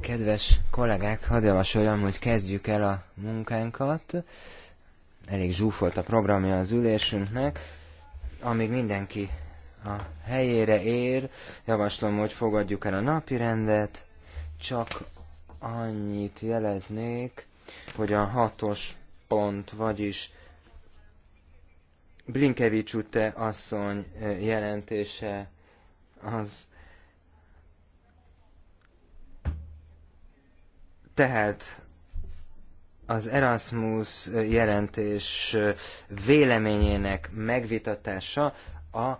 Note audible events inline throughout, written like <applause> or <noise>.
Kedves kollégák, hadd javasoljam, hogy kezdjük el a munkánkat. Elég zsúfolt a programja az ülésünknek. Amíg mindenki a helyére ér, javaslom, hogy fogadjuk el a napi rendet. Csak annyit jeleznék, hogy a hatos pont, vagyis Blinkevics Ute asszony jelentése az tehát az Erasmus jelentés véleményének megvitatása az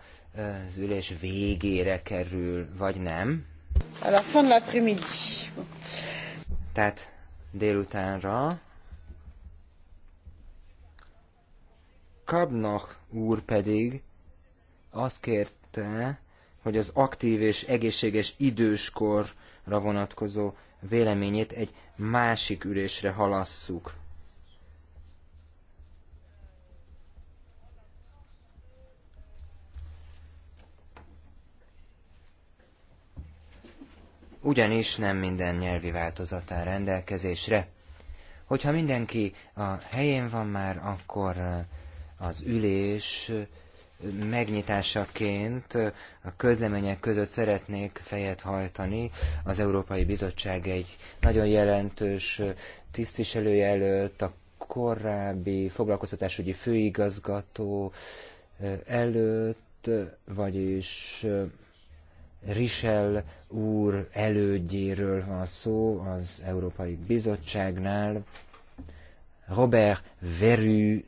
ülés végére kerül, vagy nem? A la fin de l'après-midi. Tehát délutánra. Kabnach úr pedig azt kérte, hogy az aktív és egészséges időskorra vonatkozó véleményét egy másik ülésre halasszuk. ugyanis nem minden nyelvi változat áll rendelkezésre. Hogyha mindenki a helyén van már, akkor eh, az ülés megnyitásaként a közlemények között szeretnék fejet hajtani az Európai Bizottság egy nagyon jelentős tisztviselője előtt, a korábbi foglalkoztatásügyi főigazgató előtt, vagyis Richel úr elődjéről van szó az Európai Bizottságnál, Robert Verű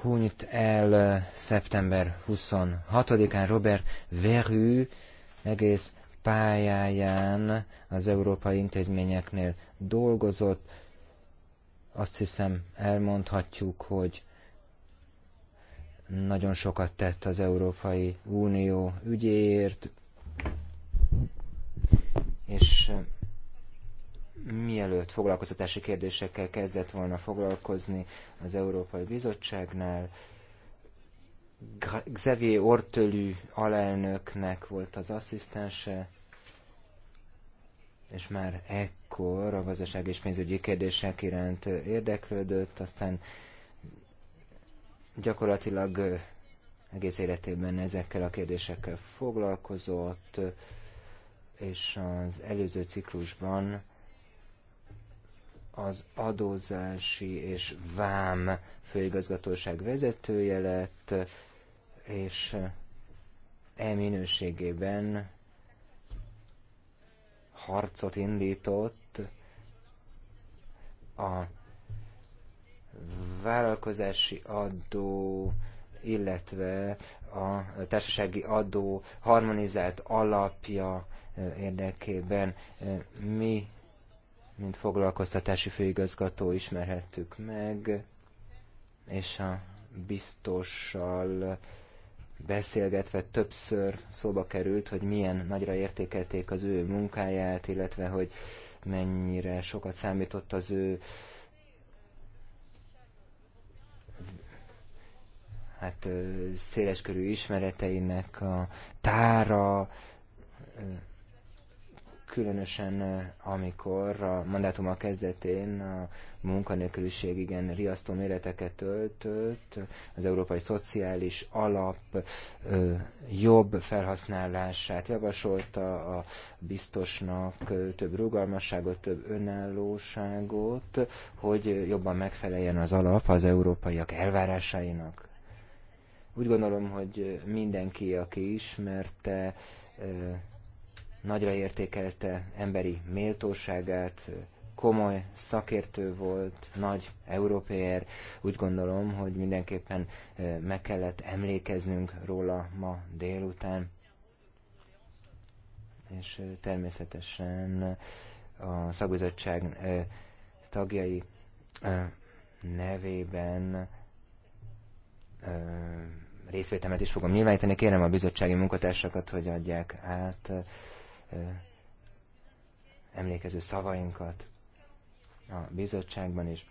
hunyt el szeptember 26-án Robert Verhű egész pályáján az európai intézményeknél dolgozott. Azt hiszem elmondhatjuk, hogy nagyon sokat tett az Európai Unió ügyéért, és mielőtt foglalkoztatási kérdésekkel kezdett volna foglalkozni az Európai Bizottságnál, Xavier Ortölű alelnöknek volt az asszisztense, és már ekkor a gazdaság és pénzügyi kérdések iránt érdeklődött, aztán gyakorlatilag egész életében ezekkel a kérdésekkel foglalkozott, és az előző ciklusban az adózási és vám főigazgatóság vezetője lett, és e minőségében harcot indított a vállalkozási adó, illetve a társasági adó harmonizált alapja érdekében mi mint foglalkoztatási főigazgató ismerhettük meg, és a biztossal beszélgetve többször szóba került, hogy milyen nagyra értékelték az ő munkáját, illetve hogy mennyire sokat számított az ő hát széleskörű ismereteinek a tára, különösen eh, amikor a mandátum a kezdetén a munkanélküliség igen riasztó méreteket öltött, az Európai Szociális Alap ö, eh, jobb felhasználását javasolta a biztosnak ö, eh, több rugalmasságot, több önállóságot, hogy jobban megfeleljen az alap az európaiak elvárásainak. Úgy gondolom, hogy mindenki, aki ismerte ö, nagyra értékelte emberi méltóságát, komoly szakértő volt, nagy európér. Úgy gondolom, hogy mindenképpen meg kellett emlékeznünk róla ma délután. És természetesen a szakbizottság tagjai nevében részvétemet is fogom nyilvánítani. Kérem a bizottsági munkatársakat, hogy adják át emlékező szavainkat a bizottságban is.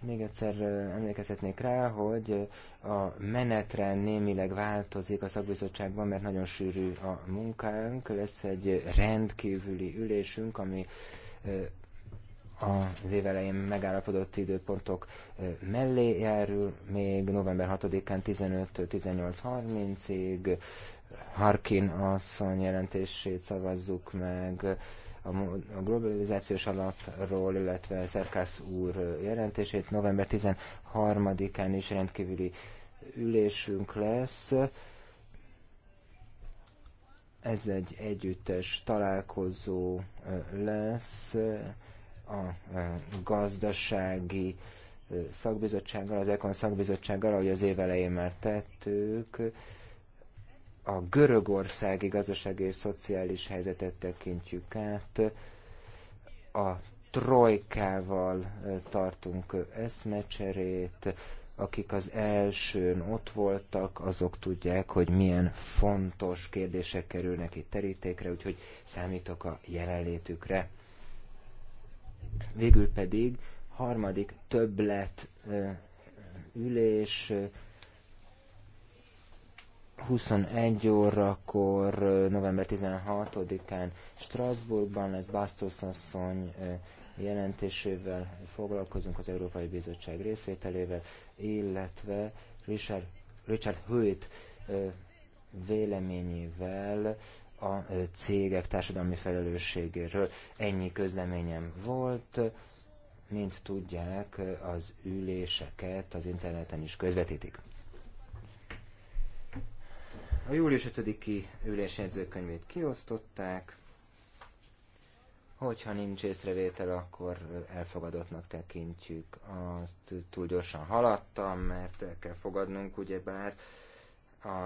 Még egyszer emlékezhetnék rá, hogy a menetrend némileg változik a szakbizottságban, mert nagyon sűrű a munkánk. Lesz egy rendkívüli ülésünk, ami az év elején megállapodott időpontok mellé járul, még november 6-án 15-18.30-ig Harkin asszony jelentését szavazzuk meg, a globalizációs alapról, illetve Szerkász úr jelentését. November 13-án is rendkívüli ülésünk lesz. Ez egy együttes találkozó lesz a gazdasági szakbizottsággal, az Ekon szakbizottsággal, ahogy az év elején már tettük a görögországi gazdasági és szociális helyzetet tekintjük át, a trojkával tartunk eszmecserét, akik az elsőn ott voltak, azok tudják, hogy milyen fontos kérdések kerülnek itt terítékre, úgyhogy számítok a jelenlétükre. Végül pedig harmadik többlet ülés 21 órakor, november 16-án Strasbourgban lesz Bastos asszony jelentésével foglalkozunk az Európai Bizottság részvételével, illetve Richard, Richard Hőt véleményével a cégek társadalmi felelősségéről. Ennyi közleményem volt. Mint tudják, az üléseket az interneten is közvetítik. A július 5-i ülésjegyzőkönyvét kiosztották. Hogyha nincs észrevétel, akkor elfogadottnak tekintjük. Azt túl gyorsan haladtam, mert el kell fogadnunk, ugyebár a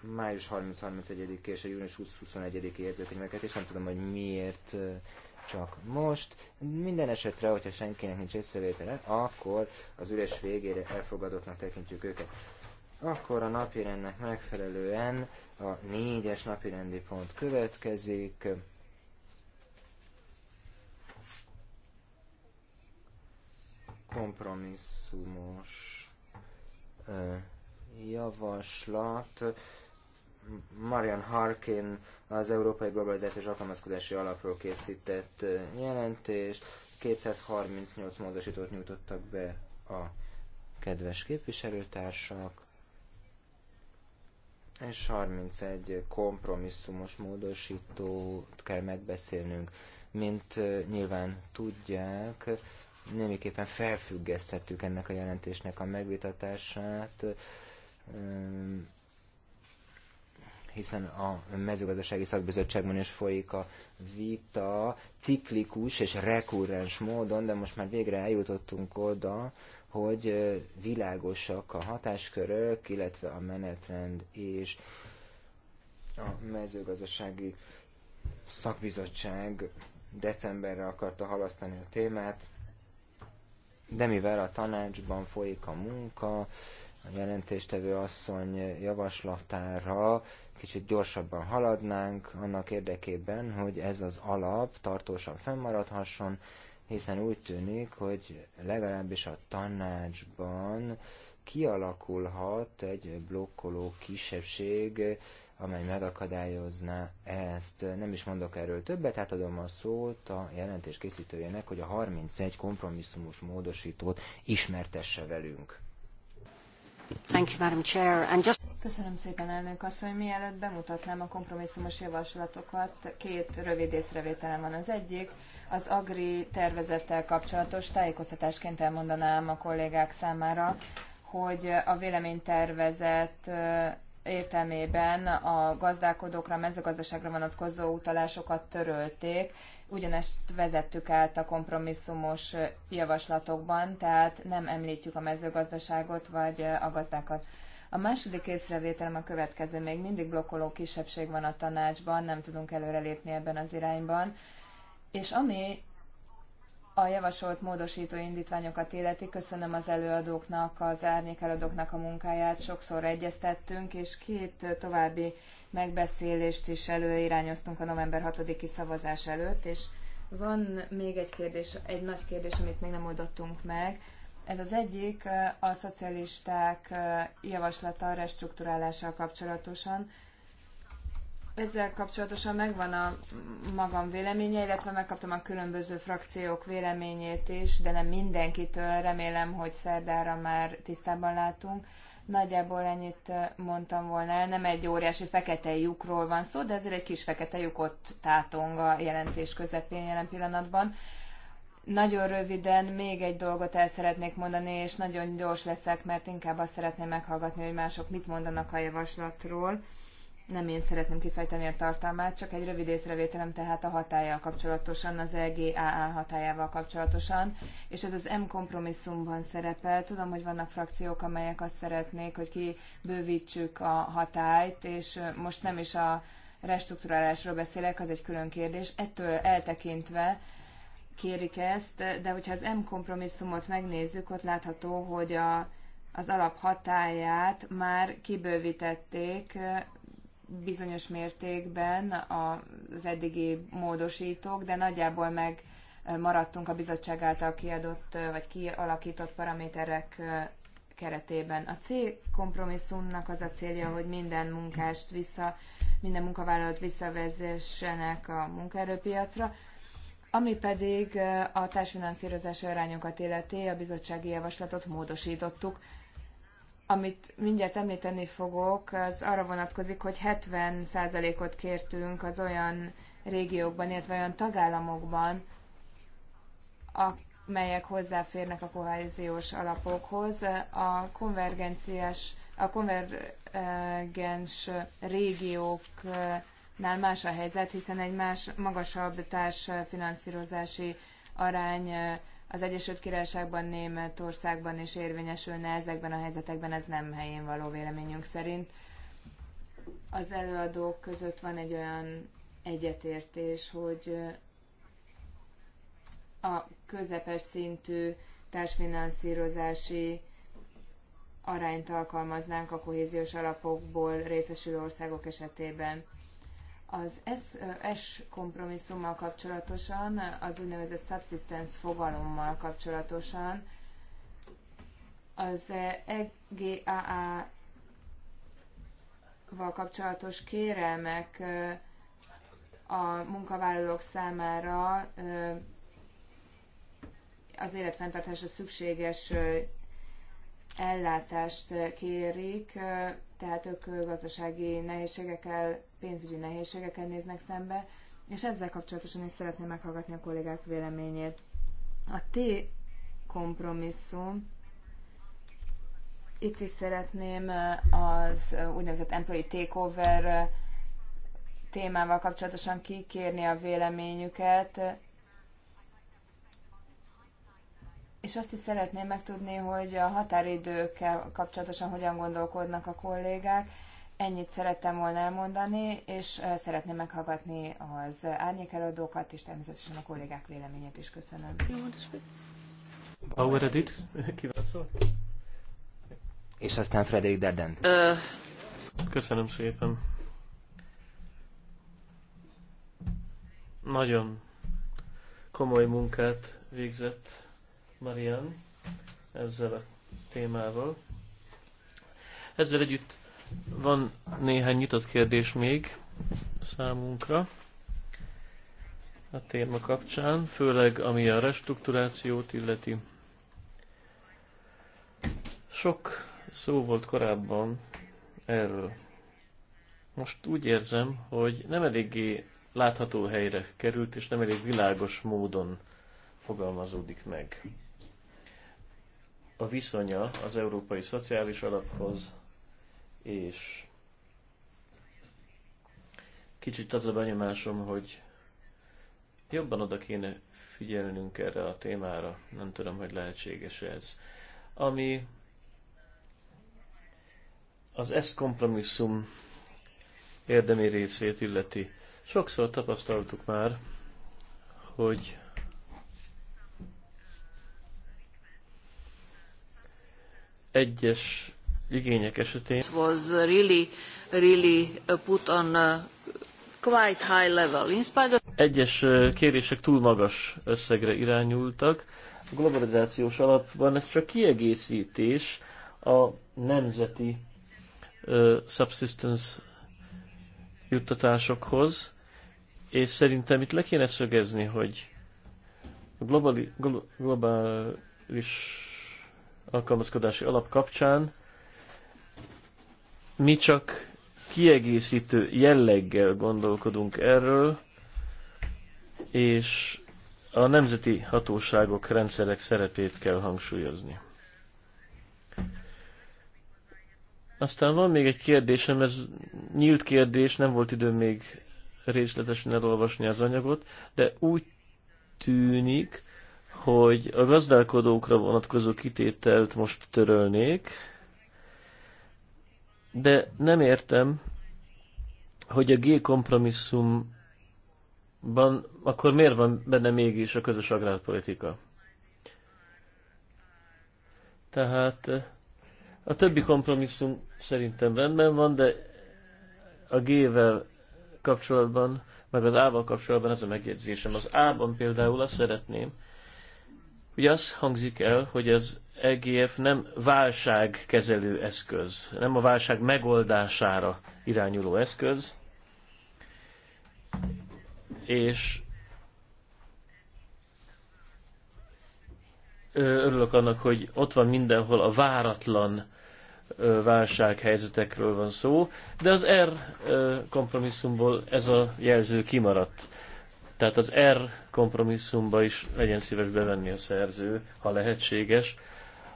május 30-31 és a június 20-21 jegyzőkönyveket, és nem tudom, hogy miért csak most. Minden esetre, hogyha senkinek nincs észrevétele, akkor az ülés végére elfogadottnak tekintjük őket. Akkor a napirendnek megfelelően a négyes napirendi pont következik. Kompromisszumos ö, javaslat. Marian Harkin az Európai Globalizációs Alkalmazkodási Alapról készített jelentést. 238 módosítót nyújtottak be a kedves képviselőtársak és 31 kompromisszumos módosítót kell megbeszélnünk. Mint nyilván tudják, némiképpen felfüggesztettük ennek a jelentésnek a megvitatását, hiszen a mezőgazdasági szakbizottságban is folyik a vita ciklikus és rekurrens módon, de most már végre eljutottunk oda, hogy világosak a hatáskörök, illetve a menetrend és a mezőgazdasági szakbizottság decemberre akarta halasztani a témát, de mivel a tanácsban folyik a munka, a jelentéstevő asszony javaslatára kicsit gyorsabban haladnánk annak érdekében, hogy ez az alap tartósan fennmaradhasson, hiszen úgy tűnik, hogy legalábbis a tanácsban kialakulhat egy blokkoló kisebbség, amely megakadályozná ezt. Nem is mondok erről többet, hát adom a szót a jelentés készítőjének, hogy a 31 kompromisszumos módosítót ismertesse velünk. Köszönöm szépen, elnök asszony. Mielőtt bemutatnám a kompromisszumos javaslatokat, két rövid észrevételem van. Az egyik, az agri tervezettel kapcsolatos tájékoztatásként elmondanám a kollégák számára, hogy a véleménytervezet értelmében a gazdálkodókra, a mezőgazdaságra vonatkozó utalásokat törölték, ugyanezt vezettük át a kompromisszumos javaslatokban, tehát nem említjük a mezőgazdaságot vagy a gazdákat. A második észrevételem a következő, még mindig blokkoló kisebbség van a tanácsban, nem tudunk előrelépni ebben az irányban. És ami a javasolt módosító indítványokat illeti, köszönöm az előadóknak, az árnyékelőadóknak a munkáját, sokszor egyeztettünk, és két további megbeszélést is előirányoztunk a november 6-i szavazás előtt, és van még egy kérdés, egy nagy kérdés, amit még nem oldottunk meg. Ez az egyik a szocialisták javaslata a restruktúrálással kapcsolatosan, ezzel kapcsolatosan megvan a magam véleménye, illetve megkaptam a különböző frakciók véleményét is, de nem mindenkitől. Remélem, hogy szerdára már tisztában látunk. Nagyjából ennyit mondtam volna el. Nem egy óriási fekete lyukról van szó, de ezért egy kis fekete lyuk ott tátong a jelentés közepén jelen pillanatban. Nagyon röviden még egy dolgot el szeretnék mondani, és nagyon gyors leszek, mert inkább azt szeretném meghallgatni, hogy mások mit mondanak a javaslatról nem én szeretném kifejteni a tartalmát, csak egy rövid észrevételem tehát a hatájával kapcsolatosan, az LGAA e hatájával kapcsolatosan, és ez az M kompromisszumban szerepel. Tudom, hogy vannak frakciók, amelyek azt szeretnék, hogy kibővítsük a hatályt, és most nem is a restruktúrálásról beszélek, az egy külön kérdés. Ettől eltekintve kérik ezt, de hogyha az M kompromisszumot megnézzük, ott látható, hogy a, az alap hatáját már kibővítették bizonyos mértékben az eddigi módosítók, de nagyjából meg maradtunk a bizottság által kiadott vagy kialakított paraméterek keretében. A C kompromisszumnak az a célja, hogy minden munkást vissza, minden munkavállalót visszavezessenek a munkaerőpiacra, ami pedig a társfinanszírozási arányokat illeti, a bizottsági javaslatot módosítottuk amit mindjárt említeni fogok, az arra vonatkozik, hogy 70%-ot kértünk az olyan régiókban, illetve olyan tagállamokban, amelyek hozzáférnek a kohéziós alapokhoz. A konvergenciás, a konvergens régióknál más a helyzet, hiszen egy más magasabb társfinanszírozási arány az Egyesült Királyságban, Németországban is érvényesülne ezekben a helyzetekben, ez nem helyén való véleményünk szerint. Az előadók között van egy olyan egyetértés, hogy a közepes szintű társfinanszírozási arányt alkalmaznánk a kohéziós alapokból részesülő országok esetében. Az eh, S, kompromisszummal kapcsolatosan, az úgynevezett subsistence fogalommal kapcsolatosan, az EGAA-val kapcsolatos kérelmek eh, a munkavállalók számára eh, az életfenntartásra szükséges ellátást kérik, tehát ők gazdasági nehézségekkel pénzügyi nehézségekkel néznek szembe, és ezzel kapcsolatosan is szeretném meghallgatni a kollégák véleményét. A T kompromisszum, itt is szeretném eh, az eh, úgynevezett employee takeover eh, témával kapcsolatosan kikérni a véleményüket, és azt is szeretném megtudni, hogy a határidőkkel kapcsolatosan hogyan gondolkodnak a kollégák. Ennyit szerettem volna elmondani, és szeretném meghallgatni az árnyékelőadókat, és természetesen a kollégák véleményét is köszönöm. Hát Bauer Edith, <laughs> És aztán Frederik Deden. Köszönöm szépen. Nagyon komoly munkát végzett Marian ezzel a témával. Ezzel együtt van néhány nyitott kérdés még számunkra a téma kapcsán, főleg ami a restrukturációt illeti. Sok szó volt korábban erről. Most úgy érzem, hogy nem eléggé látható helyre került, és nem elég világos módon fogalmazódik meg. A viszonya az Európai Szociális Alaphoz, és kicsit az a benyomásom, hogy jobban oda kéne figyelnünk erre a témára. Nem tudom, hogy lehetséges ez. Ami az ezt kompromisszum érdemi részét illeti. Sokszor tapasztaltuk már, hogy egyes igények esetén. was really, really put on a quite high level. In spite of... Egyes kérések túl magas összegre irányultak. A globalizációs alapban ez csak kiegészítés a nemzeti uh, subsistence juttatásokhoz, és szerintem itt le kéne szögezni, hogy a globali, globális alkalmazkodási alap kapcsán mi csak kiegészítő jelleggel gondolkodunk erről, és a nemzeti hatóságok, rendszerek szerepét kell hangsúlyozni. Aztán van még egy kérdésem, ez nyílt kérdés, nem volt időm még részletesen elolvasni az anyagot, de úgy tűnik, hogy a gazdálkodókra vonatkozó kitételt most törölnék, de nem értem, hogy a G kompromisszumban akkor miért van benne mégis a közös agrárpolitika? Tehát eh, a többi kompromisszum szerintem rendben van, de a G-vel kapcsolatban, meg az A-val kapcsolatban ez a megjegyzésem. Az A-ban például azt szeretném, hogy az hangzik el, hogy ez EGF nem válságkezelő eszköz, nem a válság megoldására irányuló eszköz, és örülök annak, hogy ott van mindenhol a váratlan válsághelyzetekről van szó, de az R kompromisszumból ez a jelző kimaradt. Tehát az R kompromisszumba is legyen szíves bevenni a szerző, ha lehetséges,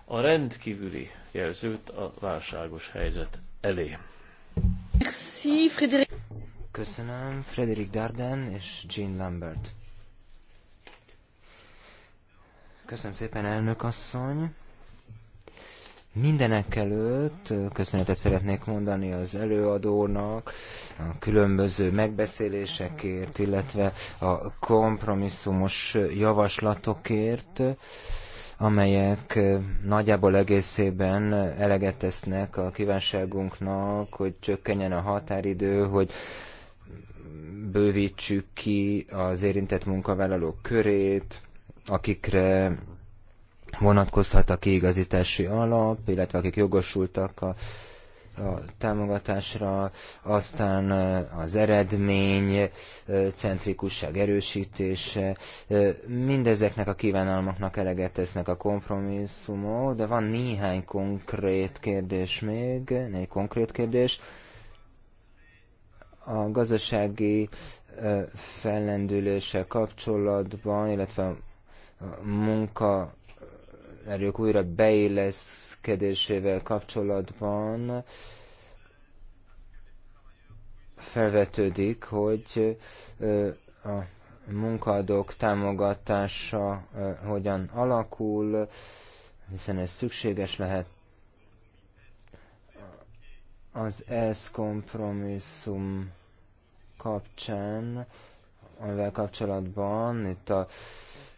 a rendkívüli jelzőt a válságos helyzet elé. Merci, Frédéric. Köszönöm, Frederick Darden és Jean Lambert. Köszönöm szépen, elnök asszony. Mindenek előtt köszönetet szeretnék mondani az előadónak a különböző megbeszélésekért, illetve a kompromisszumos javaslatokért amelyek nagyjából egészében eleget tesznek a kívánságunknak, hogy csökkenjen a határidő, hogy bővítsük ki az érintett munkavállalók körét, akikre vonatkozhat a kiigazítási alap, illetve akik jogosultak a a támogatásra, aztán az eredmény, centrikusság erősítése, mindezeknek a kívánalmaknak eleget tesznek a kompromisszumok, de van néhány konkrét kérdés még, néhány konkrét kérdés. A gazdasági fellendüléssel kapcsolatban, illetve a munka erők újra beilleszkedésével kapcsolatban felvetődik, hogy a munkadók támogatása hogyan alakul, hiszen ez szükséges lehet. Az ESZ kompromisszum kapcsán, amivel kapcsolatban itt a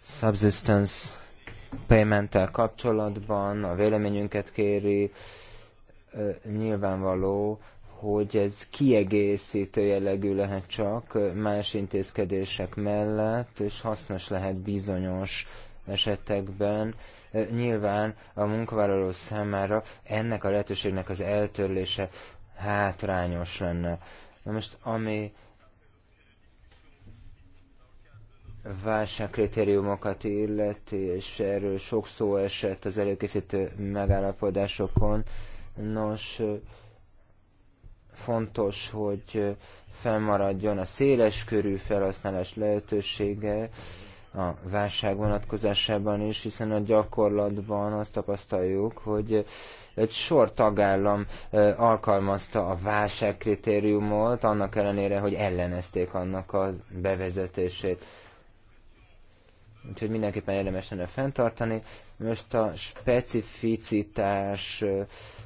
subsistence paymenttel kapcsolatban, a véleményünket kéri, nyilvánvaló, hogy ez kiegészítő jellegű lehet csak más intézkedések mellett, és hasznos lehet bizonyos esetekben. Nyilván a munkavállaló számára ennek a lehetőségnek az eltörlése hátrányos lenne. Na most, ami válságkritériumokat illeti, és erről sok szó esett az előkészítő megállapodásokon. Nos, fontos, hogy fennmaradjon a széles körű felhasználás lehetősége a válság vonatkozásában is, hiszen a gyakorlatban azt tapasztaljuk, hogy egy sor tagállam alkalmazta a válságkritériumot, annak ellenére, hogy ellenezték annak a bevezetését úgyhogy mindenképpen érdemes lenne fenntartani. Most a specificitás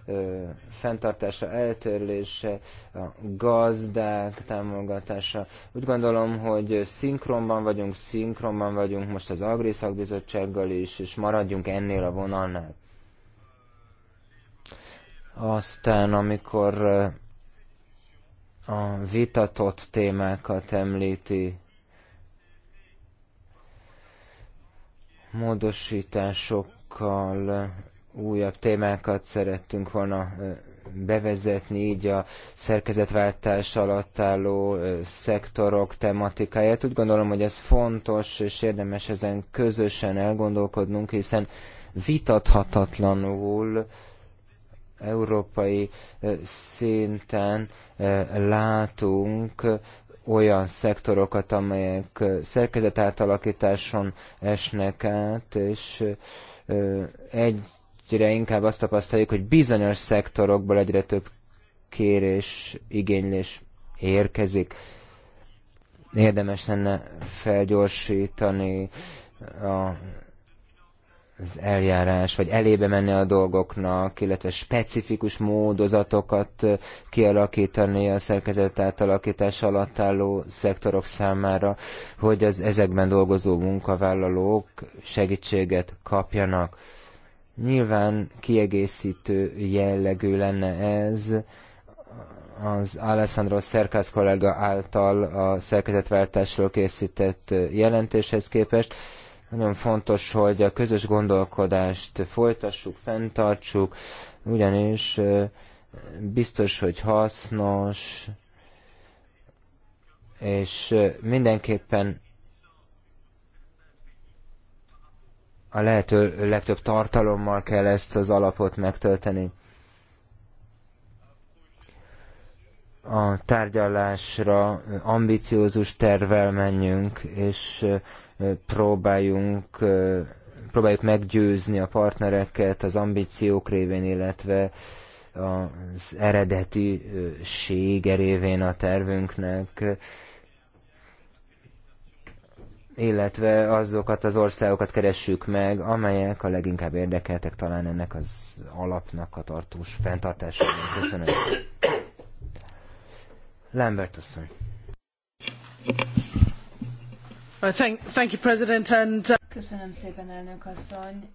ö, fenntartása, eltörlése, a gazdák támogatása. Úgy gondolom, hogy szinkronban vagyunk, szinkronban vagyunk most az Agriszakbizottsággal is, és maradjunk ennél a vonalnál. Aztán, amikor a vitatott témákat említi, módosításokkal újabb témákat szerettünk volna bevezetni, így a szerkezetváltás alatt álló szektorok tematikáját. Úgy gondolom, hogy ez fontos, és érdemes ezen közösen elgondolkodnunk, hiszen vitathatatlanul európai szinten látunk olyan szektorokat, amelyek szerkezetátalakításon esnek át, és egyre inkább azt tapasztaljuk, hogy bizonyos szektorokból egyre több kérés, igénylés érkezik. Érdemes lenne felgyorsítani a az eljárás, vagy elébe menni a dolgoknak, illetve specifikus módozatokat kialakítani a szerkezet átalakítás alatt álló szektorok számára, hogy az ezekben dolgozó munkavállalók segítséget kapjanak. Nyilván kiegészítő jellegű lenne ez, az Alessandro Szerkász kollega által a szerkezetváltásról készített jelentéshez képest, nagyon fontos, hogy a közös gondolkodást folytassuk, fenntartsuk, ugyanis biztos, hogy hasznos, és mindenképpen a lehető legtöbb tartalommal kell ezt az alapot megtölteni. A tárgyalásra ambiciózus tervel menjünk, és próbáljunk próbáljuk meggyőzni a partnereket az ambíciók révén, illetve az eredetisége révén a tervünknek, illetve azokat az országokat keressük meg, amelyek a leginkább érdekeltek talán ennek az alapnak a tartós fenntartásában. Köszönöm. Lambert asszony. Uh, uh, Köszönöm szépen, elnök asszony.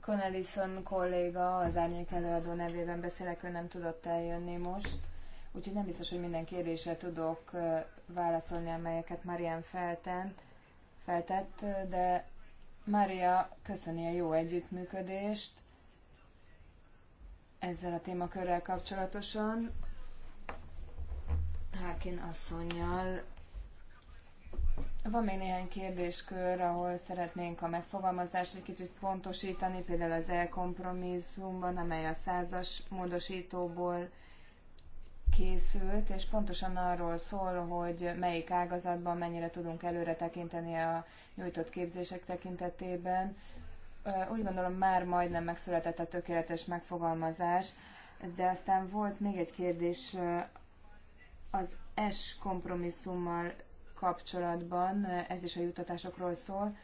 Connellison kolléga az árnyék előadó nevében beszélek, ő nem tudott eljönni most, úgyhogy nem biztos, hogy minden kérdésre tudok uh, válaszolni, amelyeket Marian felten, feltett, de Maria köszöni a jó együttműködést ezzel a témakörrel kapcsolatosan. Hákin asszonynal van még néhány kérdéskör, ahol szeretnénk a megfogalmazást egy kicsit pontosítani, például az elkompromisszumban, amely a százas módosítóból készült, és pontosan arról szól, hogy melyik ágazatban mennyire tudunk előre tekinteni a nyújtott képzések tekintetében. Úgy gondolom már majdnem megszületett a tökéletes megfogalmazás, de aztán volt még egy kérdés az S kompromisszummal kapcsolatban, ez is a juttatásokról szól,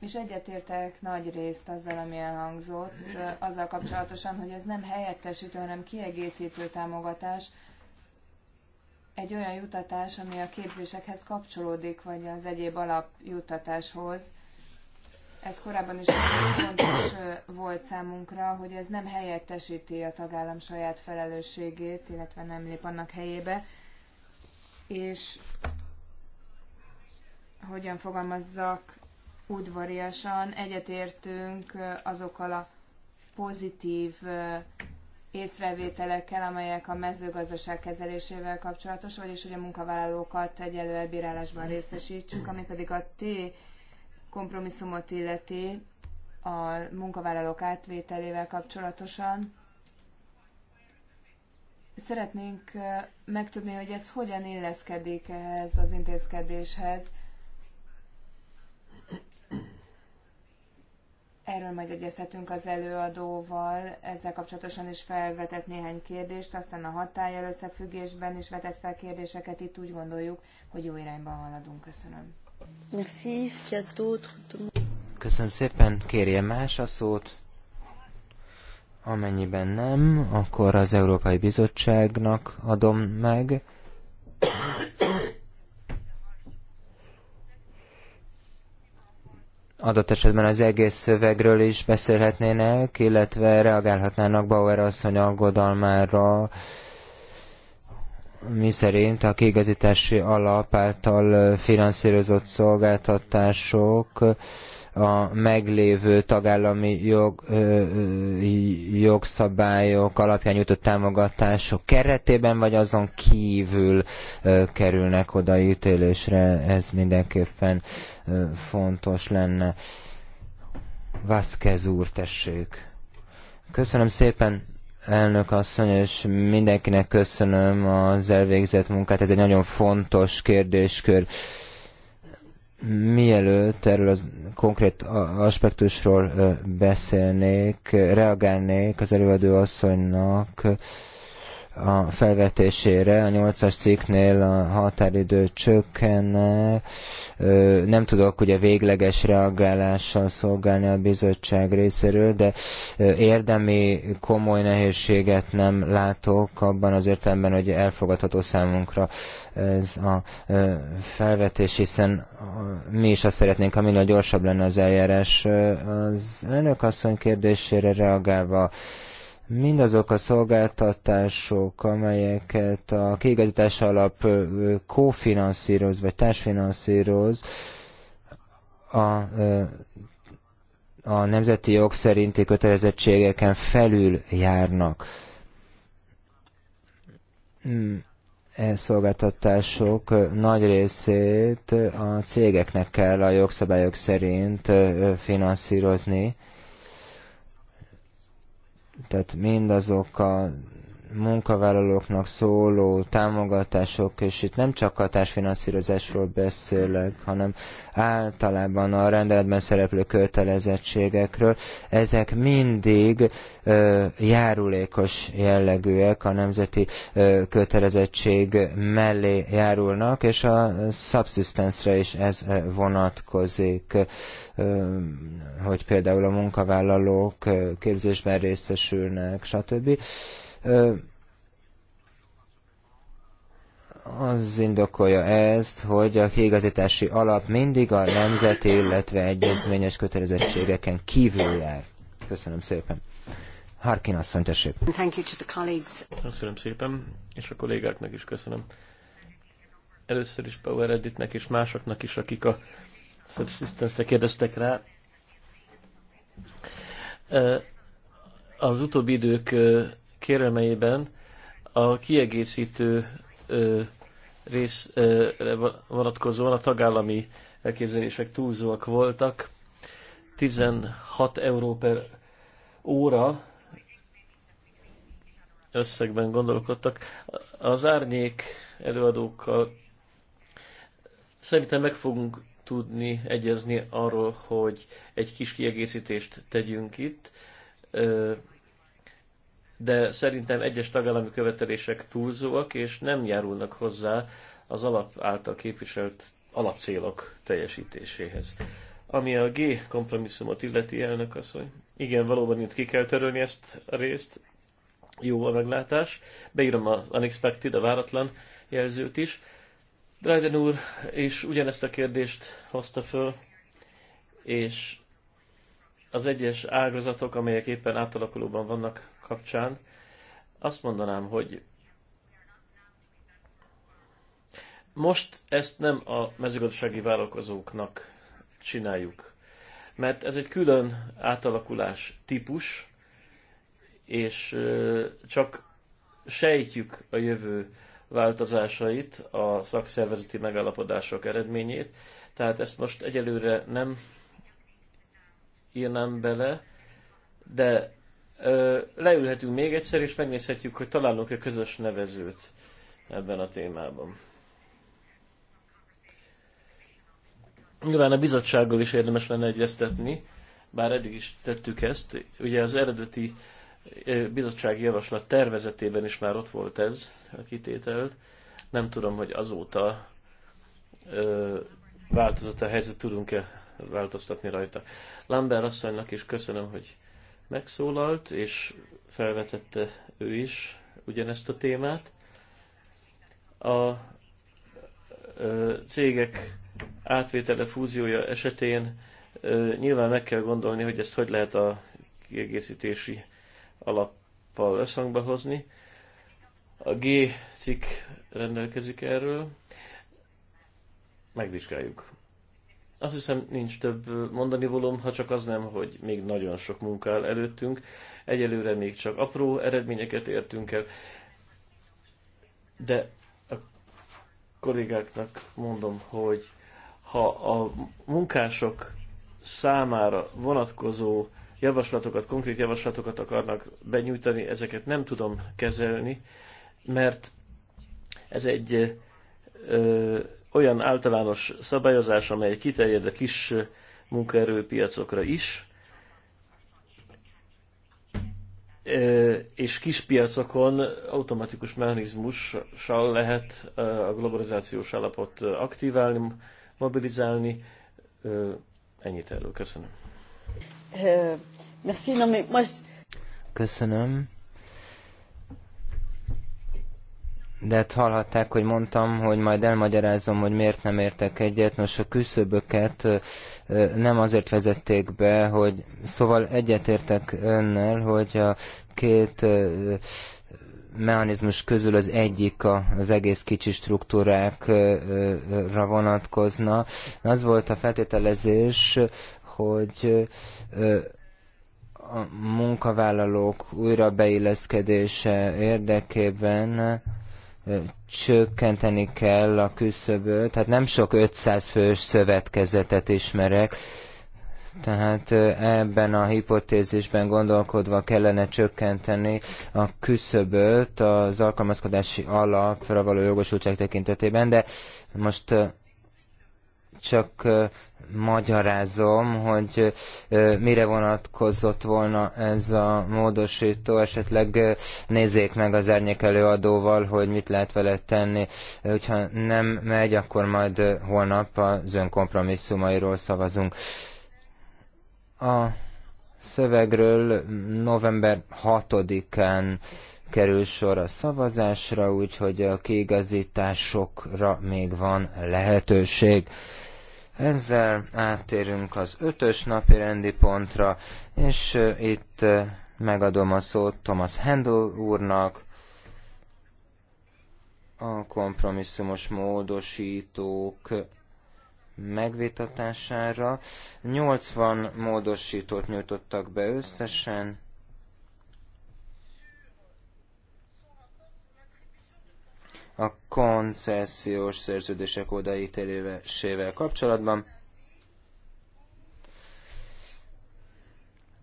és egyetértek nagy részt azzal, ami elhangzott, azzal kapcsolatosan, hogy ez nem helyettesítő, hanem kiegészítő támogatás, egy olyan jutatás, ami a képzésekhez kapcsolódik, vagy az egyéb alapjutatáshoz. Ez korábban is fontos volt számunkra, hogy ez nem helyettesíti a tagállam saját felelősségét, illetve nem lép annak helyébe, és hogyan fogalmazzak udvariasan, egyetértünk azokkal a pozitív észrevételekkel, amelyek a mezőgazdaság kezelésével kapcsolatos, vagyis hogy a munkavállalókat egyelő elbírálásban részesítsük, ami pedig a T kompromisszumot illeti a munkavállalók átvételével kapcsolatosan. Szeretnénk megtudni, hogy ez hogyan illeszkedik ehhez az intézkedéshez, Erről majd egyezhetünk az előadóval, ezzel kapcsolatosan is felvetett néhány kérdést, aztán a hatályjal összefüggésben is vetett fel kérdéseket, itt úgy gondoljuk, hogy jó irányba haladunk. Köszönöm. Köszönöm szépen, kérje más a szót. Amennyiben nem, akkor az Európai Bizottságnak adom meg. adott esetben az egész szövegről is beszélhetnének, illetve reagálhatnának Bauer asszony aggodalmára, mi szerint a kiigazítási alap által finanszírozott szolgáltatások a meglévő tagállami jog, ö, jogszabályok alapján nyújtott támogatások keretében, vagy azon kívül ö, kerülnek oda ítélésre. Ez mindenképpen ö, fontos lenne. Vázquez úr, tessék. Köszönöm szépen, elnök asszony, és mindenkinek köszönöm az elvégzett munkát. Ez egy nagyon fontos kérdéskör mielőtt erről az konkrét aspektusról beszélnék, reagálnék az előadó asszonynak a felvetésére, a 8-as cikknél a határidő csökkenne, nem tudok ugye végleges reagálással szolgálni a bizottság részéről, de érdemi komoly nehézséget nem látok abban az értelemben, hogy elfogadható számunkra ez a felvetés, hiszen mi is azt szeretnénk, ha minél gyorsabb lenne az eljárás. Az elnök asszony kérdésére reagálva mindazok a szolgáltatások, amelyeket a kiigazítás alap kofinanszíroz vagy társfinanszíroz, a, a nemzeti jog szerinti kötelezettségeken felül járnak. Hmm, e szolgáltatások nagy részét a cégeknek kell a jogszabályok szerint finanszírozni tehát mindazok a munkavállalóknak szóló támogatások, és itt nem csak a társfinanszírozásról beszélek, hanem általában a rendeletben szereplő kötelezettségekről, ezek mindig ö, járulékos jellegűek, a nemzeti ö, kötelezettség mellé járulnak, és a subsistence-re is ez vonatkozik, ö, hogy például a munkavállalók képzésben részesülnek, stb az indokolja ezt, hogy a kiigazítási alap mindig a nemzeti, illetve egyezményes kötelezettségeken kívül jár. Köszönöm szépen. Harkin asszony, tessék. Thank you to the colleagues. Köszönöm szépen, és a kollégáknak is köszönöm. Először is Power Editnek és másoknak is, akik a subsistence kérdeztek rá. Az utóbbi idők kérelmeiben a kiegészítő ö, részre vonatkozóan a tagállami elképzelések túlzóak voltak. 16 euró per óra összegben gondolkodtak. Az árnyék előadókkal szerintem meg fogunk tudni egyezni arról, hogy egy kis kiegészítést tegyünk itt de szerintem egyes tagállami követelések túlzóak, és nem járulnak hozzá az alap által képviselt alapcélok teljesítéséhez. Ami a G kompromisszumot illeti elnök hogy Igen, valóban itt ki kell törölni ezt a részt. Jó a meglátás. Beírom a unexpected, a váratlan jelzőt is. Dryden úr is ugyanezt a kérdést hozta föl, és az egyes ágazatok, amelyek éppen átalakulóban vannak kapcsán, azt mondanám, hogy most ezt nem a mezőgazdasági vállalkozóknak csináljuk, mert ez egy külön átalakulás típus, és csak sejtjük a jövő változásait, a szakszervezeti megállapodások eredményét, tehát ezt most egyelőre nem írnám bele, de ö, leülhetünk még egyszer, és megnézhetjük, hogy találunk-e közös nevezőt ebben a témában. Nyilván a bizottsággal is érdemes lenne egyeztetni, bár eddig is tettük ezt. Ugye az eredeti bizottsági javaslat tervezetében is már ott volt ez a kitétel. Nem tudom, hogy azóta ö, változott a helyzet, tudunk-e változtatni rajta. Lambert asszonynak is köszönöm, hogy megszólalt, és felvetette ő is ugyanezt a témát. A cégek átvétele fúziója esetén nyilván meg kell gondolni, hogy ezt hogy lehet a kiegészítési alappal összhangba hozni. A G cikk rendelkezik erről. Megvizsgáljuk. Azt hiszem nincs több mondani volom, ha csak az nem, hogy még nagyon sok munka áll előttünk. Egyelőre még csak apró eredményeket értünk el, de a kollégáknak mondom, hogy ha a munkások számára vonatkozó javaslatokat, konkrét javaslatokat akarnak benyújtani, ezeket nem tudom kezelni, mert ez egy ö, olyan általános szabályozás, amely kiterjed a kis munkaerőpiacokra is, e, és kis piacokon automatikus mechanizmussal lehet e, a globalizációs alapot aktiválni, mobilizálni. E, ennyit erről, köszönöm. Köszönöm. de hát hallhatták, hogy mondtam, hogy majd elmagyarázom, hogy miért nem értek egyet. Nos, a küszöböket nem azért vezették be, hogy szóval egyetértek önnel, hogy a két mechanizmus közül az egyik az egész kicsi struktúrákra vonatkozna. Az volt a feltételezés, hogy a munkavállalók újra beilleszkedése érdekében csökkenteni kell a küszöböt, tehát nem sok 500 fős szövetkezetet ismerek, tehát ebben a hipotézisben gondolkodva kellene csökkenteni a küszöböt az alkalmazkodási alapra való jogosultság tekintetében, de most csak magyarázom, hogy mire vonatkozott volna ez a módosító, esetleg nézzék meg az árnyékelő adóval, hogy mit lehet vele tenni. Hogyha nem megy, akkor majd holnap az kompromisszumairól szavazunk. A szövegről november 6-án kerül sor a szavazásra, úgyhogy a kiigazításokra még van lehetőség. Ezzel áttérünk az ötös napi rendi pontra, és itt megadom a szót Thomas Handel úrnak, a kompromisszumos módosítók megvitatására. 80 módosítót nyújtottak be összesen, a koncesziós szerződések odaítélésével kapcsolatban.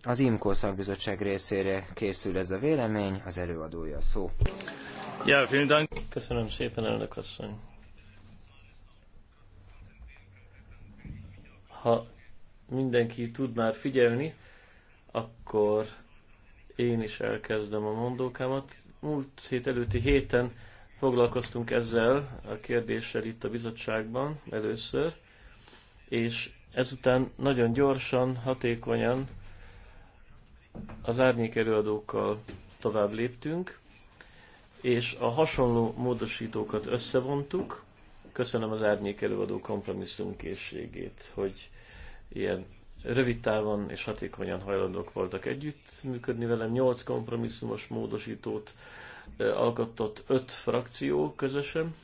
Az IMCO szakbizottság részére készül ez a vélemény, az előadója szó. Ja, vielen Dank. Köszönöm szépen, elnök asszony. Ha mindenki tud már figyelni, akkor én is elkezdem a mondókámat. Múlt hét előtti héten foglalkoztunk ezzel a kérdéssel itt a bizottságban először, és ezután nagyon gyorsan, hatékonyan az árnyék előadókkal tovább léptünk, és a hasonló módosítókat összevontuk. Köszönöm az árnyék előadó kompromisszumkészségét, hogy ilyen rövid távon és hatékonyan hajlandók voltak együtt működni velem. Nyolc kompromisszumos módosítót alkottott öt frakció közösen,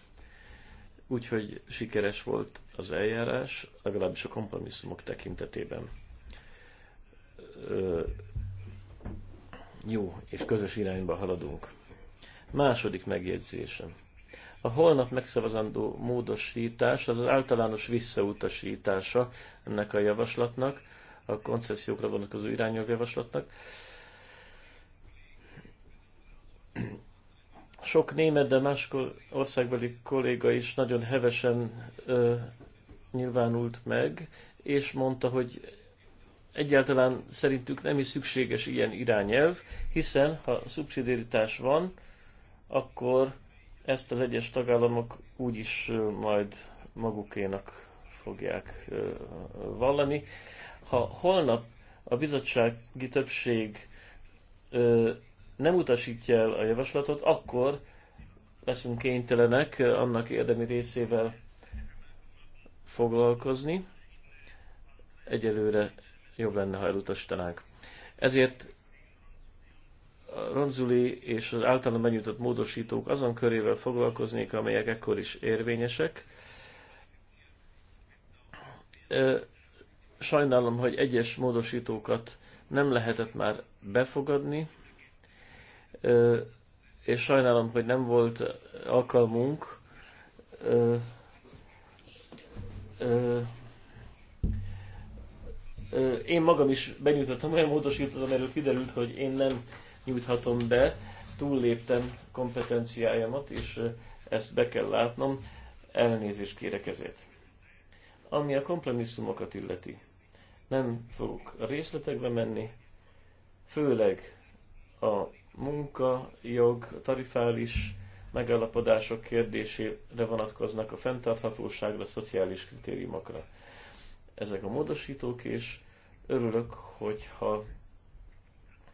úgyhogy sikeres volt az eljárás, legalábbis a kompromisszumok tekintetében. Jó, és közös irányba haladunk. Második megjegyzésem. A holnap megszavazandó módosítás az az általános visszautasítása ennek a javaslatnak, a koncesziókra vonatkozó irányelv javaslatnak sok német, de más országbeli kolléga is nagyon hevesen ö, nyilvánult meg, és mondta, hogy egyáltalán szerintük nem is szükséges ilyen irányelv, hiszen ha szubsidiaritás van, akkor ezt az egyes tagállamok úgyis majd magukénak fogják vallani. Ha holnap a bizottsági többség nem utasítja el a javaslatot, akkor leszünk kénytelenek annak érdemi részével foglalkozni. Egyelőre jobb lenne, ha elutasítanánk. Ezért a Ronzuli és az általam benyújtott módosítók azon körével foglalkoznék, amelyek ekkor is érvényesek. Sajnálom, hogy egyes módosítókat nem lehetett már befogadni, és sajnálom, hogy nem volt alkalmunk én magam is benyújtottam olyan módosítót, amiről kiderült, hogy én nem nyújthatom be, túlléptem kompetenciájamat, és ezt be kell látnom, elnézést kérek ezért. Ami a kompromisszumokat illeti, nem fogok a részletekbe menni, főleg a munka jog tarifális megállapodások kérdésére vonatkoznak a fenntarthatóságra, a szociális kritériumokra. Ezek a módosítók, és örülök, hogyha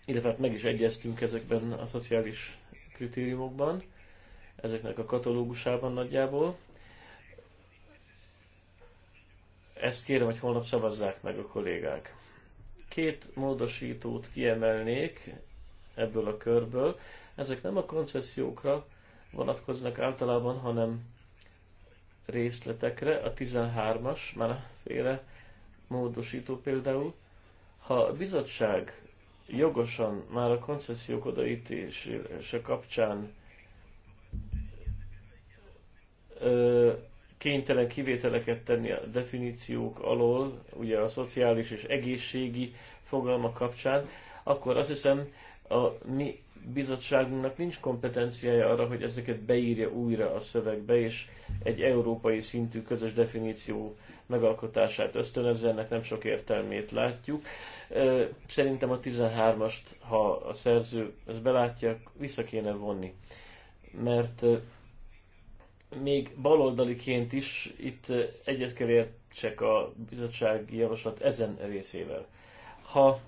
illetve hát meg is egyeztünk ezekben a szociális kritériumokban, ezeknek a katalógusában nagyjából. Ezt kérem, hogy holnap szavazzák meg a kollégák. Két módosítót kiemelnék, ebből a körből. Ezek nem a koncesziókra vonatkoznak általában, hanem részletekre, a 13-as, már a féle módosító például. Ha a bizottság jogosan már a koncesziók odaítése kapcsán ö, kénytelen kivételeket tenni a definíciók alól, ugye a szociális és egészségi fogalmak kapcsán, akkor azt hiszem a mi bizottságunknak nincs kompetenciája arra, hogy ezeket beírja újra a szövegbe, és egy európai szintű közös definíció megalkotását ösztönözze, ennek nem sok értelmét látjuk. Szerintem a 13-ast, ha a szerző ezt belátja, vissza kéne vonni. Mert még baloldaliként is itt egyet kell értsek a bizottsági javaslat ezen részével. Ha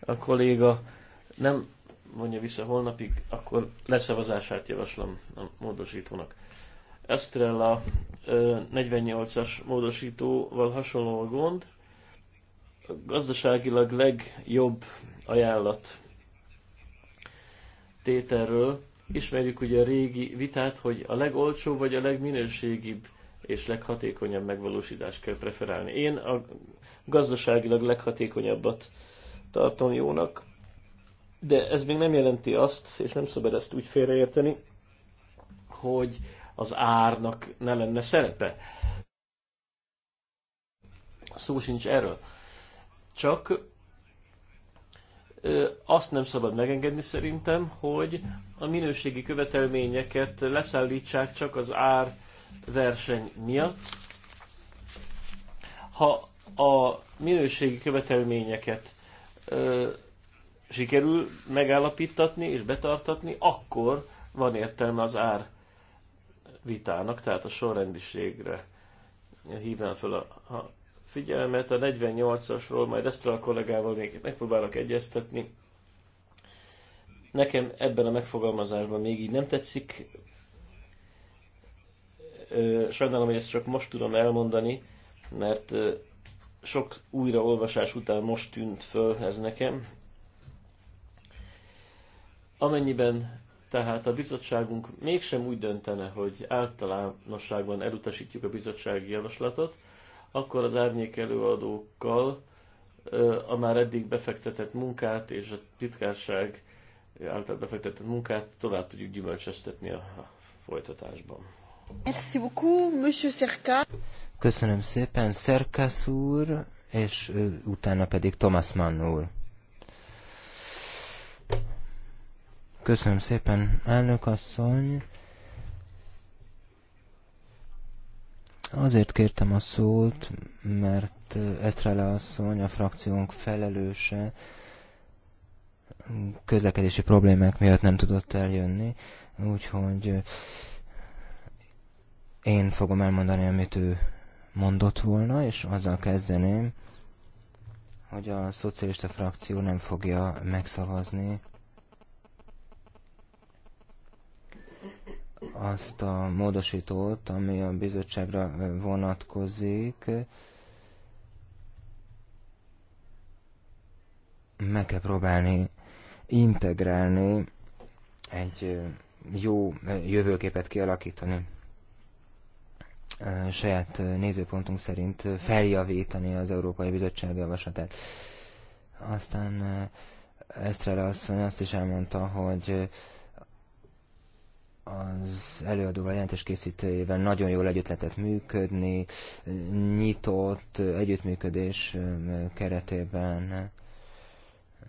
a kolléga nem vonja vissza holnapig, akkor leszavazását javaslom a módosítónak. Estrella 48-as módosítóval hasonló a gond. A gazdaságilag legjobb ajánlat tételről ismerjük ugye a régi vitát, hogy a legolcsóbb vagy a legminőségibb és leghatékonyabb megvalósítást kell preferálni. Én a gazdaságilag leghatékonyabbat tartom jónak, de ez még nem jelenti azt, és nem szabad ezt úgy félreérteni, hogy az árnak ne lenne szerepe. Szó sincs erről. Csak azt nem szabad megengedni szerintem, hogy a minőségi követelményeket leszállítsák csak az ár verseny miatt. Ha a minőségi követelményeket sikerül megállapítatni és betartatni, akkor van értelme az ár vitának, tehát a sorrendiségre hívnám fel a, a figyelmet. A 48-asról majd ezt a kollégával még megpróbálok egyeztetni. Nekem ebben a megfogalmazásban még így nem tetszik. Sajnálom, hogy ezt csak most tudom elmondani, mert sok újraolvasás után most tűnt föl ez nekem, Amennyiben tehát a bizottságunk mégsem úgy döntene, hogy általánosságban elutasítjuk a bizottsági javaslatot, akkor az árnyék előadókkal a már eddig befektetett munkát és a titkárság által befektetett munkát tovább tudjuk gyümölcsöztetni a folytatásban. Merci beaucoup, Monsieur Serka. Köszönöm szépen, Szerkász úr, és utána pedig Thomas Mann úr. Köszönöm szépen, elnök asszony. Azért kértem a szót, mert Esztrele asszony, a frakciónk felelőse, közlekedési problémák miatt nem tudott eljönni, úgyhogy én fogom elmondani, amit ő mondott volna, és azzal kezdeném, hogy a szocialista frakció nem fogja megszavazni azt a módosítót, ami a bizottságra vonatkozik, meg kell próbálni integrálni, egy jó jövőképet kialakítani, saját nézőpontunk szerint feljavítani az Európai Bizottság javaslatát. Aztán Esztrele asszony azt is elmondta, hogy az előadóval, jelentés készítőjével nagyon jól együtt lehetett működni, nyitott együttműködés um, keretében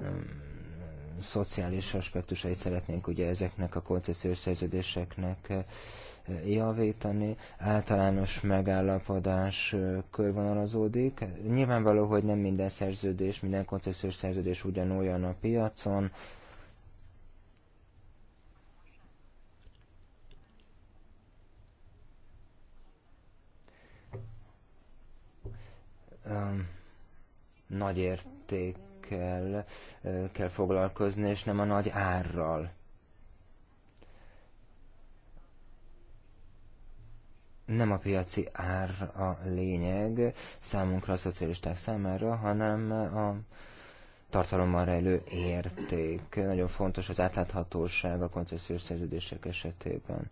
um, szociális aspektusait szeretnénk ugye ezeknek a koncesziós szerződéseknek uh, javítani. Általános megállapodás uh, körvonalazódik. Nyilvánvaló, hogy nem minden szerződés, minden koncesziós szerződés ugyanolyan a piacon, nagy értékkel kell foglalkozni, és nem a nagy árral. nem a piaci ár a lényeg számunkra, a szocialisták számára, hanem a tartalommal rejlő érték. Nagyon fontos az átláthatóság a koncesziós szerződések esetében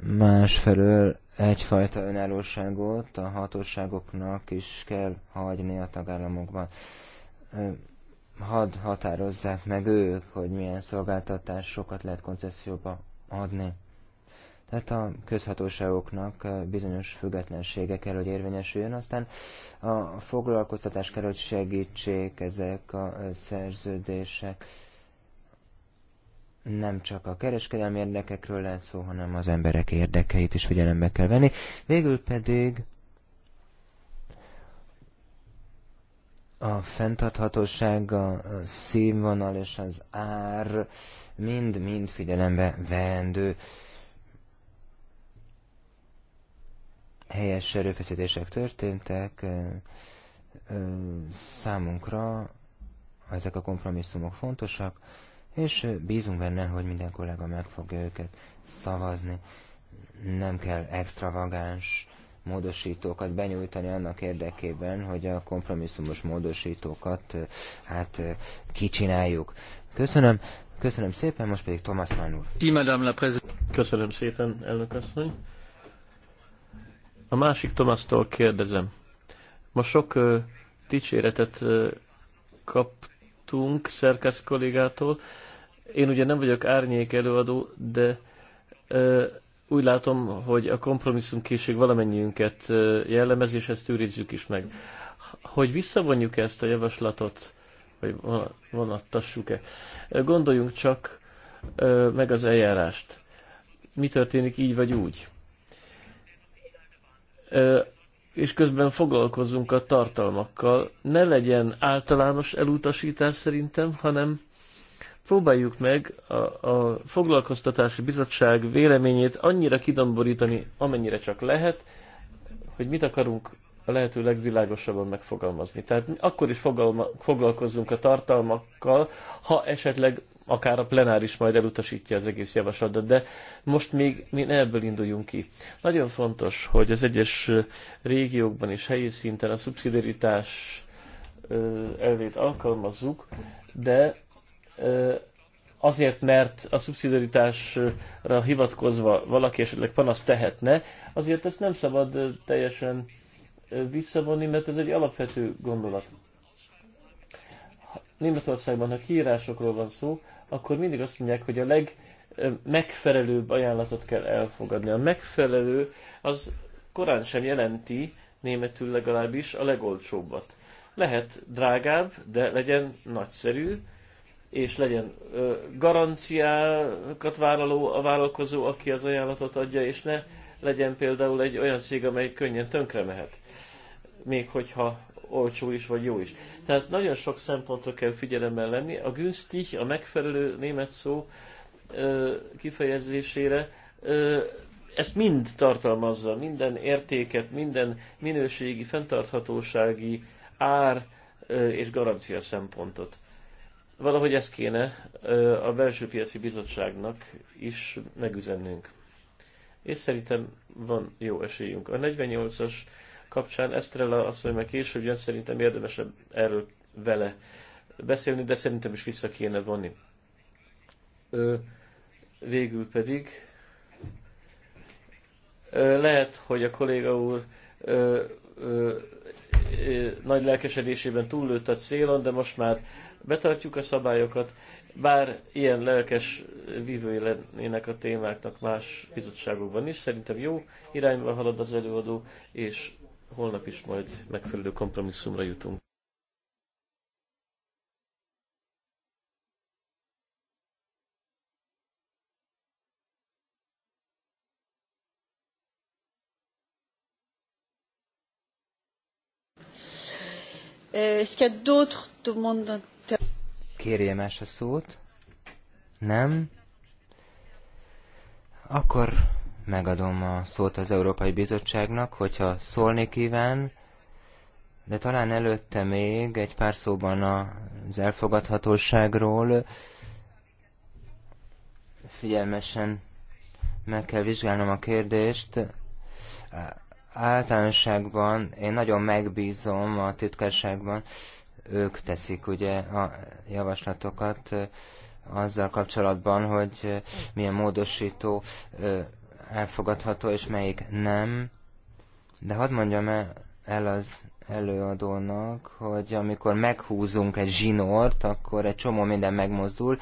másfelől egyfajta önállóságot a hatóságoknak is kell hagyni a tagállamokban. Hadd határozzák meg ők, hogy milyen szolgáltatásokat lehet koncesszióba adni. Tehát a közhatóságoknak bizonyos függetlensége kell, hogy érvényesüljön, aztán a foglalkoztatás kell, hogy segítsék ezek a szerződések nem csak a kereskedelmi érdekekről lehet szó, hanem az emberek érdekeit is figyelembe kell venni. Végül pedig a fenntarthatóság, a színvonal és az ár mind-mind figyelembe vendő helyes erőfeszítések történtek. Számunkra ezek a kompromisszumok fontosak és bízunk benne, hogy minden kollega meg fogja őket szavazni. Nem kell extravagáns módosítókat benyújtani annak érdekében, hogy a kompromisszumos módosítókat hát kicsináljuk. Köszönöm, köszönöm szépen, most pedig Thomas Mann úr. Köszönöm szépen, elnök asszony. A másik Tomasztól kérdezem. Ma sok ö, dicséretet ö, kap hallottunk Szerkesz kollégától. Én ugye nem vagyok árnyék előadó, de ö, úgy látom, hogy a kompromisszum készség valamennyiünket jellemez, és ezt őrizzük is meg. Hogy visszavonjuk ezt a javaslatot, vagy vonattassuk-e, gondoljunk csak ö, meg az eljárást. Mi történik így vagy úgy? Ö, és közben foglalkozunk a tartalmakkal. Ne legyen általános elutasítás szerintem, hanem próbáljuk meg a, a foglalkoztatási bizottság véleményét annyira kidomborítani, amennyire csak lehet, hogy mit akarunk a lehető legvilágosabban megfogalmazni. Tehát akkor is fogalma, foglalkozzunk a tartalmakkal, ha esetleg akár a plenáris majd elutasítja az egész javaslatot, de most még mi ebből induljunk ki. Nagyon fontos, hogy az egyes régiókban és helyi szinten a szubszidiaritás elvét alkalmazzuk, de azért, mert a szubszidiaritásra hivatkozva valaki esetleg panaszt tehetne, azért ezt nem szabad teljesen visszavonni, mert ez egy alapvető gondolat. Németországban, ha kiírásokról van szó, akkor mindig azt mondják, hogy a legmegfelelőbb ajánlatot kell elfogadni. A megfelelő az korán sem jelenti, németül legalábbis, a legolcsóbbat. Lehet drágább, de legyen nagyszerű, és legyen garanciákat vállaló a vállalkozó, aki az ajánlatot adja, és ne legyen például egy olyan cég, amely könnyen tönkre mehet. Még hogyha olcsó is, vagy jó is. Tehát nagyon sok szempontra kell figyelemmel lenni. A günstig, a megfelelő német szó kifejezésére ezt mind tartalmazza, minden értéket, minden minőségi, fenntarthatósági ár és garancia szempontot. Valahogy ezt kéne a belső piaci bizottságnak is megüzennünk. És szerintem van jó esélyünk. A 48-as kapcsán. Estrella azt mondja, mert később jön, szerintem érdemesebb erről vele beszélni, de szerintem is vissza kéne vonni. Ö, végül pedig ö, lehet, hogy a kolléga úr ö, ö, ö, nagy lelkesedésében túllőtt a célon, de most már betartjuk a szabályokat, bár ilyen lelkes vívői lennének a témáknak más bizottságokban is, szerintem jó irányba halad az előadó, és holnap is majd megfelelő kompromisszumra jutunk. Euh, Kérjem más a szót? Nem? Akkor megadom a szót az Európai Bizottságnak, hogyha szólni kíván, de talán előtte még egy pár szóban az elfogadhatóságról figyelmesen meg kell vizsgálnom a kérdést. Általánosságban én nagyon megbízom a titkárságban, ők teszik ugye a javaslatokat azzal kapcsolatban, hogy milyen módosító elfogadható, és melyik nem. De hadd mondjam el az előadónak, hogy amikor meghúzunk egy zsinort, akkor egy csomó minden megmozdul.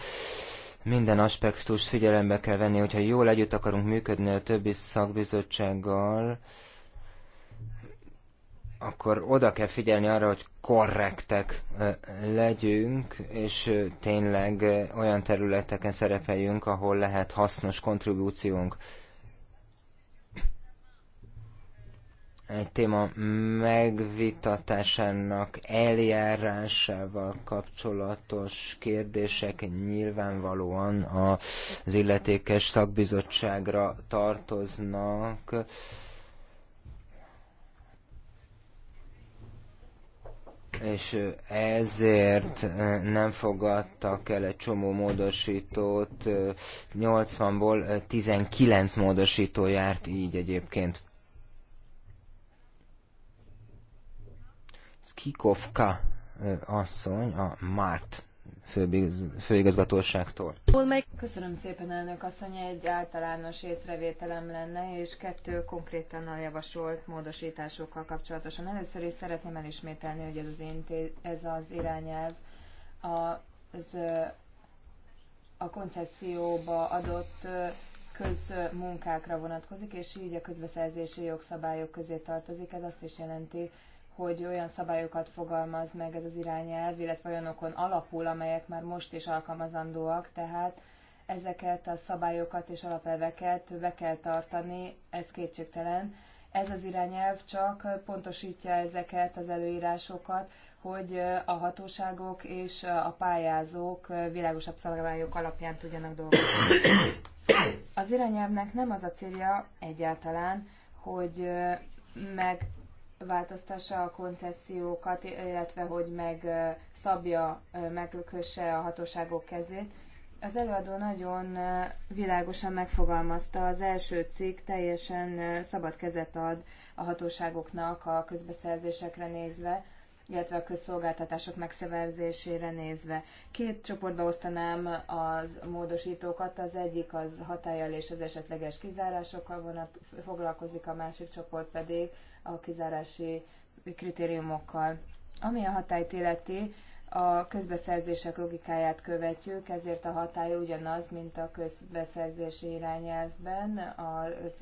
Minden aspektust figyelembe kell venni, hogyha jól együtt akarunk működni a többi szakbizottsággal, akkor oda kell figyelni arra, hogy korrektek legyünk, és tényleg olyan területeken szerepeljünk, ahol lehet hasznos kontribúciónk. egy téma megvitatásának eljárásával kapcsolatos kérdések nyilvánvalóan az illetékes szakbizottságra tartoznak. és ezért nem fogadtak el egy csomó módosítót, 80-ból 19 módosító járt így egyébként. Skikovka asszony a MÁRT főigazgatóságtól. Köszönöm szépen, elnök asszony, egy általános észrevételem lenne, és kettő konkrétan a javasolt módosításokkal kapcsolatosan. Először is szeretném elismételni, hogy ez az, inté- ez az irányelv az, a koncesszióba adott közmunkákra vonatkozik, és így a közbeszerzési jogszabályok közé tartozik. Ez azt is jelenti, hogy olyan szabályokat fogalmaz meg ez az irányelv, illetve olyanokon alapul, amelyek már most is alkalmazandóak, tehát ezeket a szabályokat és alapelveket be kell tartani, ez kétségtelen. Ez az irányelv csak pontosítja ezeket az előírásokat, hogy a hatóságok és a pályázók világosabb szabályok alapján tudjanak dolgozni. Az irányelvnek nem az a célja egyáltalán, hogy meg változtassa a koncesziókat, illetve hogy megszabja, megkösse a hatóságok kezét. Az előadó nagyon világosan megfogalmazta, az első cikk teljesen szabad kezet ad a hatóságoknak a közbeszerzésekre nézve, illetve a közszolgáltatások megszervezésére nézve. Két csoportba osztanám az módosítókat, az egyik az hatállyal és az esetleges kizárásokkal vonat, foglalkozik, a másik csoport pedig a kizárási kritériumokkal. Ami a hatályt illeti, a közbeszerzések logikáját követjük, ezért a hatály ugyanaz, mint a közbeszerzési irányelvben az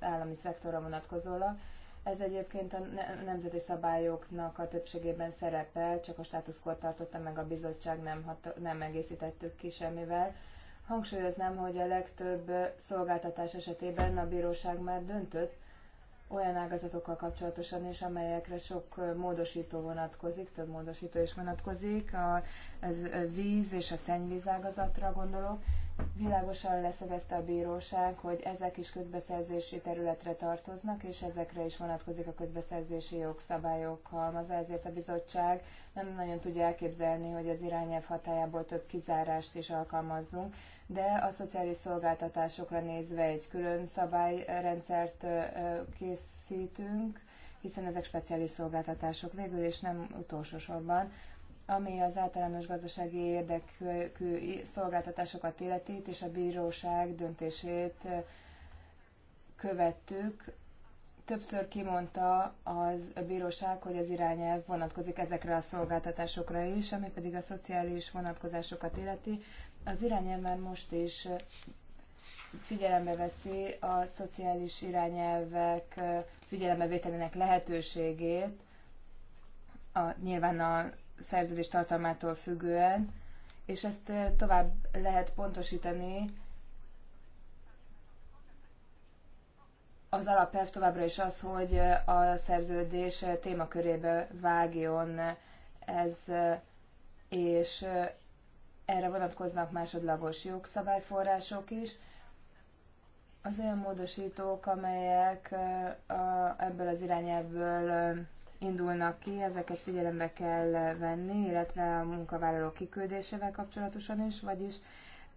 állami szektorra vonatkozóla. Ez egyébként a nemzeti szabályoknak a többségében szerepel, csak a státuszkor tartotta meg a bizottság, nem, nem egészítettük ki semmivel. Hangsúlyoznám, hogy a legtöbb szolgáltatás esetében a bíróság már döntött, olyan ágazatokkal kapcsolatosan is, amelyekre sok módosító vonatkozik, több módosító is vonatkozik, a, az víz és a szennyvíz ágazatra gondolok. Világosan leszögezte a bíróság, hogy ezek is közbeszerzési területre tartoznak, és ezekre is vonatkozik a közbeszerzési jogszabályok halmaza, ezért a bizottság nem nagyon tudja elképzelni, hogy az irányelv hatájából több kizárást is alkalmazzunk, de a szociális szolgáltatásokra nézve egy külön szabályrendszert készítünk, hiszen ezek speciális szolgáltatások végül, és nem utolsó sorban, ami az általános gazdasági érdekű szolgáltatásokat illeti, és a bíróság döntését követtük. Többször kimondta az, a bíróság, hogy az irányelv vonatkozik ezekre a szolgáltatásokra is, ami pedig a szociális vonatkozásokat illeti. Az irányelv már most is figyelembe veszi a szociális irányelvek figyelembevételének lehetőségét, a, nyilván a szerződés tartalmától függően, és ezt tovább lehet pontosítani, az alapelv továbbra is az, hogy a szerződés témakörébe vágjon ez, és erre vonatkoznak másodlagos jogszabályforrások is, az olyan módosítók, amelyek a, ebből az irányelvből indulnak ki, ezeket figyelembe kell venni, illetve a munkavállalók kiküldésével kapcsolatosan is, vagyis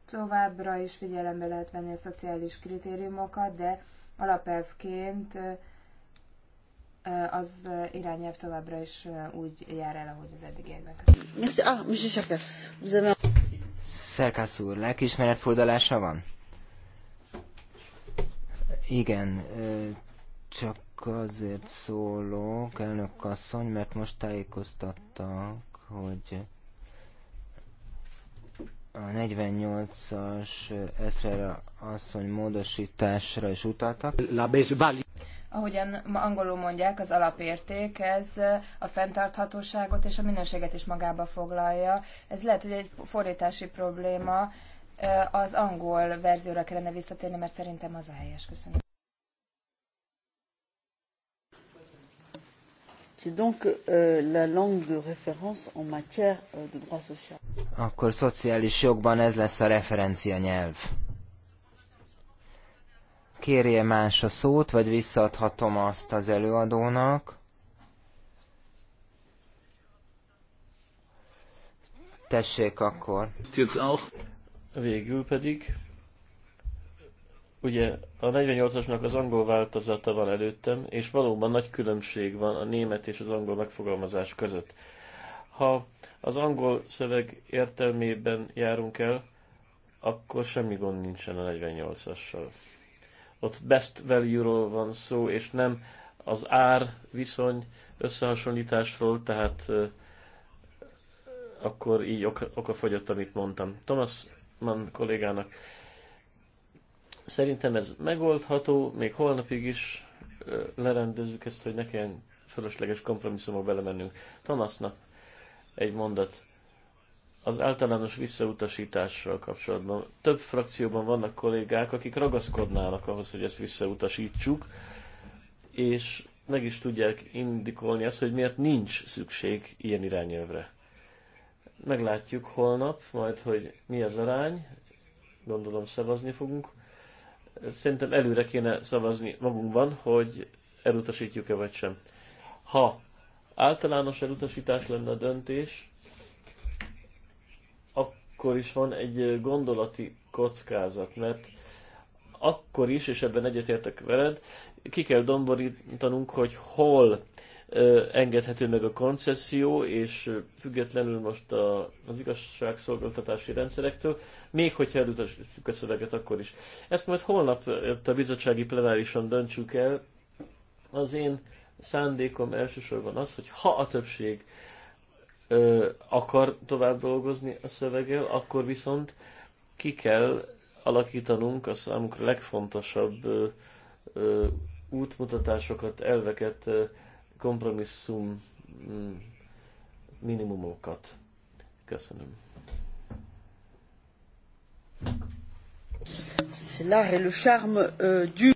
továbbra is figyelembe lehet venni a szociális kritériumokat, de alapelvként az irányelv továbbra is úgy jár el, ahogy az eddigiekben. Ah, Köszönöm. Szerkász úr, lelkiismeretfordalása van? Igen, csak azért szólok, elnök asszony, mert most tájékoztattak, hogy a 48-as eszre asszony módosításra is utaltak. La base value ahogyan ma angolul mondják, az alapérték, ez a fenntarthatóságot és a minőséget is magába foglalja. Ez lehet, hogy egy fordítási probléma, az angol verzióra kellene visszatérni, mert szerintem az a helyes. Köszönöm. donc euh, la langue de référence en matière euh, de droit social. Akkor szociális jogban ez lesz a referencia nyelv kérje más a szót, vagy visszaadhatom azt az előadónak. Tessék akkor. Végül pedig, ugye a 48-asnak az angol változata van előttem, és valóban nagy különbség van a német és az angol megfogalmazás között. Ha az angol szöveg értelmében járunk el, akkor semmi gond nincsen a 48-assal ott best value-ról van szó, és nem az ár viszony összehasonlításról, tehát akkor így oka, oka fogyott, amit mondtam. Thomas Mann kollégának szerintem ez megoldható, még holnapig is lerendezzük ezt, hogy ne kelljen fölösleges kompromisszumok belemennünk. Thomasnak egy mondat az általános visszautasítással kapcsolatban. Több frakcióban vannak kollégák, akik ragaszkodnának ahhoz, hogy ezt visszautasítsuk, és meg is tudják indikolni azt, hogy miért nincs szükség ilyen irányelvre. Meglátjuk holnap majd, hogy mi az arány, gondolom szavazni fogunk. Szerintem előre kéne szavazni magunkban, hogy elutasítjuk-e vagy sem. Ha általános elutasítás lenne a döntés, akkor is van egy gondolati kockázat, mert akkor is, és ebben egyetértek veled, ki kell domborítanunk, hogy hol engedhető meg a koncesszió, és függetlenül most a, az igazságszolgáltatási rendszerektől, még hogyha elutasítjuk a szöveget, akkor is. Ezt majd holnap a bizottsági plenárison döntsük el. Az én szándékom elsősorban az, hogy ha a többség ö, akar tovább dolgozni a szöveggel, akkor viszont ki kell alakítanunk a számukra legfontosabb ö, ö, útmutatásokat, elveket, ö, kompromisszum mm, minimumokat. Köszönöm. Euh, du...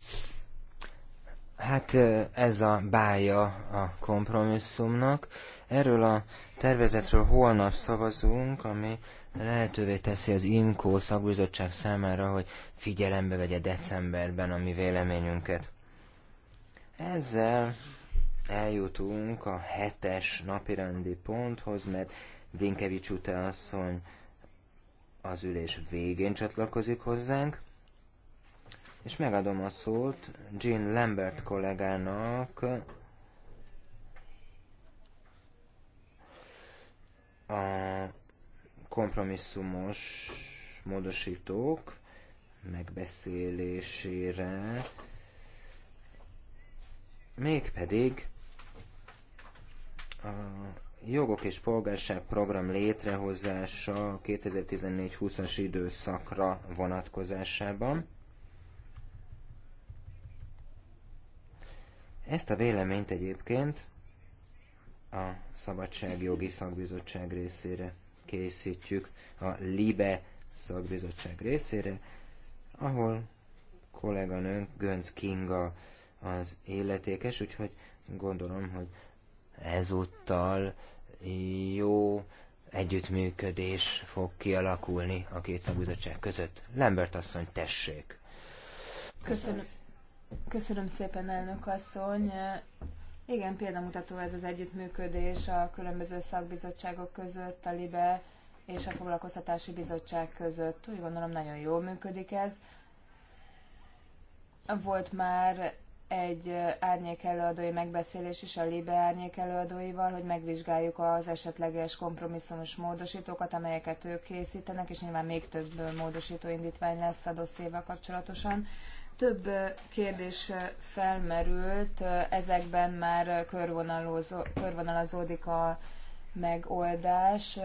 Hát ez a bája a kompromisszumnak. Erről a tervezetről holnap szavazunk, ami lehetővé teszi az IMCO szakbizottság számára, hogy figyelembe vegye decemberben a mi véleményünket. Ezzel eljutunk a hetes napirendi ponthoz, mert Blinkevics asszony az ülés végén csatlakozik hozzánk, és megadom a szót Jean Lambert kollégának, a kompromisszumos módosítók megbeszélésére, mégpedig a jogok és polgárság program létrehozása 2014-20-as időszakra vonatkozásában. Ezt a véleményt egyébként a Szabadságjogi Szakbizottság részére készítjük, a LIBE Szakbizottság részére, ahol kolléganőnk Gönc Kinga az életékes, úgyhogy gondolom, hogy ezúttal jó együttműködés fog kialakulni a két szakbizottság között. Lambert asszony, tessék! Köszönöm, köszönöm szépen, elnök asszony! Igen, példamutató ez az együttműködés a különböző szakbizottságok között, a LIBE és a Foglalkoztatási Bizottság között. Úgy gondolom, nagyon jól működik ez. Volt már egy árnyék előadói megbeszélés is a LIBE árnyék előadóival, hogy megvizsgáljuk az esetleges kompromisszumos módosítókat, amelyeket ők készítenek, és nyilván még több módosító indítvány lesz a dosszéval kapcsolatosan. Több kérdés felmerült, ezekben már körvonalazódik a megoldás.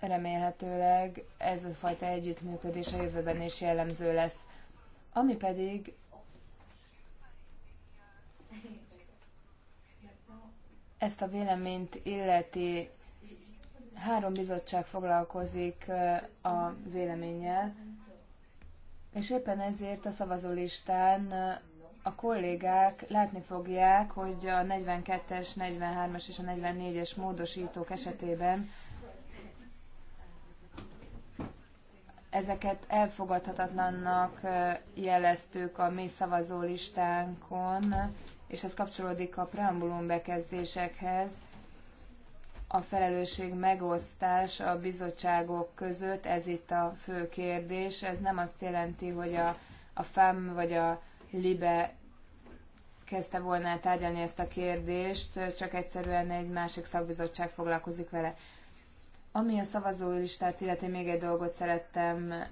Remélhetőleg ez a fajta együttműködés a jövőben is jellemző lesz. Ami pedig ezt a véleményt illeti Három bizottság foglalkozik a véleménnyel, és éppen ezért a szavazólistán a kollégák látni fogják, hogy a 42-es, 43-as és a 44-es módosítók esetében ezeket elfogadhatatlannak jeleztük a mi szavazólistánkon, és ez kapcsolódik a preambulum bekezdésekhez, a felelősség megosztás a bizottságok között, ez itt a fő kérdés. Ez nem azt jelenti, hogy a, a fem vagy a LIBE kezdte volna tárgyalni ezt a kérdést, csak egyszerűen egy másik szakbizottság foglalkozik vele. Ami a szavazólistát illeti, még egy dolgot szerettem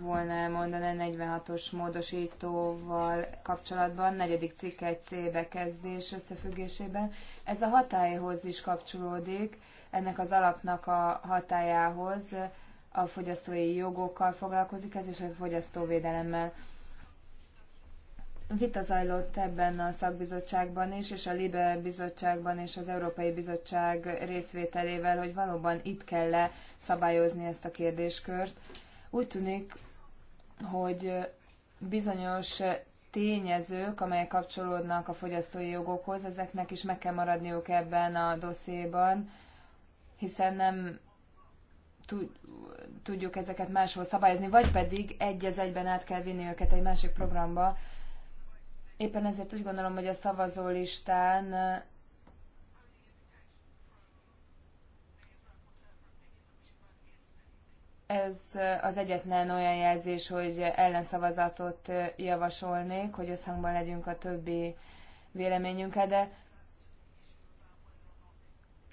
volna elmondani 46-os módosítóval kapcsolatban, negyedik cikk egy C bekezdés összefüggésében. Ez a hatályhoz is kapcsolódik, ennek az alapnak a hatályához a fogyasztói jogokkal foglalkozik ez, és a fogyasztóvédelemmel. Vita zajlott ebben a szakbizottságban is, és a LIBE bizottságban és az Európai Bizottság részvételével, hogy valóban itt kell -e szabályozni ezt a kérdéskört úgy tűnik, hogy bizonyos tényezők, amelyek kapcsolódnak a fogyasztói jogokhoz, ezeknek is meg kell maradniuk ebben a dosszéban, hiszen nem tudjuk ezeket máshol szabályozni, vagy pedig egy az egyben át kell vinni őket egy másik programba. Éppen ezért úgy gondolom, hogy a szavazólistán Ez az egyetlen olyan jelzés, hogy ellenszavazatot javasolnék, hogy összhangban legyünk a többi véleményünkkel, de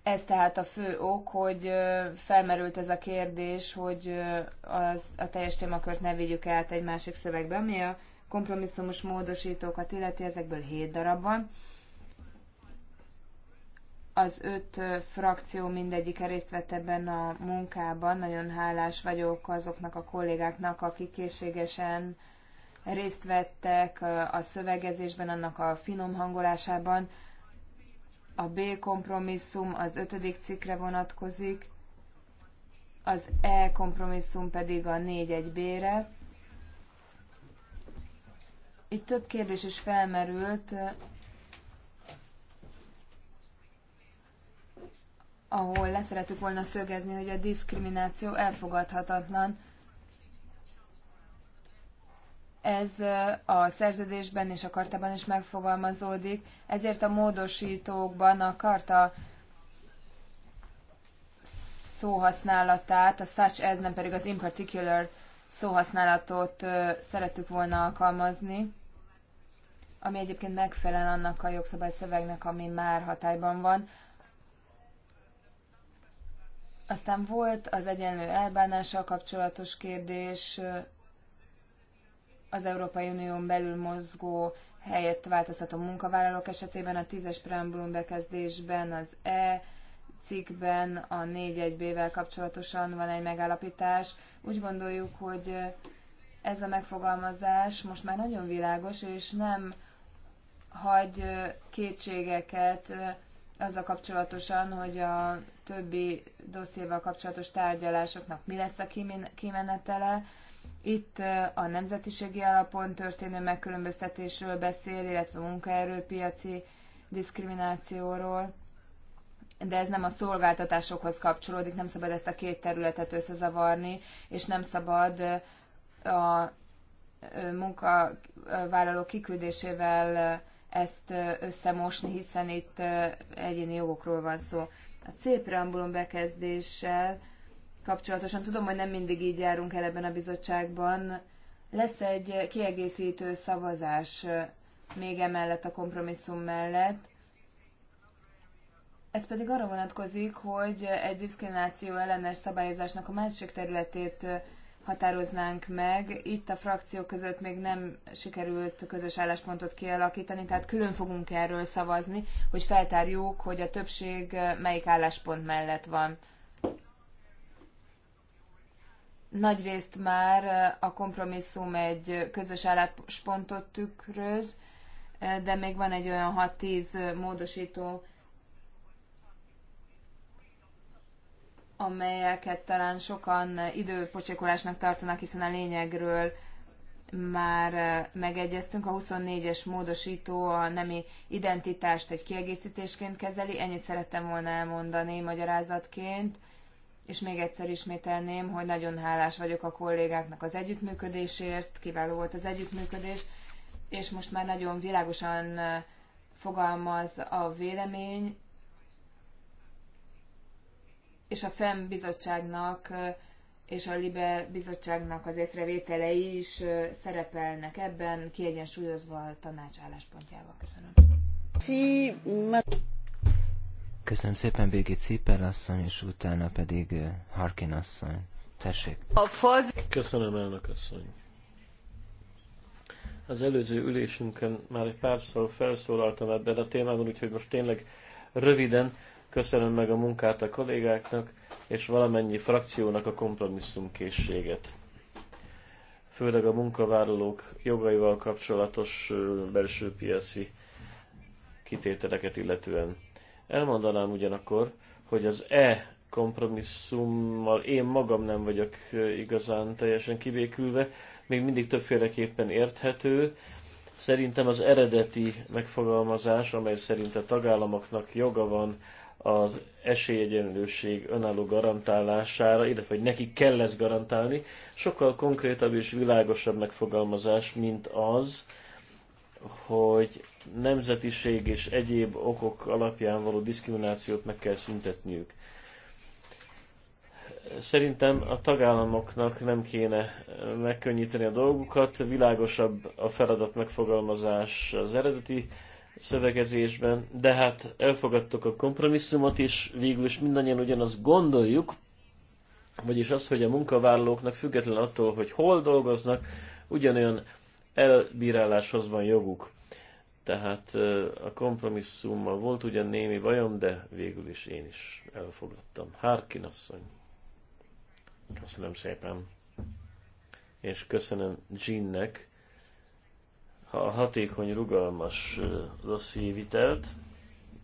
ez tehát a fő ok, hogy felmerült ez a kérdés, hogy az, a teljes témakört ne vigyük át egy másik szövegbe, ami a kompromisszumos módosítókat illeti, ezekből hét darab van. Az öt frakció mindegyike részt vett ebben a munkában. Nagyon hálás vagyok azoknak a kollégáknak, akik készségesen részt vettek a szövegezésben, annak a finom hangolásában. A B kompromisszum az ötödik cikkre vonatkozik, az E kompromisszum pedig a 4-1-B-re. Itt több kérdés is felmerült, ahol leszerettük volna szögezni, hogy a diszkrimináció elfogadhatatlan. Ez a szerződésben és a kartában is megfogalmazódik, ezért a módosítókban a karta szóhasználatát, a such as, nem pedig az in particular szóhasználatot szerettük volna alkalmazni, ami egyébként megfelel annak a jogszabályszövegnek, ami már hatályban van. Aztán volt az egyenlő elbánással kapcsolatos kérdés, az Európai Unión belül mozgó helyett változható munkavállalók esetében a tízes preambulum bekezdésben az E cikkben a 4.1b-vel kapcsolatosan van egy megállapítás. Úgy gondoljuk, hogy ez a megfogalmazás most már nagyon világos, és nem hagy kétségeket azzal kapcsolatosan, hogy a többi dossziéval kapcsolatos tárgyalásoknak mi lesz a kimenetele. Itt a nemzetiségi alapon történő megkülönböztetésről beszél, illetve munkaerőpiaci diszkriminációról, de ez nem a szolgáltatásokhoz kapcsolódik, nem szabad ezt a két területet összezavarni, és nem szabad a munkavállaló kiküldésével ezt összemosni, hiszen itt egyéni jogokról van szó. A C preambulum bekezdéssel kapcsolatosan tudom, hogy nem mindig így járunk el ebben a bizottságban. Lesz egy kiegészítő szavazás még emellett a kompromisszum mellett. Ez pedig arra vonatkozik, hogy egy diszkrimináció ellenes szabályozásnak a másik területét határoznánk meg. Itt a frakciók között még nem sikerült közös álláspontot kialakítani, tehát külön fogunk erről szavazni, hogy feltárjuk, hogy a többség eh, melyik álláspont mellett van. Nagyrészt már eh, a kompromisszum egy közös álláspontot tükröz, eh, de még van egy olyan 6-10 módosító amelyeket talán sokan időpocsékolásnak tartanak, hiszen a lényegről már eh, megegyeztünk. A 24-es módosító a nemi identitást egy kiegészítésként kezeli. Ennyit szerettem volna elmondani magyarázatként. És még egyszer ismételném, hogy nagyon hálás vagyok a kollégáknak az együttműködésért, kiváló volt az együttműködés, és most már nagyon világosan eh, fogalmaz a vélemény, és a FEM bizottságnak és a LIBE bizottságnak az észrevételei is szerepelnek ebben, kiegyensúlyozva a tanács álláspontjával. Köszönöm. Köszönöm szépen Birgit Szipel asszony, és utána pedig Harkin asszony. Tessék. A faz... Köszönöm elnök asszony. Az előző ülésünkön már egy párszor felszólaltam ebben a témában, úgyhogy most tényleg röviden Köszönöm meg a munkát a kollégáknak, és valamennyi frakciónak a kompromisszumkészséget. Főleg a munkavállalók jogaival kapcsolatos belső piaci kitételeket illetően. Elmondanám ugyanakkor, hogy az E kompromisszummal én magam nem vagyok igazán teljesen kibékülve, még mindig többféleképpen érthető. Szerintem az eredeti megfogalmazás, amely szerint a tagállamoknak joga van az esélyegyenlőség önálló garantálására, illetve hogy neki kell lesz garantálni, sokkal konkrétabb és világosabb megfogalmazás, mint az, hogy nemzetiség és egyéb okok alapján való diszkriminációt meg kell szüntetniük. Szerintem a tagállamoknak nem kéne megkönnyíteni a dolgukat, világosabb a feladat megfogalmazás az eredeti szövegezésben, de hát elfogadtok a kompromisszumot is, végül is mindannyian ugyanazt gondoljuk, vagyis az, hogy a munkavállalóknak független attól, hogy hol dolgoznak, ugyanolyan elbíráláshoz van joguk. Tehát a kompromisszummal volt ugyan némi bajom, de végül is én is elfogadtam. Harkin asszony. Köszönöm szépen. És köszönöm Jeannek a hatékony, rugalmas vitelt,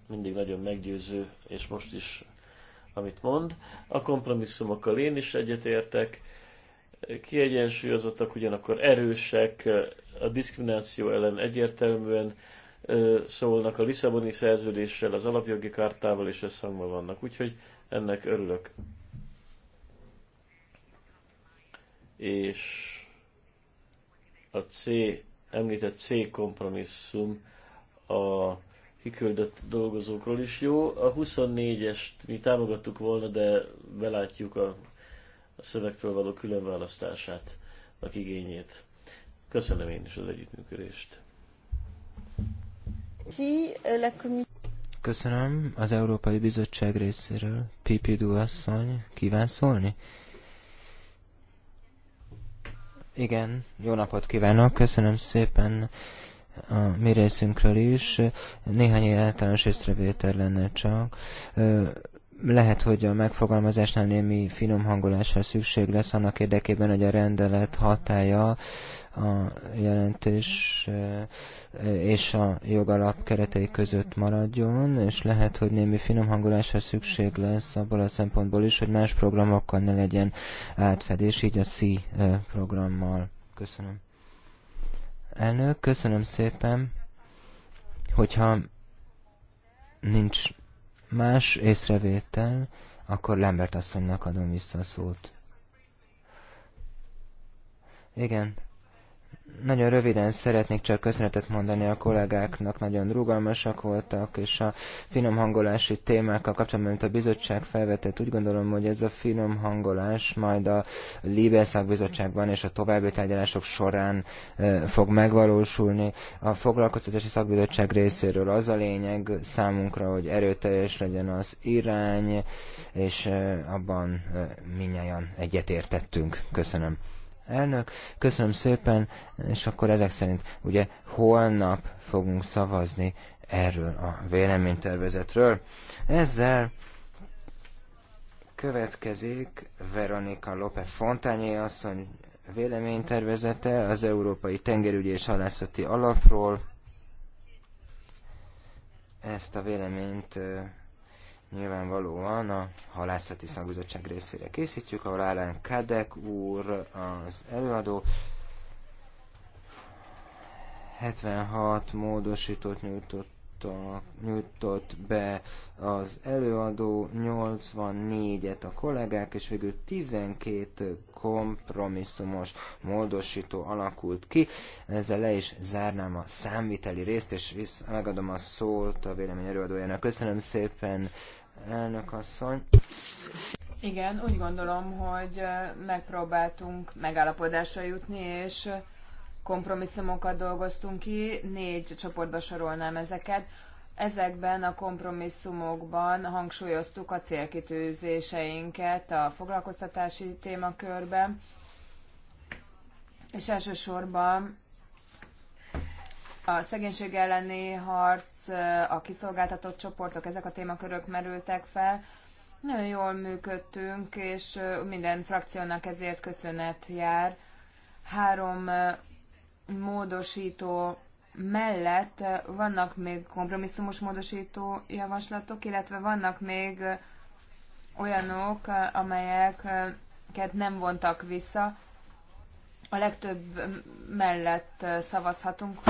mindig nagyon meggyőző, és most is amit mond. A kompromisszumokkal én is egyetértek, kiegyensúlyozottak, ugyanakkor erősek, a diszkrimináció ellen egyértelműen szólnak a Lisszaboni szerződéssel, az alapjogi kártával, és összhangban vannak. Úgyhogy ennek örülök. És a C említett C kompromisszum a kiküldött dolgozókról is jó. A 24-est mi támogattuk volna, de belátjuk a, a szövegtől való különválasztását, a igényét. Köszönöm én is az együttműködést. Euh, Köszönöm az Európai Bizottság részéről. Pipi asszony, kíván szólni? Igen, jó napot kívánok, köszönöm szépen a mi részünkről is. Néhány általános észrevétel lenne csak lehet, hogy a megfogalmazásnál némi finom hangolásra szükség lesz annak érdekében, hogy a rendelet hatája a jelentés eh, és a jogalap keretei között maradjon, és lehet, hogy némi finom hangolásra szükség lesz abból a szempontból is, hogy más programokkal ne legyen átfedés, így a C eh, programmal. Köszönöm. Elnök, köszönöm szépen, hogyha nincs Más észrevétel, akkor Lambert asszonynak adom vissza a szót. Igen, nagyon röviden szeretnék csak köszönetet mondani a kollégáknak, nagyon rugalmasak voltak, és a finom hangolási témákkal kapcsolatban, amit a bizottság felvetett, úgy gondolom, hogy ez a finom hangolás majd a Libe bizottságban és a további tárgyalások során e, fog megvalósulni. A foglalkoztatási szakbizottság részéről az a lényeg számunkra, hogy erőteljes legyen az irány, és e, abban e, minnyáján egyetértettünk. Köszönöm. Elnök, köszönöm szépen, és akkor ezek szerint ugye holnap fogunk szavazni erről a véleménytervezetről. Ezzel következik Veronika Lope Fontányé asszony véleménytervezete az Európai Tengerügyi és Halászati Alapról. Ezt a véleményt nyilvánvalóan a halászati szakbizottság részére készítjük, ahol Álán Kadek úr az előadó 76 módosított nyújtott nyújtott be az előadó 84-et a kollégák, és végül 12 kompromisszumos módosító alakult ki. Ezzel le is zárnám a számviteli részt, és visz, megadom a szót a vélemény előadójának. Köszönöm szépen, elnök asszony. Igen, úgy gondolom, hogy eh, megpróbáltunk megállapodásra jutni, és kompromisszumokat dolgoztunk ki, négy csoportba sorolnám ezeket. Ezekben a kompromisszumokban hangsúlyoztuk a célkitűzéseinket a foglalkoztatási témakörben, és elsősorban a szegénység elleni harc, a kiszolgáltatott csoportok, ezek a témakörök merültek fel. Nagyon jól működtünk, és minden frakciónak ezért köszönet jár. Három módosító mellett vannak még kompromisszumos módosító javaslatok, illetve vannak még olyanok, amelyeket nem vontak vissza. A legtöbb mellett szavazhatunk,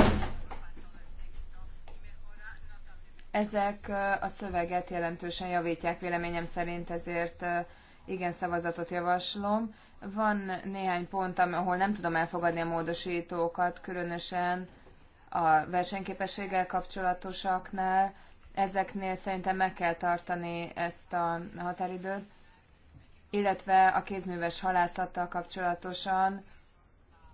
Ezek a szöveget jelentősen javítják véleményem szerint, ezért igen szavazatot javaslom. Van néhány pont, ahol nem tudom elfogadni a módosítókat, különösen a versenyképességgel kapcsolatosaknál. Ezeknél szerintem meg kell tartani ezt a határidőt, illetve a kézműves halászattal kapcsolatosan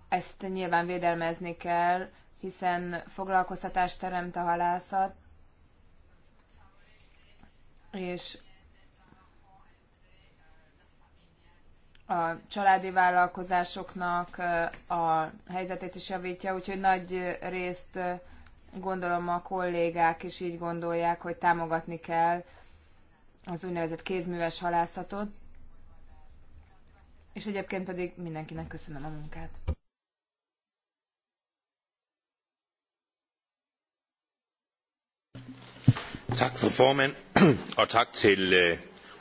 ezt nyilván védelmezni kell, hiszen foglalkoztatást teremt a halászat, és a családi vállalkozásoknak a helyzetét is javítja, úgyhogy nagy részt gondolom a kollégák is így gondolják, hogy támogatni kell az úgynevezett kézműves halászatot. És egyébként pedig mindenkinek köszönöm a munkát. <clears throat>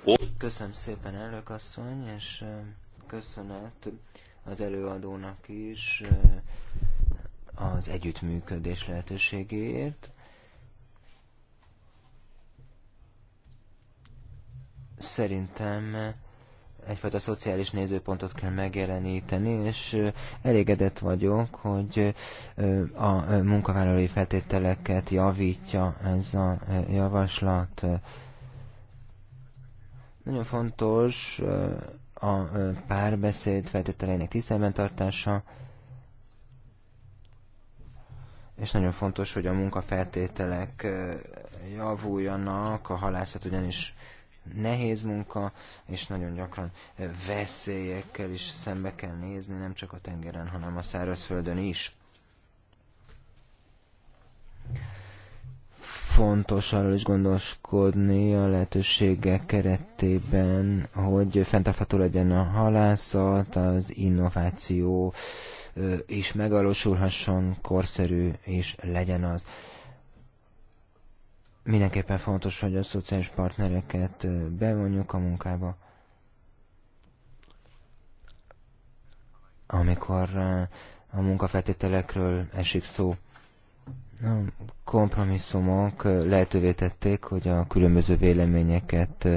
Øh, Köszönöm szépen, elnök asszony, és köszönet az előadónak is az együttműködés lehetőségéért. Szerintem egyfajta szociális nézőpontot kell megjeleníteni, és elégedett vagyok, hogy a munkavállalói feltételeket javítja ez a javaslat. Nagyon fontos a párbeszéd feltételeinek tisztelben tartása, és nagyon fontos, hogy a munkafeltételek javuljanak, a halászat ugyanis nehéz munka, és nagyon gyakran veszélyekkel is szembe kell nézni, nem csak a tengeren, hanem a szárazföldön is. fontos arról is gondoskodni a lehetőségek keretében, hogy fenntartható legyen a halászat, az innováció is megvalósulhasson, korszerű és legyen az. Mindenképpen fontos, hogy a szociális partnereket bevonjuk a munkába. Amikor a munkafeltételekről esik szó, a kompromisszumok lehetővé tették, hogy a különböző véleményeket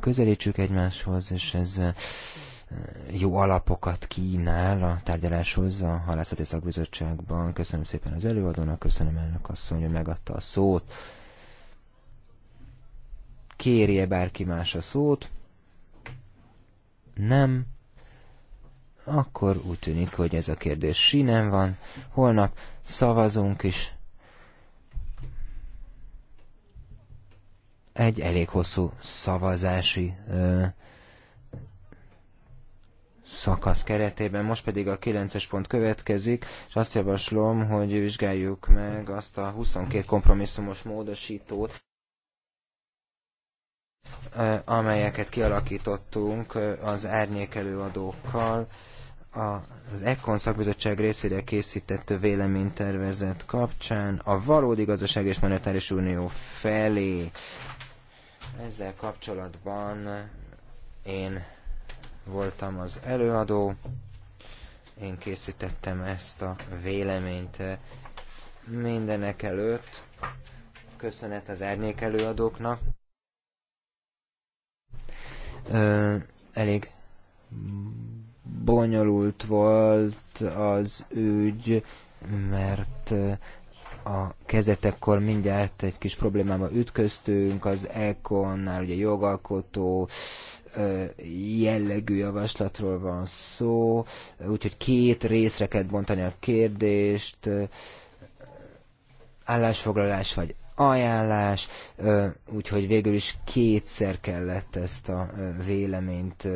közelítsük egymáshoz, és ez jó alapokat kínál a tárgyaláshoz a Halászati Szakbizottságban. Köszönöm szépen az előadónak, köszönöm elnök asszony, hogy megadta a szót. Kérje bárki más a szót? Nem. Akkor úgy tűnik, hogy ez a kérdés sínen van. Holnap szavazunk is. Egy elég hosszú szavazási ö, szakasz keretében. Most pedig a 9-es pont következik, és azt javaslom, hogy vizsgáljuk meg azt a 22 kompromisszumos módosítót, eh, amelyeket kialakítottunk eh, az árnyékelőadókkal az Ekkon szakbizottság részére készített véleménytervezet kapcsán a valódi gazdaság és monetáris unió felé. Ezzel kapcsolatban én voltam az előadó, én készítettem ezt a véleményt mindenek előtt. Köszönet az árnyék előadóknak. Ö, elég bonyolult volt az ügy, mert a kezdetekkor mindjárt egy kis problémába ütköztünk, az ECON-nál ugye jogalkotó jellegű javaslatról van szó, úgyhogy két részre kell bontani a kérdést, állásfoglalás vagy ajánlás, úgyhogy végül is kétszer kellett ezt a véleményt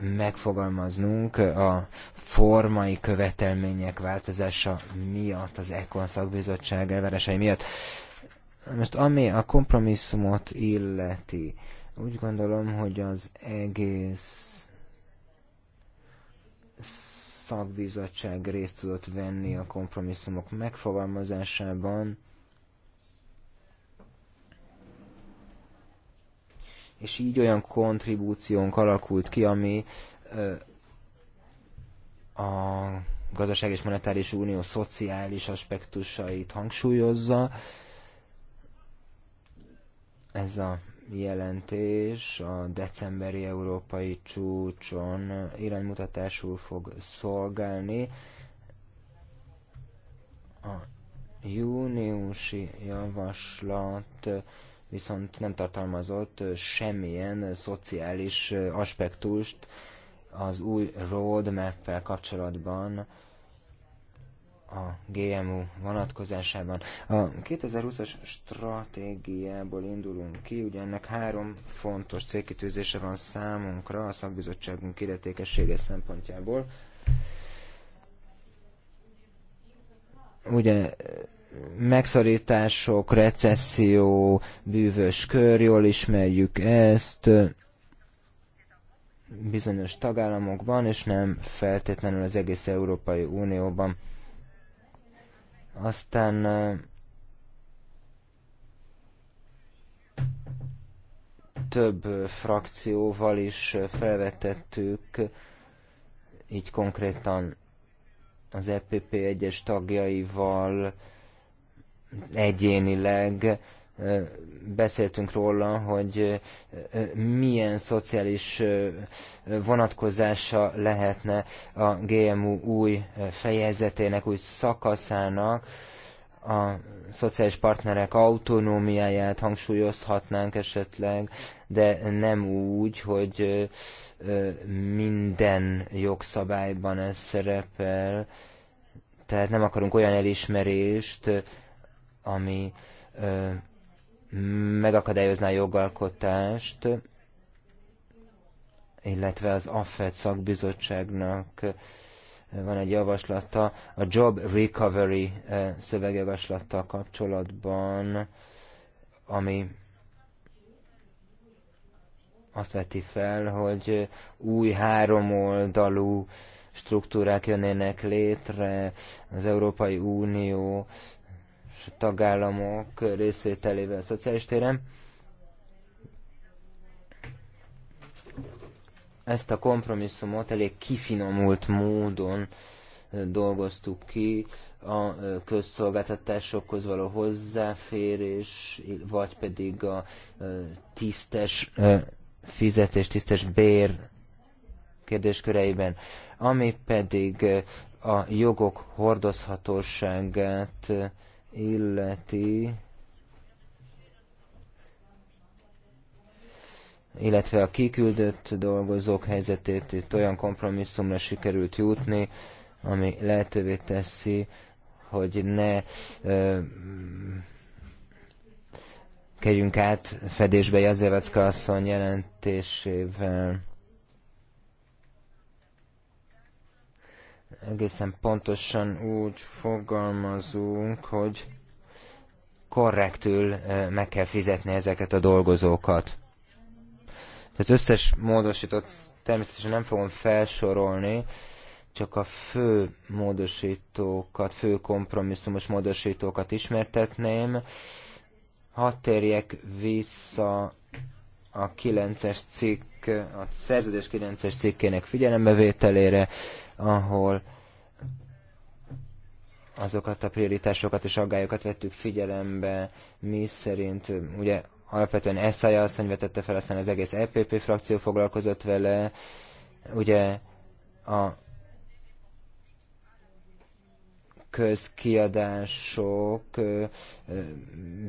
megfogalmaznunk a formai követelmények változása miatt, az ECON szakbizottság elveresei miatt. Most ami a kompromisszumot illeti, úgy gondolom, hogy az egész szakbizottság részt tudott venni a kompromisszumok megfogalmazásában. és így olyan kontribúciónk alakult ki, ami a gazdaság és monetáris unió szociális aspektusait hangsúlyozza. Ez a jelentés a decemberi európai csúcson iránymutatásul fog szolgálni. A júniusi javaslat viszont nem tartalmazott semmilyen szociális aspektust az új roadmap-fel kapcsolatban a GMU vonatkozásában. A 2020-as stratégiából indulunk ki, ugye ennek három fontos célkitűzése van számunkra a szakbizottságunk illetékessége szempontjából. Ugye megszorítások, recesszió, bűvös kör, jól ismerjük ezt bizonyos tagállamokban, és nem feltétlenül az egész Európai Unióban. Aztán több frakcióval is felvetettük, így konkrétan az EPP egyes tagjaival, egyénileg beszéltünk róla, hogy milyen szociális vonatkozása lehetne a GMU új fejezetének, új szakaszának, a szociális partnerek autonómiáját hangsúlyozhatnánk esetleg, de nem úgy, hogy minden jogszabályban ez szerepel, tehát nem akarunk olyan elismerést, ami megakadályozná a jogalkotást, illetve az AFED szakbizottságnak van egy javaslata a Job Recovery szövegjavaslattal kapcsolatban, ami azt veti fel, hogy új háromoldalú struktúrák jönnének létre, az Európai Unió és a tagállamok részvételével a szociális téren. Ezt a kompromisszumot elég kifinomult módon dolgoztuk ki a közszolgáltatásokhoz való hozzáférés, vagy pedig a tisztes fizetés, tisztes bér kérdésköreiben, ami pedig a jogok hordozhatóságát illeti, illetve a kiküldött dolgozók helyzetét itt olyan kompromisszumra sikerült jutni, ami lehetővé teszi, hogy ne ö, kerjünk át fedésbe Jazevecka asszony jelentésével. egészen pontosan úgy fogalmazunk, hogy korrektül eh, meg kell fizetni ezeket a dolgozókat. Tehát összes módosított természetesen nem fogom felsorolni, csak a fő módosítókat, fő kompromisszumos módosítókat ismertetném. Hadd térjek vissza a 9-es cikk, a szerződés 9-es cikkének figyelembevételére, ahol azokat a prioritásokat és aggályokat vettük figyelembe, mi szerint ugye alapvetően Eszája asszony vetette fel, aztán az egész EPP frakció foglalkozott vele, ugye a közkiadások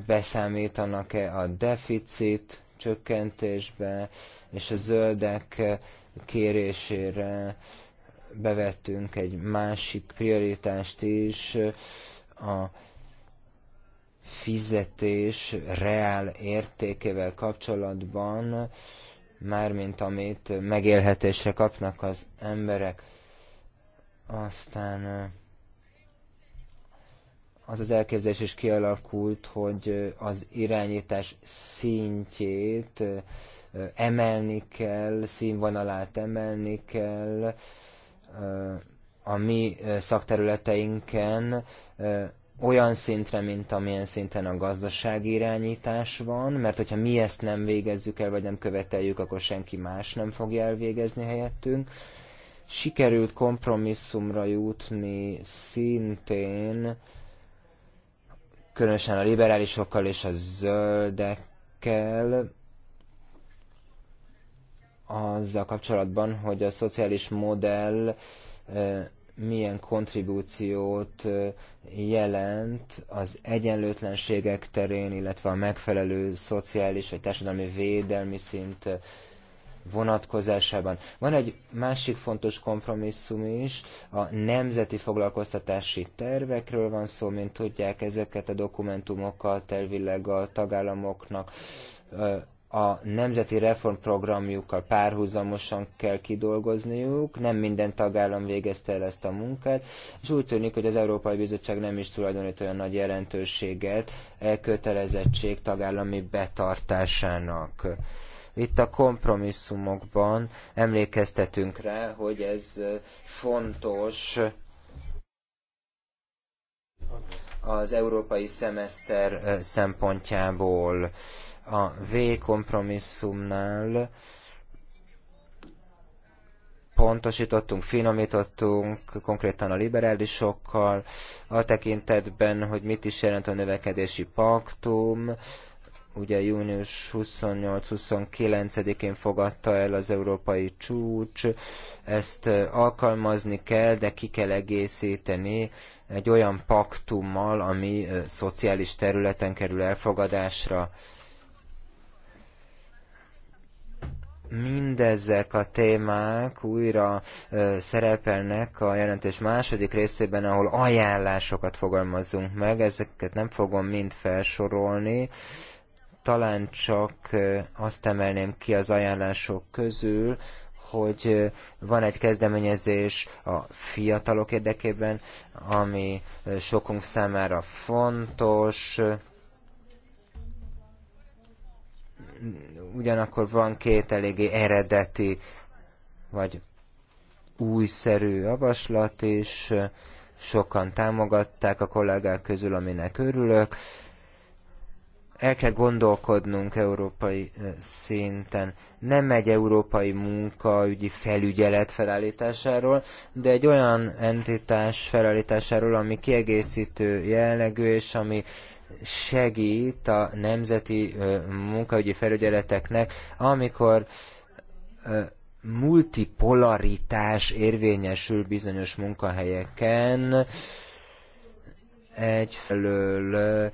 beszámítanak-e a deficit csökkentésbe, és a zöldek kérésére bevettünk egy másik prioritást is, a fizetés reál értékével kapcsolatban, mármint amit megélhetésre kapnak az emberek. Aztán az az elképzelés is kialakult, hogy az irányítás szintjét emelni kell, színvonalát emelni kell, a mi szakterületeinken olyan szintre, mint amilyen szinten a gazdasági irányítás van, mert hogyha mi ezt nem végezzük el, vagy nem követeljük, akkor senki más nem fogja elvégezni helyettünk. Sikerült kompromisszumra jutni szintén, különösen a liberálisokkal és a zöldekkel, azzal kapcsolatban, hogy a szociális modell eh, milyen kontribúciót eh, jelent az egyenlőtlenségek terén, illetve a megfelelő szociális vagy társadalmi védelmi szint eh, vonatkozásában. Van egy másik fontos kompromisszum is, a nemzeti foglalkoztatási tervekről van szó, mint tudják ezeket a dokumentumokat elvileg a tagállamoknak a nemzeti reformprogramjukkal párhuzamosan kell kidolgozniuk, nem minden tagállam végezte el ezt a munkát, és úgy tűnik, hogy az Európai Bizottság nem is tulajdonít olyan nagy jelentőséget elkötelezettség kötelezettség tagállami betartásának. Itt a kompromisszumokban emlékeztetünk rá, hogy ez fontos az európai szemeszter szempontjából a V kompromisszumnál pontosítottunk, finomítottunk konkrétan a liberálisokkal, a tekintetben, hogy mit is jelent a növekedési paktum, ugye június 28-29-én fogadta el az európai csúcs, ezt alkalmazni kell, de ki kell egészíteni egy olyan paktummal, ami szociális területen kerül elfogadásra. mindezek a témák újra ö, szerepelnek a jelentés második részében, ahol ajánlásokat fogalmazunk meg, ezeket nem fogom mind felsorolni, talán csak ö, azt emelném ki az ajánlások közül, hogy van egy kezdeményezés a fiatalok érdekében, ami sokunk számára fontos, ugyanakkor van két eléggé eredeti vagy újszerű javaslat is, sokan támogatták a kollégák közül, aminek örülök. El kell gondolkodnunk európai szinten. Nem egy európai munkaügyi felügyelet felállításáról, de egy olyan entitás felállításáról, ami kiegészítő jellegű, és ami segít a nemzeti munkaügyi felügyeleteknek, amikor multipolaritás érvényesül bizonyos munkahelyeken, egyfelől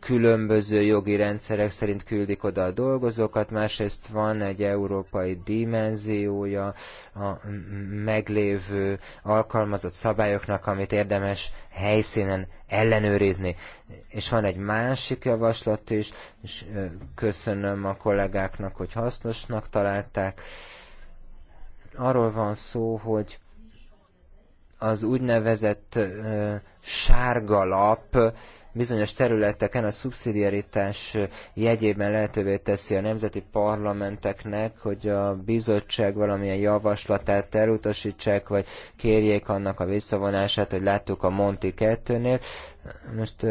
különböző jogi rendszerek szerint küldik oda a dolgozókat, másrészt van egy európai dimenziója a meglévő alkalmazott szabályoknak, amit érdemes helyszínen ellenőrizni. És van egy másik javaslat is, és köszönöm a kollégáknak, hogy hasznosnak találták. Arról van szó, hogy az úgynevezett sárgalap bizonyos területeken a szubszidiaritás jegyében lehetővé teszi a nemzeti parlamenteknek, hogy a bizottság valamilyen javaslatát elutasítsák, vagy kérjék annak a visszavonását, hogy láttuk a Monti 2-nél. Most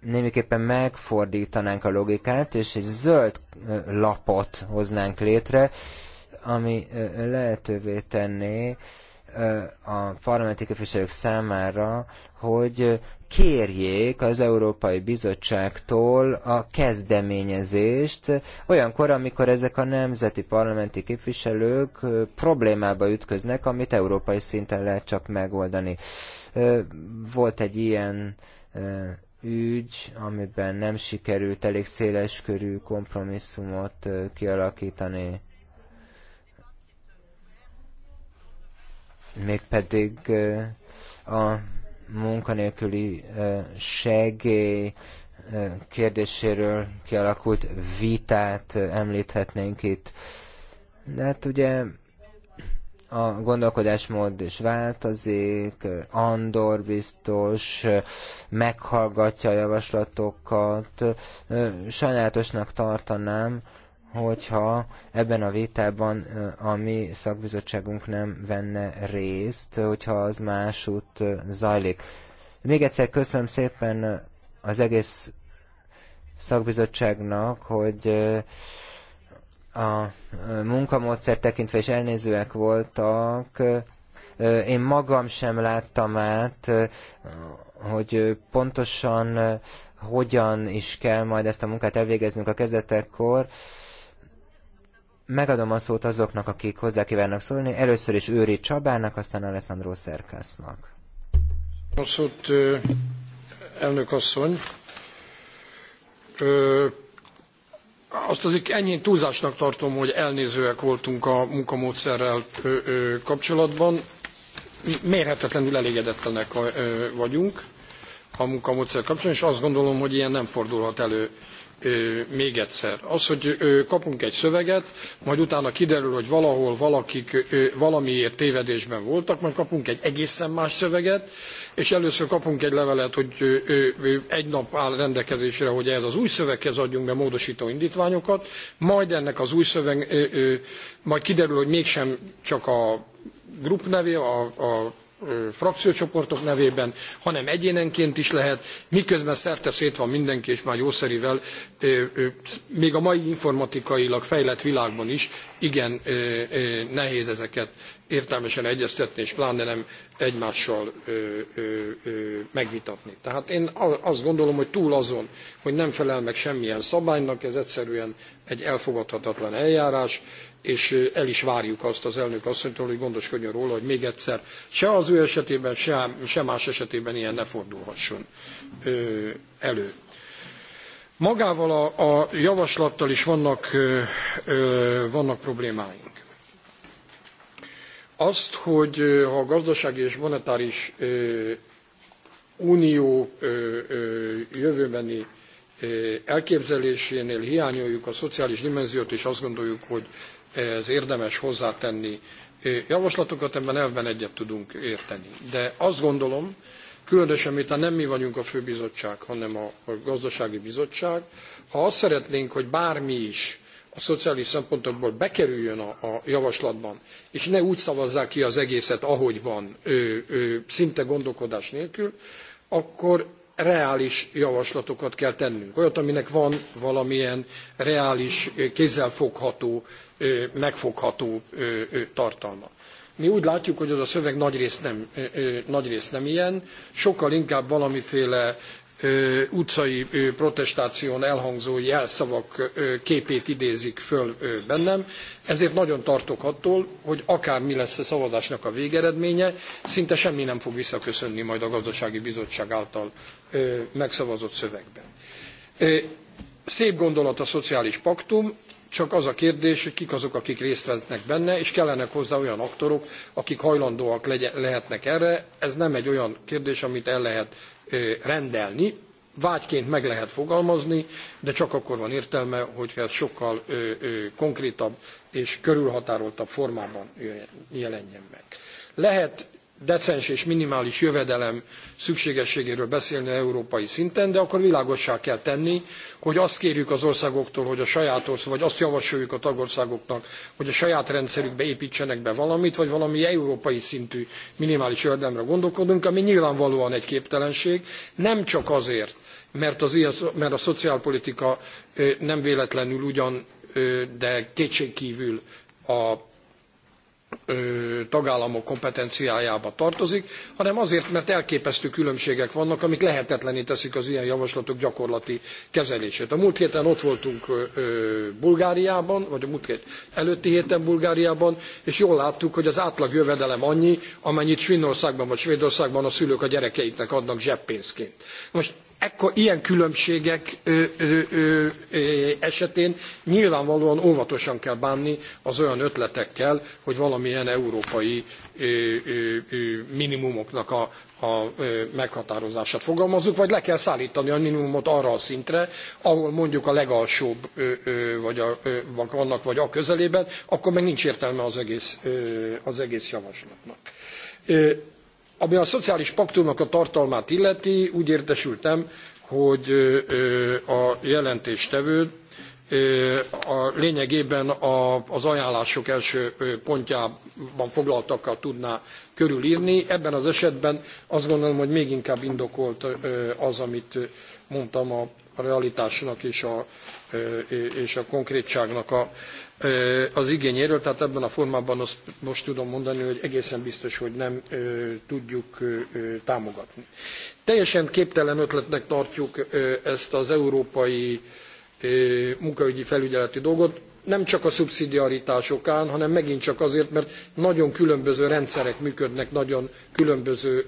némiképpen megfordítanánk a logikát, és egy zöld lapot hoznánk létre, ami lehetővé tenné, a parlamenti képviselők számára, hogy kérjék az Európai Bizottságtól a kezdeményezést olyankor, amikor ezek a nemzeti parlamenti képviselők problémába ütköznek, amit európai szinten lehet csak megoldani. Volt egy ilyen ügy, amiben nem sikerült elég széleskörű kompromisszumot kialakítani mégpedig a munkanélküli segély kérdéséről kialakult vitát említhetnénk itt. De hát ugye a gondolkodásmód is változik, Andor biztos meghallgatja a javaslatokat. Sajnálatosnak tartanám, hogyha ebben a vitában a mi szakbizottságunk nem venne részt, hogyha az másút zajlik. Még egyszer köszönöm szépen az egész szakbizottságnak, hogy a munkamódszer tekintve is elnézőek voltak. Én magam sem láttam át, hogy pontosan hogyan is kell majd ezt a munkát elvégeznünk a kezdetekkor megadom a szót azoknak, akik hozzá kívánnak szólni. Először is Őri Csabának, aztán Alessandro Szerkásznak. A szót, elnök asszony. Ö, azt azért ennyi túlzásnak tartom, hogy elnézőek voltunk a munkamódszerrel kapcsolatban. Mérhetetlenül elégedetlenek vagyunk a munkamódszer kapcsolatban, és azt gondolom, hogy ilyen nem fordulhat elő még egyszer. Az, hogy kapunk egy szöveget, majd utána kiderül, hogy valahol valakik valamiért tévedésben voltak, majd kapunk egy egészen más szöveget, és először kapunk egy levelet, hogy egy nap áll rendelkezésre, hogy ehhez az új szöveghez adjunk be módosító indítványokat, majd ennek az új szöveg, majd kiderül, hogy mégsem csak a grup nevé, a, a frakciócsoportok nevében, hanem egyénenként is lehet, miközben szerte szét van mindenki, és már jószerivel még a mai informatikailag fejlett világban is igen nehéz ezeket értelmesen egyeztetni, és pláne nem egymással megvitatni. Tehát én azt gondolom, hogy túl azon, hogy nem felel meg semmilyen szabálynak, ez egyszerűen egy elfogadhatatlan eljárás, és el is várjuk azt az elnök asszonytól, hogy gondoskodjon róla, hogy még egyszer se az ő esetében, se, se más esetében ilyen ne fordulhasson elő. Magával a, a javaslattal is vannak, vannak problémáink. Azt, hogy ha a gazdasági és monetáris unió jövőbeni elképzelésénél hiányoljuk a szociális dimenziót, és azt gondoljuk, hogy ez érdemes hozzátenni javaslatokat, ebben elben egyet tudunk érteni. De azt gondolom, különösen miután nem mi vagyunk a főbizottság, hanem a, a gazdasági bizottság, ha azt szeretnénk, hogy bármi is a szociális szempontokból bekerüljön a, a javaslatban, és ne úgy szavazzák ki az egészet, ahogy van, ö, ö, szinte gondolkodás nélkül, akkor reális javaslatokat kell tennünk. Olyat, aminek van valamilyen reális, kézzelfogható megfogható tartalma. Mi úgy látjuk, hogy az a szöveg nagyrészt nem, rész nem ilyen, sokkal inkább valamiféle utcai protestáción elhangzó jelszavak képét idézik föl bennem, ezért nagyon tartok attól, hogy akár mi lesz a szavazásnak a végeredménye, szinte semmi nem fog visszaköszönni majd a gazdasági bizottság által megszavazott szövegben. Szép gondolat a szociális paktum, csak az a kérdés, hogy kik azok, akik részt vesznek benne, és kellenek hozzá olyan aktorok, akik hajlandóak lehetnek erre. Ez nem egy olyan kérdés, amit el lehet rendelni, vágyként meg lehet fogalmazni, de csak akkor van értelme, hogyha ez sokkal ö, ö, konkrétabb és körülhatároltabb formában jelenjen meg. Lehet decens és minimális jövedelem szükségességéről beszélni európai szinten, de akkor világossá kell tenni, hogy azt kérjük az országoktól, hogy a saját ország, vagy azt javasoljuk a tagországoknak, hogy a saját rendszerükbe építsenek be valamit, vagy valami európai szintű minimális jövedelemre gondolkodunk, ami nyilvánvalóan egy képtelenség, nem csak azért, mert, az, mert a szociálpolitika nem véletlenül ugyan, de kétségkívül a tagállamok kompetenciájába tartozik, hanem azért, mert elképesztő különbségek vannak, amik lehetetlené teszik az ilyen javaslatok gyakorlati kezelését. A múlt héten ott voltunk Bulgáriában, vagy a múlt hét előtti héten Bulgáriában, és jól láttuk, hogy az átlag jövedelem annyi, amennyit Finnországban vagy Svédországban a szülők a gyerekeiknek adnak zseppénzként. Most Ekkor ilyen különbségek ö, ö, ö, esetén nyilvánvalóan óvatosan kell bánni az olyan ötletekkel, hogy valamilyen európai minimumoknak a, a meghatározását fogalmazzuk, vagy le kell szállítani a minimumot arra a szintre, ahol mondjuk a legalsóbb vagy a, vannak, vagy a közelében, akkor meg nincs értelme az egész, az egész javaslatnak ami a szociális paktumnak a tartalmát illeti, úgy értesültem, hogy a jelentéstevő a lényegében az ajánlások első pontjában foglaltakkal tudná körülírni. Ebben az esetben azt gondolom, hogy még inkább indokolt az, amit mondtam a realitásnak és a, és a konkrétságnak a az igényéről, tehát ebben a formában azt most tudom mondani, hogy egészen biztos, hogy nem tudjuk támogatni. Teljesen képtelen ötletnek tartjuk ezt az európai munkaügyi felügyeleti dolgot nem csak a szubszidiaritás okán, hanem megint csak azért, mert nagyon különböző rendszerek működnek nagyon különböző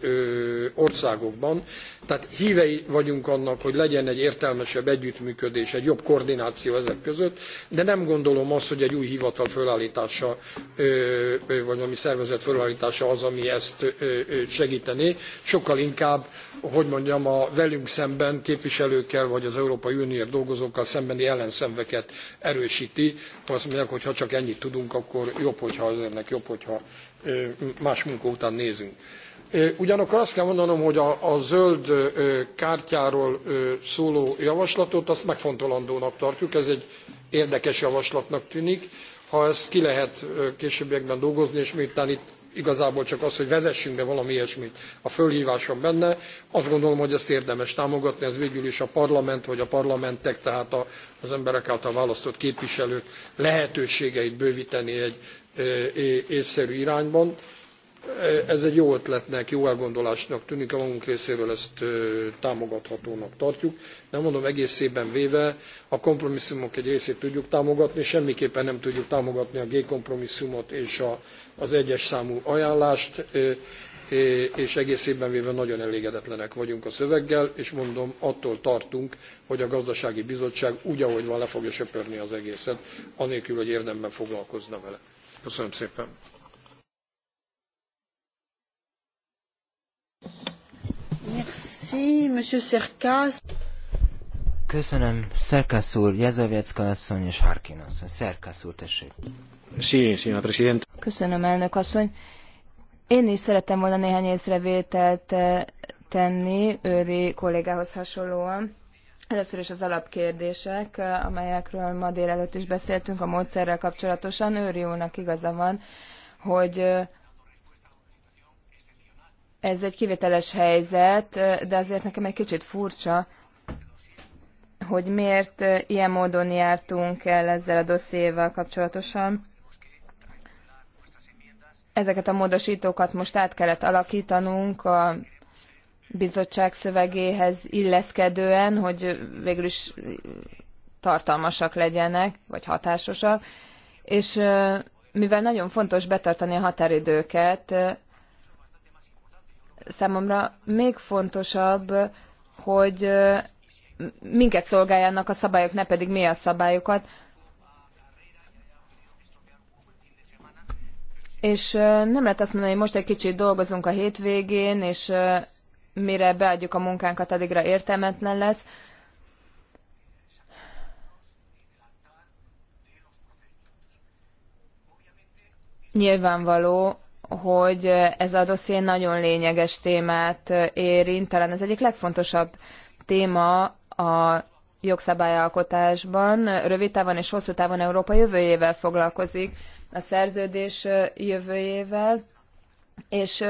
országokban. Tehát hívei vagyunk annak, hogy legyen egy értelmesebb együttműködés, egy jobb koordináció ezek között, de nem gondolom azt, hogy egy új hivatal fölállítása, vagy ami szervezet fölállítása az, ami ezt segítené. Sokkal inkább hogy mondjam, a velünk szemben képviselőkkel, vagy az Európai Unióért dolgozókkal szembeni ellenszenveket erősíti. Azt mondják, hogy ha csak ennyit tudunk, akkor jobb, hogyha az ennek jobb, hogyha más munka után nézünk. Ugyanakkor azt kell mondanom, hogy a, a zöld kártyáról szóló javaslatot azt megfontolandónak tartjuk, ez egy érdekes javaslatnak tűnik, ha ezt ki lehet későbbiekben dolgozni, és miután itt igazából csak az, hogy vezessünk be valami ilyesmit, a fölhívásom benne. Azt gondolom, hogy ezt érdemes támogatni, ez végül is a parlament vagy a parlamentek, tehát az emberek által választott képviselők lehetőségeit bővíteni egy észszerű irányban. Ez egy jó ötletnek, jó elgondolásnak tűnik, a magunk részéről ezt támogathatónak tartjuk. De mondom, egészében véve a kompromisszumok egy részét tudjuk támogatni, semmiképpen nem tudjuk támogatni a G kompromisszumot és a az egyes számú ajánlást, és egészében véve nagyon elégedetlenek vagyunk a szöveggel, és mondom, attól tartunk, hogy a gazdasági bizottság úgy, ahogy van, le fogja söpörni az egészet, anélkül, hogy érdemben foglalkozna vele. Köszönöm szépen! Merci, Monsieur Köszönöm, Szerkász úr, Jezovjecka asszony és Harkin asszony. Szerkász úr, tessék. Köszönöm, elnök asszony. Én is szerettem volna néhány észrevételt eh, tenni őri kollégához hasonlóan. Először is az alapkérdések, eh, amelyekről ma délelőtt is beszéltünk a módszerrel kapcsolatosan. Őri úrnak igaza van, hogy eh, ez egy kivételes helyzet, de azért nekem egy kicsit furcsa, hogy miért ilyen módon jártunk el ezzel a dossziéval kapcsolatosan. Ezeket a módosítókat most át kellett alakítanunk a bizottság szövegéhez illeszkedően, hogy végül is tartalmasak legyenek, vagy hatásosak, és mivel nagyon fontos betartani a határidőket, számomra még fontosabb, hogy minket szolgáljanak a szabályok, ne pedig mi a szabályokat. És nem lehet azt mondani, hogy most egy kicsit dolgozunk a hétvégén, és mire beadjuk a munkánkat, addigra értelmetlen lesz. Nyilvánvaló, hogy ez a dosszié nagyon lényeges témát érint, talán az egyik legfontosabb téma a jogszabályalkotásban rövid távon és hosszú távon Európa jövőjével foglalkozik, a szerződés jövőjével, és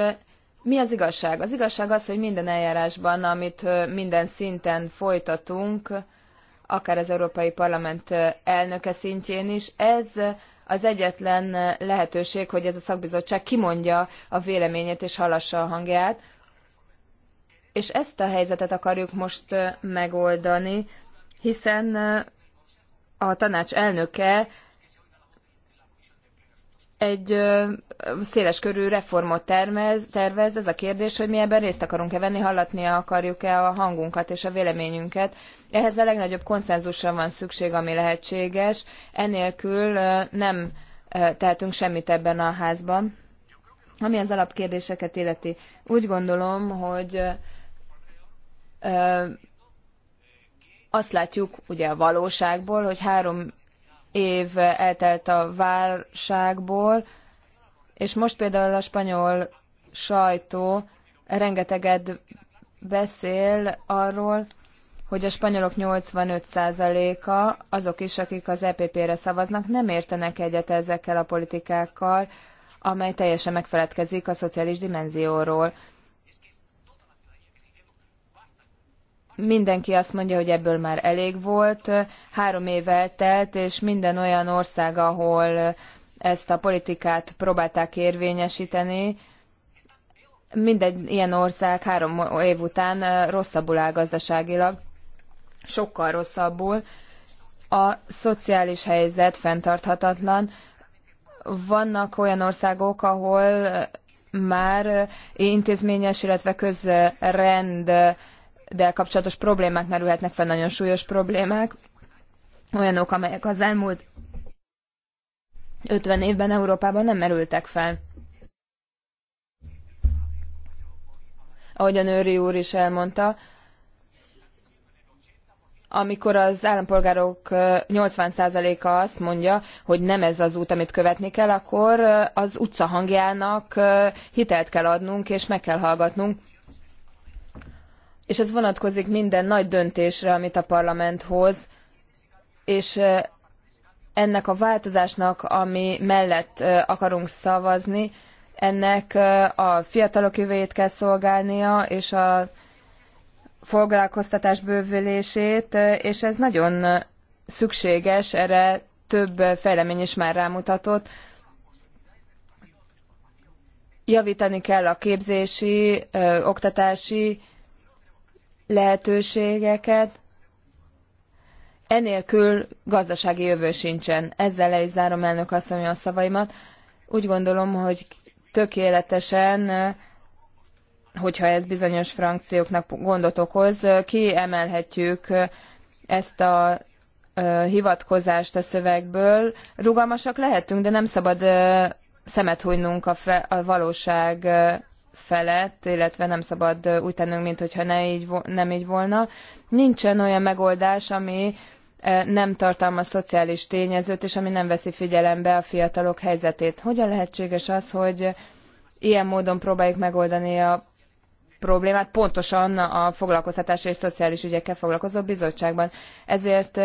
mi az igazság? Az igazság az, hogy minden eljárásban, amit minden szinten folytatunk, akár az Európai Parlament elnöke szintjén is, ez az egyetlen lehetőség, hogy ez a szakbizottság kimondja a véleményét és hallassa a hangját. És ezt a helyzetet akarjuk most megoldani, hiszen eh, a tanács elnöke egy eh, széles körű reformot termez, tervez. Ez a kérdés, hogy mi ebben részt akarunk-e venni, hallatni akarjuk-e a hangunkat és a véleményünket. Ehhez a legnagyobb konszenzusra van szükség, ami lehetséges. Enélkül eh, nem tehetünk semmit ebben a házban. Ami az alapkérdéseket illeti, úgy gondolom, hogy azt látjuk ugye a valóságból, hogy három év eltelt a válságból, és most például a spanyol sajtó rengeteget beszél arról, hogy a spanyolok 85%-a, azok is, akik az EPP-re szavaznak, nem értenek egyet ezekkel a politikákkal, amely teljesen megfeledkezik a szociális dimenzióról. mindenki azt mondja, hogy ebből már elég volt. Három év eltelt, és minden olyan ország, ahol ezt a politikát próbálták érvényesíteni, mindegy ilyen ország három év után rosszabbul áll gazdaságilag, sokkal rosszabbul. A szociális helyzet fenntarthatatlan. Vannak olyan országok, ahol már intézményes, illetve közrend de kapcsolatos problémák merülhetnek fel, nagyon súlyos problémák, olyanok, amelyek az elmúlt 50 évben Európában nem merültek fel. Ahogyan Őri úr is elmondta, amikor az állampolgárok 80%-a azt mondja, hogy nem ez az út, amit követni kell, akkor az utca hangjának hitelt kell adnunk, és meg kell hallgatnunk és ez vonatkozik minden nagy döntésre, amit a parlament hoz, és ennek a változásnak, ami mellett akarunk szavazni, ennek a fiatalok jövőjét kell szolgálnia, és a foglalkoztatás bővülését, és ez nagyon szükséges, erre több fejlemény is már rámutatott. Javítani kell a képzési, oktatási lehetőségeket, enélkül gazdasági jövő sincsen. Ezzel le is zárom elnök asszony a szavaimat. Úgy gondolom, hogy tökéletesen, hogyha ez bizonyos frankcióknak gondot okoz, kiemelhetjük ezt a hivatkozást a szövegből. Rugalmasak lehetünk, de nem szabad szemet hunynunk a, a valóság felett, illetve nem szabad úgy tennünk, mintha ne így, nem így volna. Nincsen olyan megoldás, ami nem tartalmaz szociális tényezőt, és ami nem veszi figyelembe a fiatalok helyzetét. Hogyan lehetséges az, hogy ilyen módon próbáljuk megoldani a problémát, pontosan a foglalkoztatási és szociális ügyekkel foglalkozó bizottságban. Ezért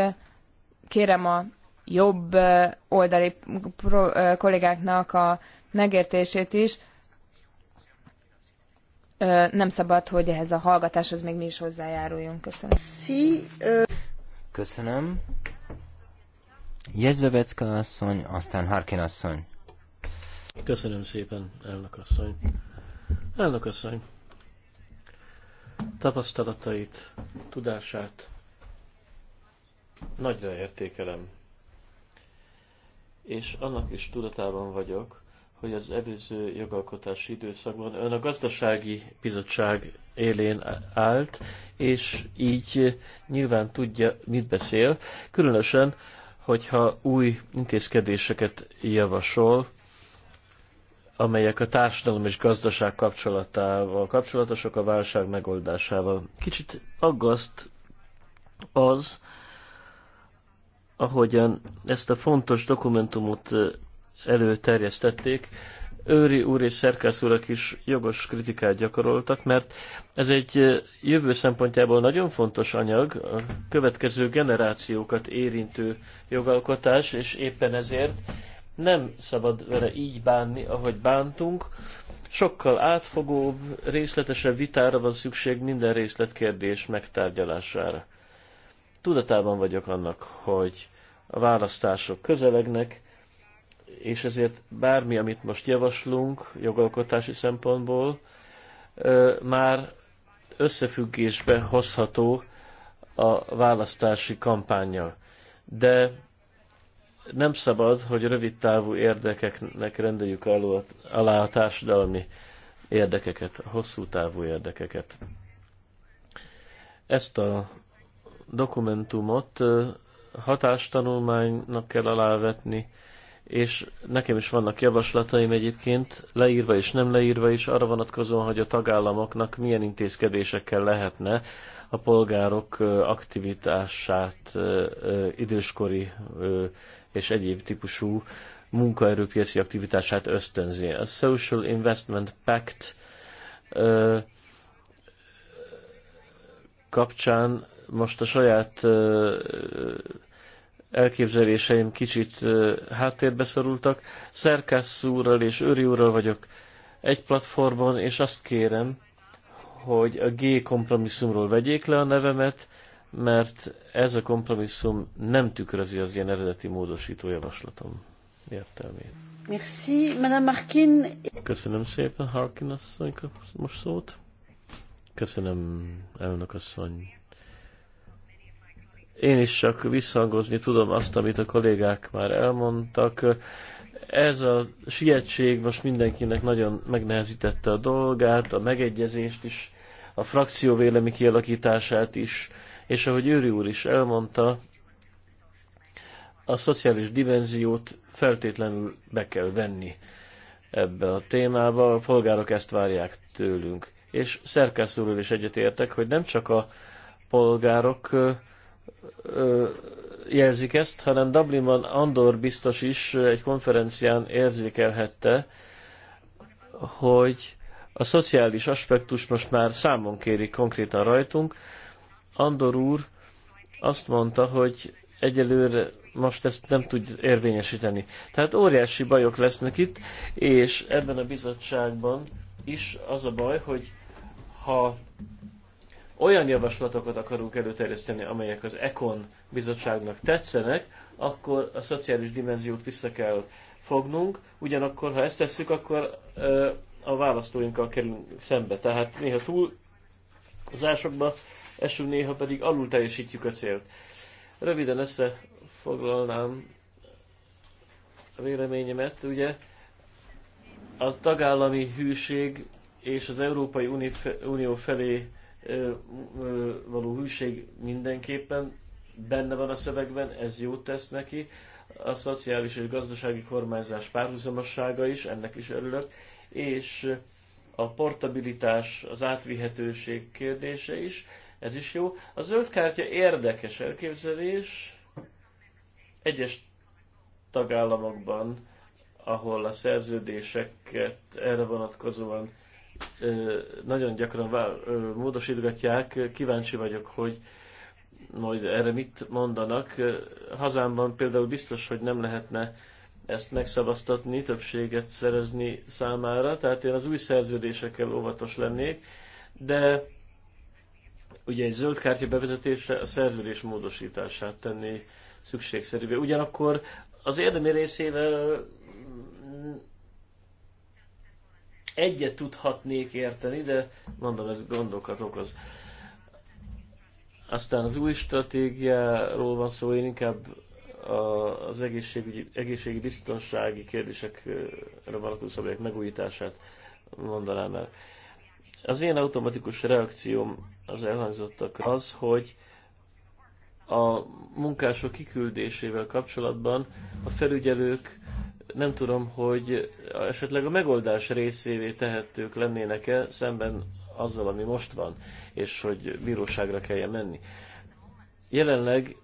kérem a jobb oldali kollégáknak a megértését is, nem szabad, hogy ehhez a hallgatáshoz még mi is hozzájáruljunk. Köszönöm. Si, ö... Köszönöm. Jezövecka asszony, aztán Harkin asszony. Köszönöm szépen, elnök asszony. Elnök asszony, tapasztalatait, tudását nagyra értékelem. És annak is tudatában vagyok, hogy az előző jogalkotási időszakban ön a gazdasági bizottság élén állt, és így nyilván tudja, mit beszél, különösen, hogyha új intézkedéseket javasol, amelyek a társadalom és gazdaság kapcsolatával kapcsolatosak a válság megoldásával. Kicsit aggaszt az, ahogyan ezt a fontos dokumentumot előterjesztették, Őri úr és Szerkász urak is jogos kritikát gyakoroltak, mert ez egy jövő szempontjából nagyon fontos anyag, a következő generációkat érintő jogalkotás, és éppen ezért nem szabad vele így bánni, ahogy bántunk. Sokkal átfogóbb, részletesebb vitára van szükség minden részletkérdés megtárgyalására. Tudatában vagyok annak, hogy a választások közelegnek, és ezért bármi, amit most javaslunk jogalkotási szempontból, már összefüggésbe hozható a választási kampánya. De nem szabad, hogy rövid távú érdekeknek rendeljük alá a társadalmi érdekeket, a hosszú távú érdekeket. Ezt a dokumentumot hatástanulmánynak kell alávetni, és nekem is vannak javaslataim egyébként, leírva és nem leírva is, arra vonatkozóan, hogy a tagállamoknak milyen intézkedésekkel lehetne a polgárok aktivitását, időskori és egyéb típusú munkaerőpiaci aktivitását ösztönzi. A Social Investment Pact kapcsán most a saját elképzeléseim kicsit háttérbe szorultak. Szerkász úrral és Őri úrral vagyok egy platformon, és azt kérem, hogy a G kompromisszumról vegyék le a nevemet, mert ez a kompromisszum nem tükrözi az ilyen eredeti módosító javaslatom értelmét. Merci, Madame Harkin. Köszönöm szépen, Harkin asszony, most szót. Köszönöm, elnök asszony. Én is csak visszhangozni tudom azt, amit a kollégák már elmondtak. Ez a sietség most mindenkinek nagyon megnehezítette a dolgát, a megegyezést is, a frakció vélemi kialakítását is, és ahogy Őri úr is elmondta, a szociális dimenziót feltétlenül be kell venni ebbe a témába, a polgárok ezt várják tőlünk. És szerkesztőről is egyetértek, hogy nem csak a polgárok jelzik ezt, hanem Dublinban Andor biztos is egy konferencián érzékelhette, hogy a szociális aspektus most már számon kéri konkrétan rajtunk. Andor úr azt mondta, hogy egyelőre most ezt nem tud érvényesíteni. Tehát óriási bajok lesznek itt, és ebben a bizottságban is az a baj, hogy ha olyan javaslatokat akarunk előterjeszteni, amelyek az ECON bizottságnak tetszenek, akkor a szociális dimenziót vissza kell fognunk, ugyanakkor ha ezt tesszük, akkor ö, a választóinkkal kerülünk szembe. Tehát néha túl az ásokba esünk, néha pedig alul teljesítjük a célt. Röviden összefoglalnám a véleményemet, ugye a tagállami hűség és az Európai Unió felé való hűség mindenképpen benne van a szövegben, ez jót tesz neki. A szociális és gazdasági kormányzás párhuzamossága is, ennek is örülök, és a portabilitás, az átvihetőség kérdése is, ez is jó. A zöld kártya érdekes elképzelés, egyes tagállamokban, ahol a szerződéseket erre vonatkozóan nagyon gyakran módosítgatják, kíváncsi vagyok, hogy majd erre mit mondanak. Hazámban például biztos, hogy nem lehetne ezt megszavaztatni, többséget szerezni számára, tehát én az új szerződésekkel óvatos lennék, de ugye egy zöld kártya bevezetése a szerződés módosítását tenni szükségszerűvé. Ugyanakkor az érdemi részével egyet tudhatnék érteni, de mondom, ez gondokat okoz. Aztán az új stratégiáról van szó, én inkább az egészségügyi, egészségi biztonsági kérdésekre vonatkozó szabályok megújítását mondanám el. Az én automatikus reakcióm az elhangzottak az, hogy a munkások kiküldésével kapcsolatban a felügyelők nem tudom, hogy esetleg a megoldás részévé tehetők lennének-e szemben azzal, ami most van, és hogy bíróságra kelljen menni. Jelenleg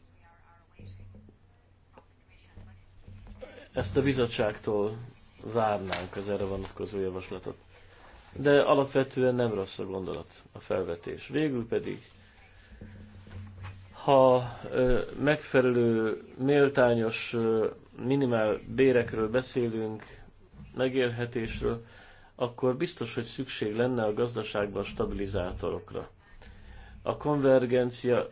ezt a bizottságtól várnánk az erre vonatkozó javaslatot. De alapvetően nem rossz a gondolat, a felvetés. Végül pedig, ha megfelelő, méltányos minimál bérekről beszélünk, megélhetésről, akkor biztos, hogy szükség lenne a gazdaságban stabilizátorokra. A konvergencia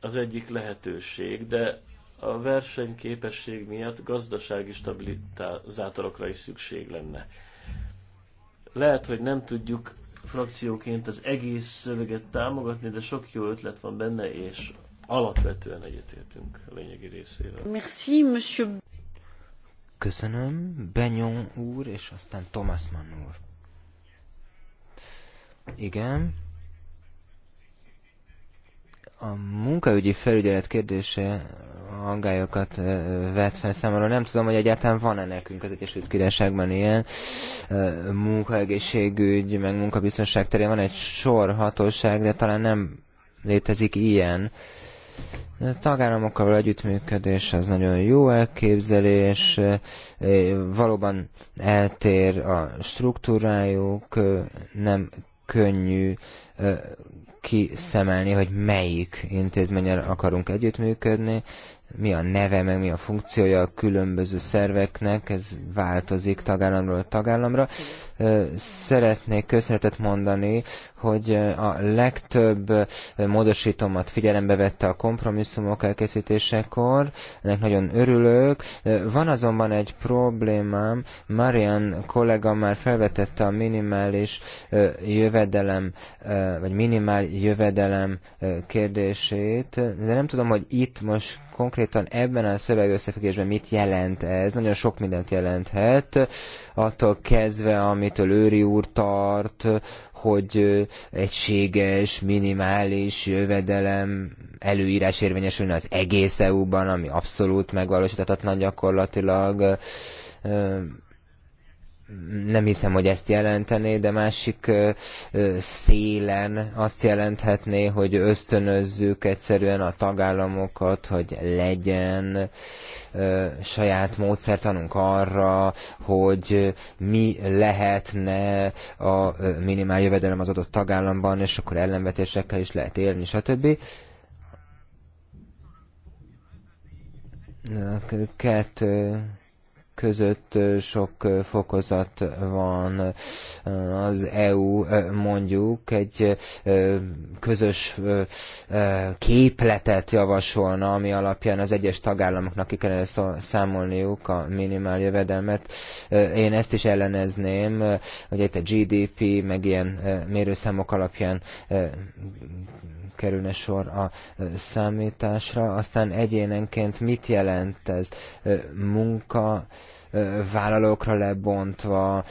az egyik lehetőség, de a versenyképesség miatt gazdasági stabilizátorokra is szükség lenne. Lehet, hogy nem tudjuk frakcióként az egész szöveget támogatni, de sok jó ötlet van benne, és Alapvetően egyetértünk a lényegi részével. Merci, monsieur. Köszönöm, Benyon úr, és aztán Thomas Mann úr. Igen. A munkaügyi felügyelet kérdése hangályokat vet fel számomra. Nem tudom, hogy egyáltalán van-e nekünk az Egyesült Királyságban ilyen munkaegészségügy, meg munkabiztonság terén van egy sor hatóság, de talán nem létezik ilyen. A tagállamokkal együttműködés az nagyon jó elképzelés, eh, eh, valóban eltér a struktúrájuk, eh, nem könnyű kiszemelni, hogy melyik intézményen akarunk együttműködni, mi a neve, meg mi a funkciója a különböző szerveknek, ez változik tagállamról tagállamra. Szeretnék köszönetet mondani, hogy a legtöbb módosítomat figyelembe vette a kompromisszumok elkészítésekor, ennek nagyon örülök. Van azonban egy problémám, Marian kollega már felvetette a minimális jövedelem, vagy minimál jövedelem kérdését, de nem tudom, hogy itt most konkrétan ebben a szövegösszefüggésben mit jelent ez? Nagyon sok mindent jelenthet, attól kezdve, amitől Őri úr tart, hogy egységes, minimális jövedelem előírás érvényesülne az egész EU-ban, ami abszolút megvalósíthatatlan gyakorlatilag nem hiszem, hogy ezt jelentené, de másik szélen azt jelenthetné, hogy ösztönözzük egyszerűen a tagállamokat, hogy legyen saját módszertanunk arra, hogy mi lehetne a minimál jövedelem az adott tagállamban, és akkor ellenvetésekkel is lehet élni, stb. Kettő között sok fokozat van. Az EU mondjuk egy közös képletet javasolna, ami alapján az egyes tagállamoknak ki kellene számolniuk a minimál jövedelmet. Én ezt is ellenezném, hogy itt a GDP, meg ilyen mérőszámok alapján kerülne sor a számításra, aztán egyénenként mit jelent ez munka, vállalókra lebontva,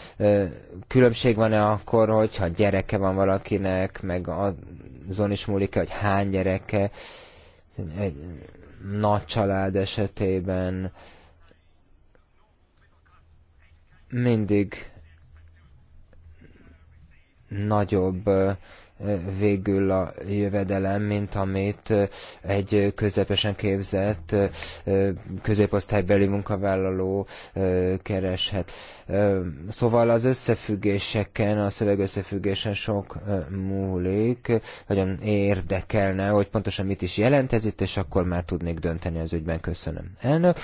különbség van-e akkor, hogyha gyereke van valakinek, meg azon is múlik -e, hogy hány gyereke, egy nagy család esetében mindig nagyobb végül a jövedelem, mint amit egy közepesen képzett középosztálybeli munkavállaló kereshet. Szóval az összefüggéseken, a összefüggésen sok múlik. Nagyon érdekelne, hogy pontosan mit is jelent ez itt, és akkor már tudnék dönteni az ügyben. Köszönöm. Elnök,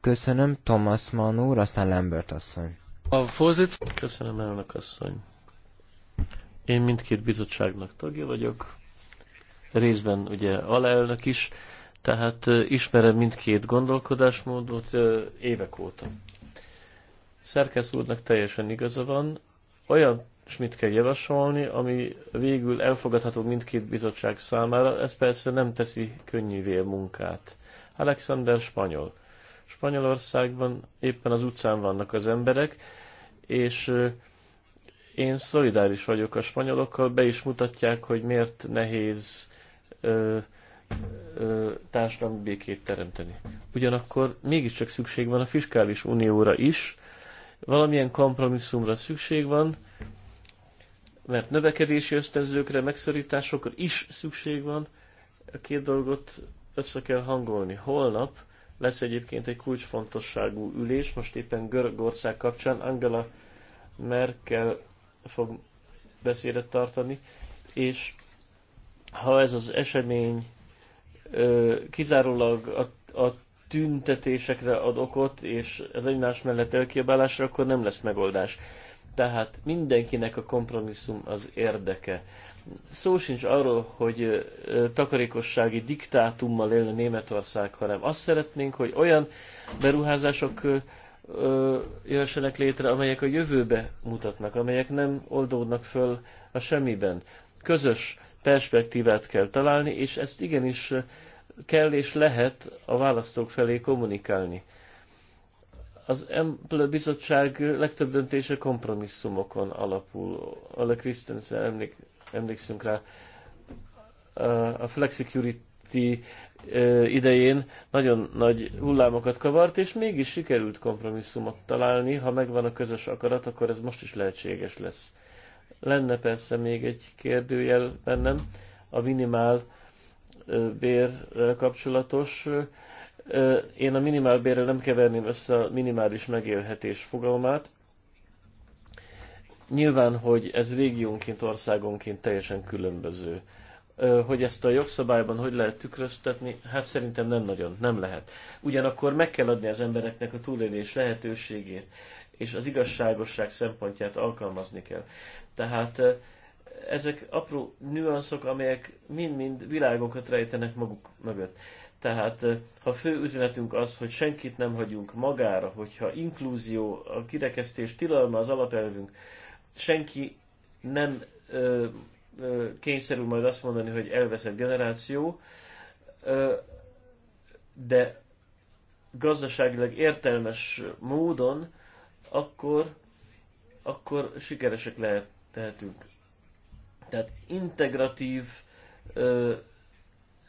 köszönöm Thomas Mann úr, aztán Lambert asszony. A fózit Köszönöm, elnök asszony. Én mindkét bizottságnak tagja vagyok, részben ugye alelnök is, tehát ismerem mindkét gondolkodásmódot évek óta. Szerkesz úrnak teljesen igaza van, olyan mit kell javasolni, ami végül elfogadható mindkét bizottság számára, ez persze nem teszi könnyűvé a munkát. Alexander spanyol. Spanyolországban éppen az utcán vannak az emberek, és én szolidáris vagyok a spanyolokkal, be is mutatják, hogy miért nehéz ö, ö, társadalmi békét teremteni. Ugyanakkor mégiscsak szükség van a fiskális unióra is, valamilyen kompromisszumra szükség van, mert növekedési ösztönzőkre, megszorításokra is szükség van. A két dolgot össze kell hangolni. Holnap lesz egyébként egy kulcsfontosságú ülés, most éppen Görögország kapcsán Angela Merkel fog beszédet tartani, és ha ez az esemény kizárólag a, a tüntetésekre ad okot, és az egymás mellett elkiabálásra, akkor nem lesz megoldás. Tehát mindenkinek a kompromisszum az érdeke. Szó sincs arról, hogy takarékossági diktátummal élne Németország, hanem azt szeretnénk, hogy olyan beruházások jöhessenek létre, amelyek a jövőbe mutatnak, amelyek nem oldódnak föl a semmiben. Közös perspektívát kell találni, és ezt igenis kell és lehet a választók felé kommunikálni. Az Emple bizottság legtöbb döntése kompromisszumokon alapul. A Christensen emlék, emlékszünk rá, a flexicurity idején nagyon nagy hullámokat kavart, és mégis sikerült kompromisszumot találni. Ha megvan a közös akarat, akkor ez most is lehetséges lesz. Lenne persze még egy kérdőjel bennem, a minimál bérrel kapcsolatos. Én a minimál bérrel nem keverném össze a minimális megélhetés fogalmát. Nyilván, hogy ez régiónként, országonként teljesen különböző hogy ezt a jogszabályban hogy lehet tükröztetni, hát szerintem nem nagyon, nem lehet. Ugyanakkor meg kell adni az embereknek a túlélés lehetőségét, és az igazságosság szempontját alkalmazni kell. Tehát ezek apró nüanszok, amelyek mind-mind világokat rejtenek maguk mögött. Tehát ha fő üzenetünk az, hogy senkit nem hagyunk magára, hogyha inklúzió, a kirekesztés tilalma az alapelvünk, senki nem kényszerül majd azt mondani, hogy elveszett generáció, de gazdaságilag értelmes módon, akkor, akkor sikeresek lehet, lehetünk. Tehát integratív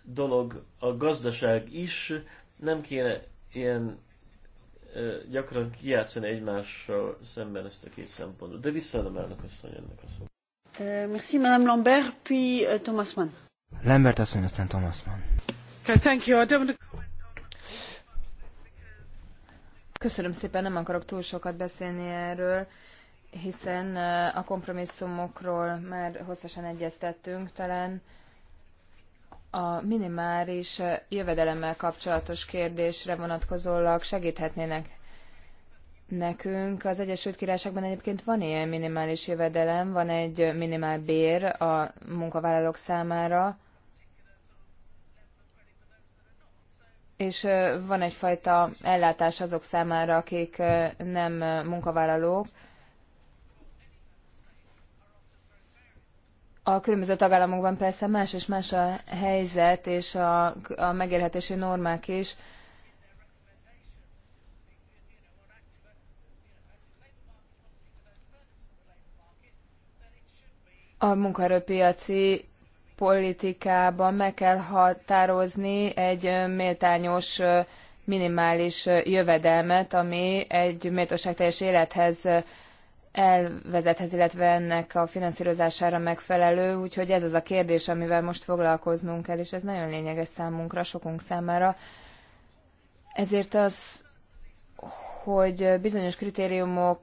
dolog a gazdaság is, nem kéne ilyen gyakran kijátszani egymással szemben ezt a két szempontot. De visszaadom elnök asszony ennek a szót. Euh, merci, Madame Lambert, puis euh, Thomas Mann. Lambert asszony, aztán Thomas Mann. Okay, thank you. I don't want to... Köszönöm szépen, nem akarok túl sokat beszélni erről, hiszen a kompromisszumokról már hosszasan egyeztettünk, talán a minimális jövedelemmel kapcsolatos kérdésre vonatkozólag segíthetnének Nekünk az Egyesült Királyságban egyébként van ilyen minimális jövedelem, van egy minimál bér a munkavállalók számára, és van egyfajta ellátás azok számára, akik nem munkavállalók. A különböző tagállamokban persze más és más a helyzet, és a, a megélhetési normák is a munkaerőpiaci politikában meg kell határozni egy méltányos minimális jövedelmet, ami egy méltóságteljes élethez elvezethez, illetve ennek a finanszírozására megfelelő, úgyhogy ez az a kérdés, amivel most foglalkoznunk kell, és ez nagyon lényeges számunkra, sokunk számára. Ezért az, hogy bizonyos kritériumok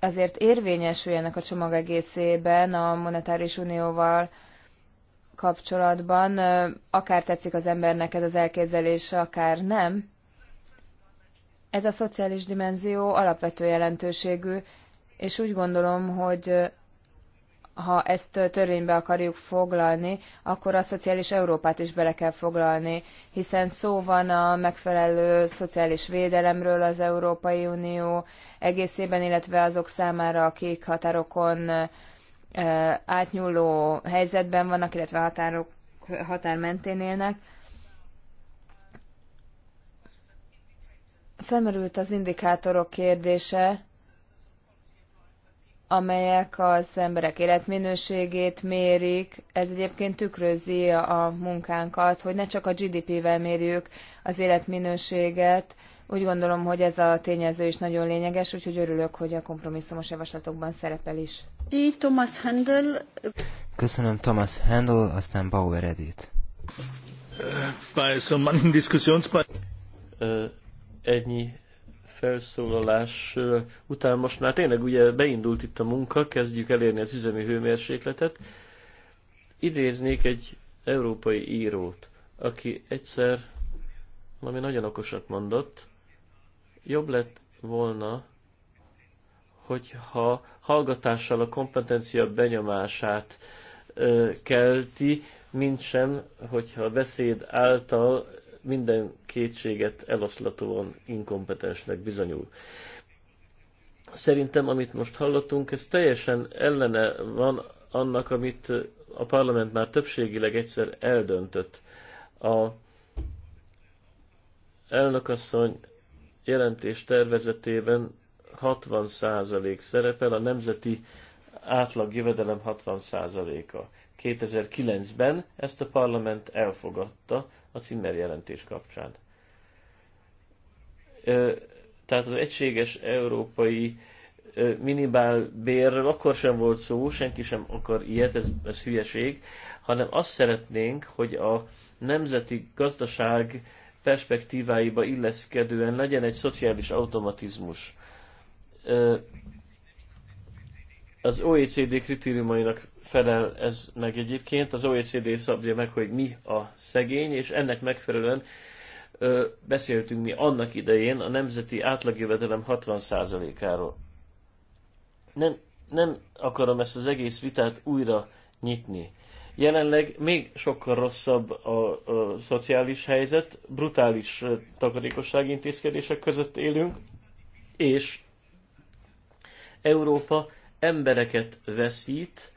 azért érvényesüljenek a csomag egészében a monetáris unióval kapcsolatban, akár tetszik az embernek ez az elképzelés, akár nem. Ez a szociális dimenzió alapvető jelentőségű, és úgy gondolom, hogy ha ezt törvénybe akarjuk foglalni, akkor a szociális Európát is bele kell foglalni, hiszen szó van a megfelelő szociális védelemről az Európai Unió egészében, illetve azok számára, akik határokon átnyúló helyzetben vannak, illetve határok, határ mentén élnek. Felmerült az indikátorok kérdése, amelyek az emberek életminőségét mérik. Ez egyébként tükrözi a munkánkat, hogy ne csak a GDP-vel mérjük az életminőséget. Úgy gondolom, hogy ez a tényező is nagyon lényeges, úgyhogy örülök, hogy a kompromisszumos javaslatokban szerepel is. Thomas Handel. Köszönöm Thomas Handel, aztán Bauer Edith. Äh, bei so manchen Äh, ennyi felszólalás után most már tényleg ugye beindult itt a munka, kezdjük elérni az üzemi hőmérsékletet. Idéznék egy európai írót, aki egyszer valami nagyon okosat mondott, jobb lett volna, hogyha hallgatással a kompetencia benyomását ö, kelti, mint sem, hogyha a beszéd által minden kétséget eloszlatóan inkompetensnek bizonyul. Szerintem, amit most hallottunk, ez teljesen ellene van annak, amit a parlament már többségileg egyszer eldöntött. A elnökasszony jelentés tervezetében 60% szerepel, a nemzeti átlag jövedelem 60%-a. 2009-ben ezt a parlament elfogadta a Cimmer jelentés kapcsán. Tehát az egységes európai minimál bérről akkor sem volt szó, senki sem akar ilyet, ez, ez hülyeség, hanem azt szeretnénk, hogy a nemzeti gazdaság perspektíváiba illeszkedően legyen egy szociális automatizmus. Az OECD kritériumainak felel ez meg egyébként. Az OECD szabja meg, hogy mi a szegény, és ennek megfelelően ö, beszéltünk mi annak idején a nemzeti átlagjövedelem 60%-áról. Nem, nem akarom ezt az egész vitát újra nyitni. Jelenleg még sokkal rosszabb a, a szociális helyzet, brutális takarékosság intézkedések között élünk, és Európa embereket veszít,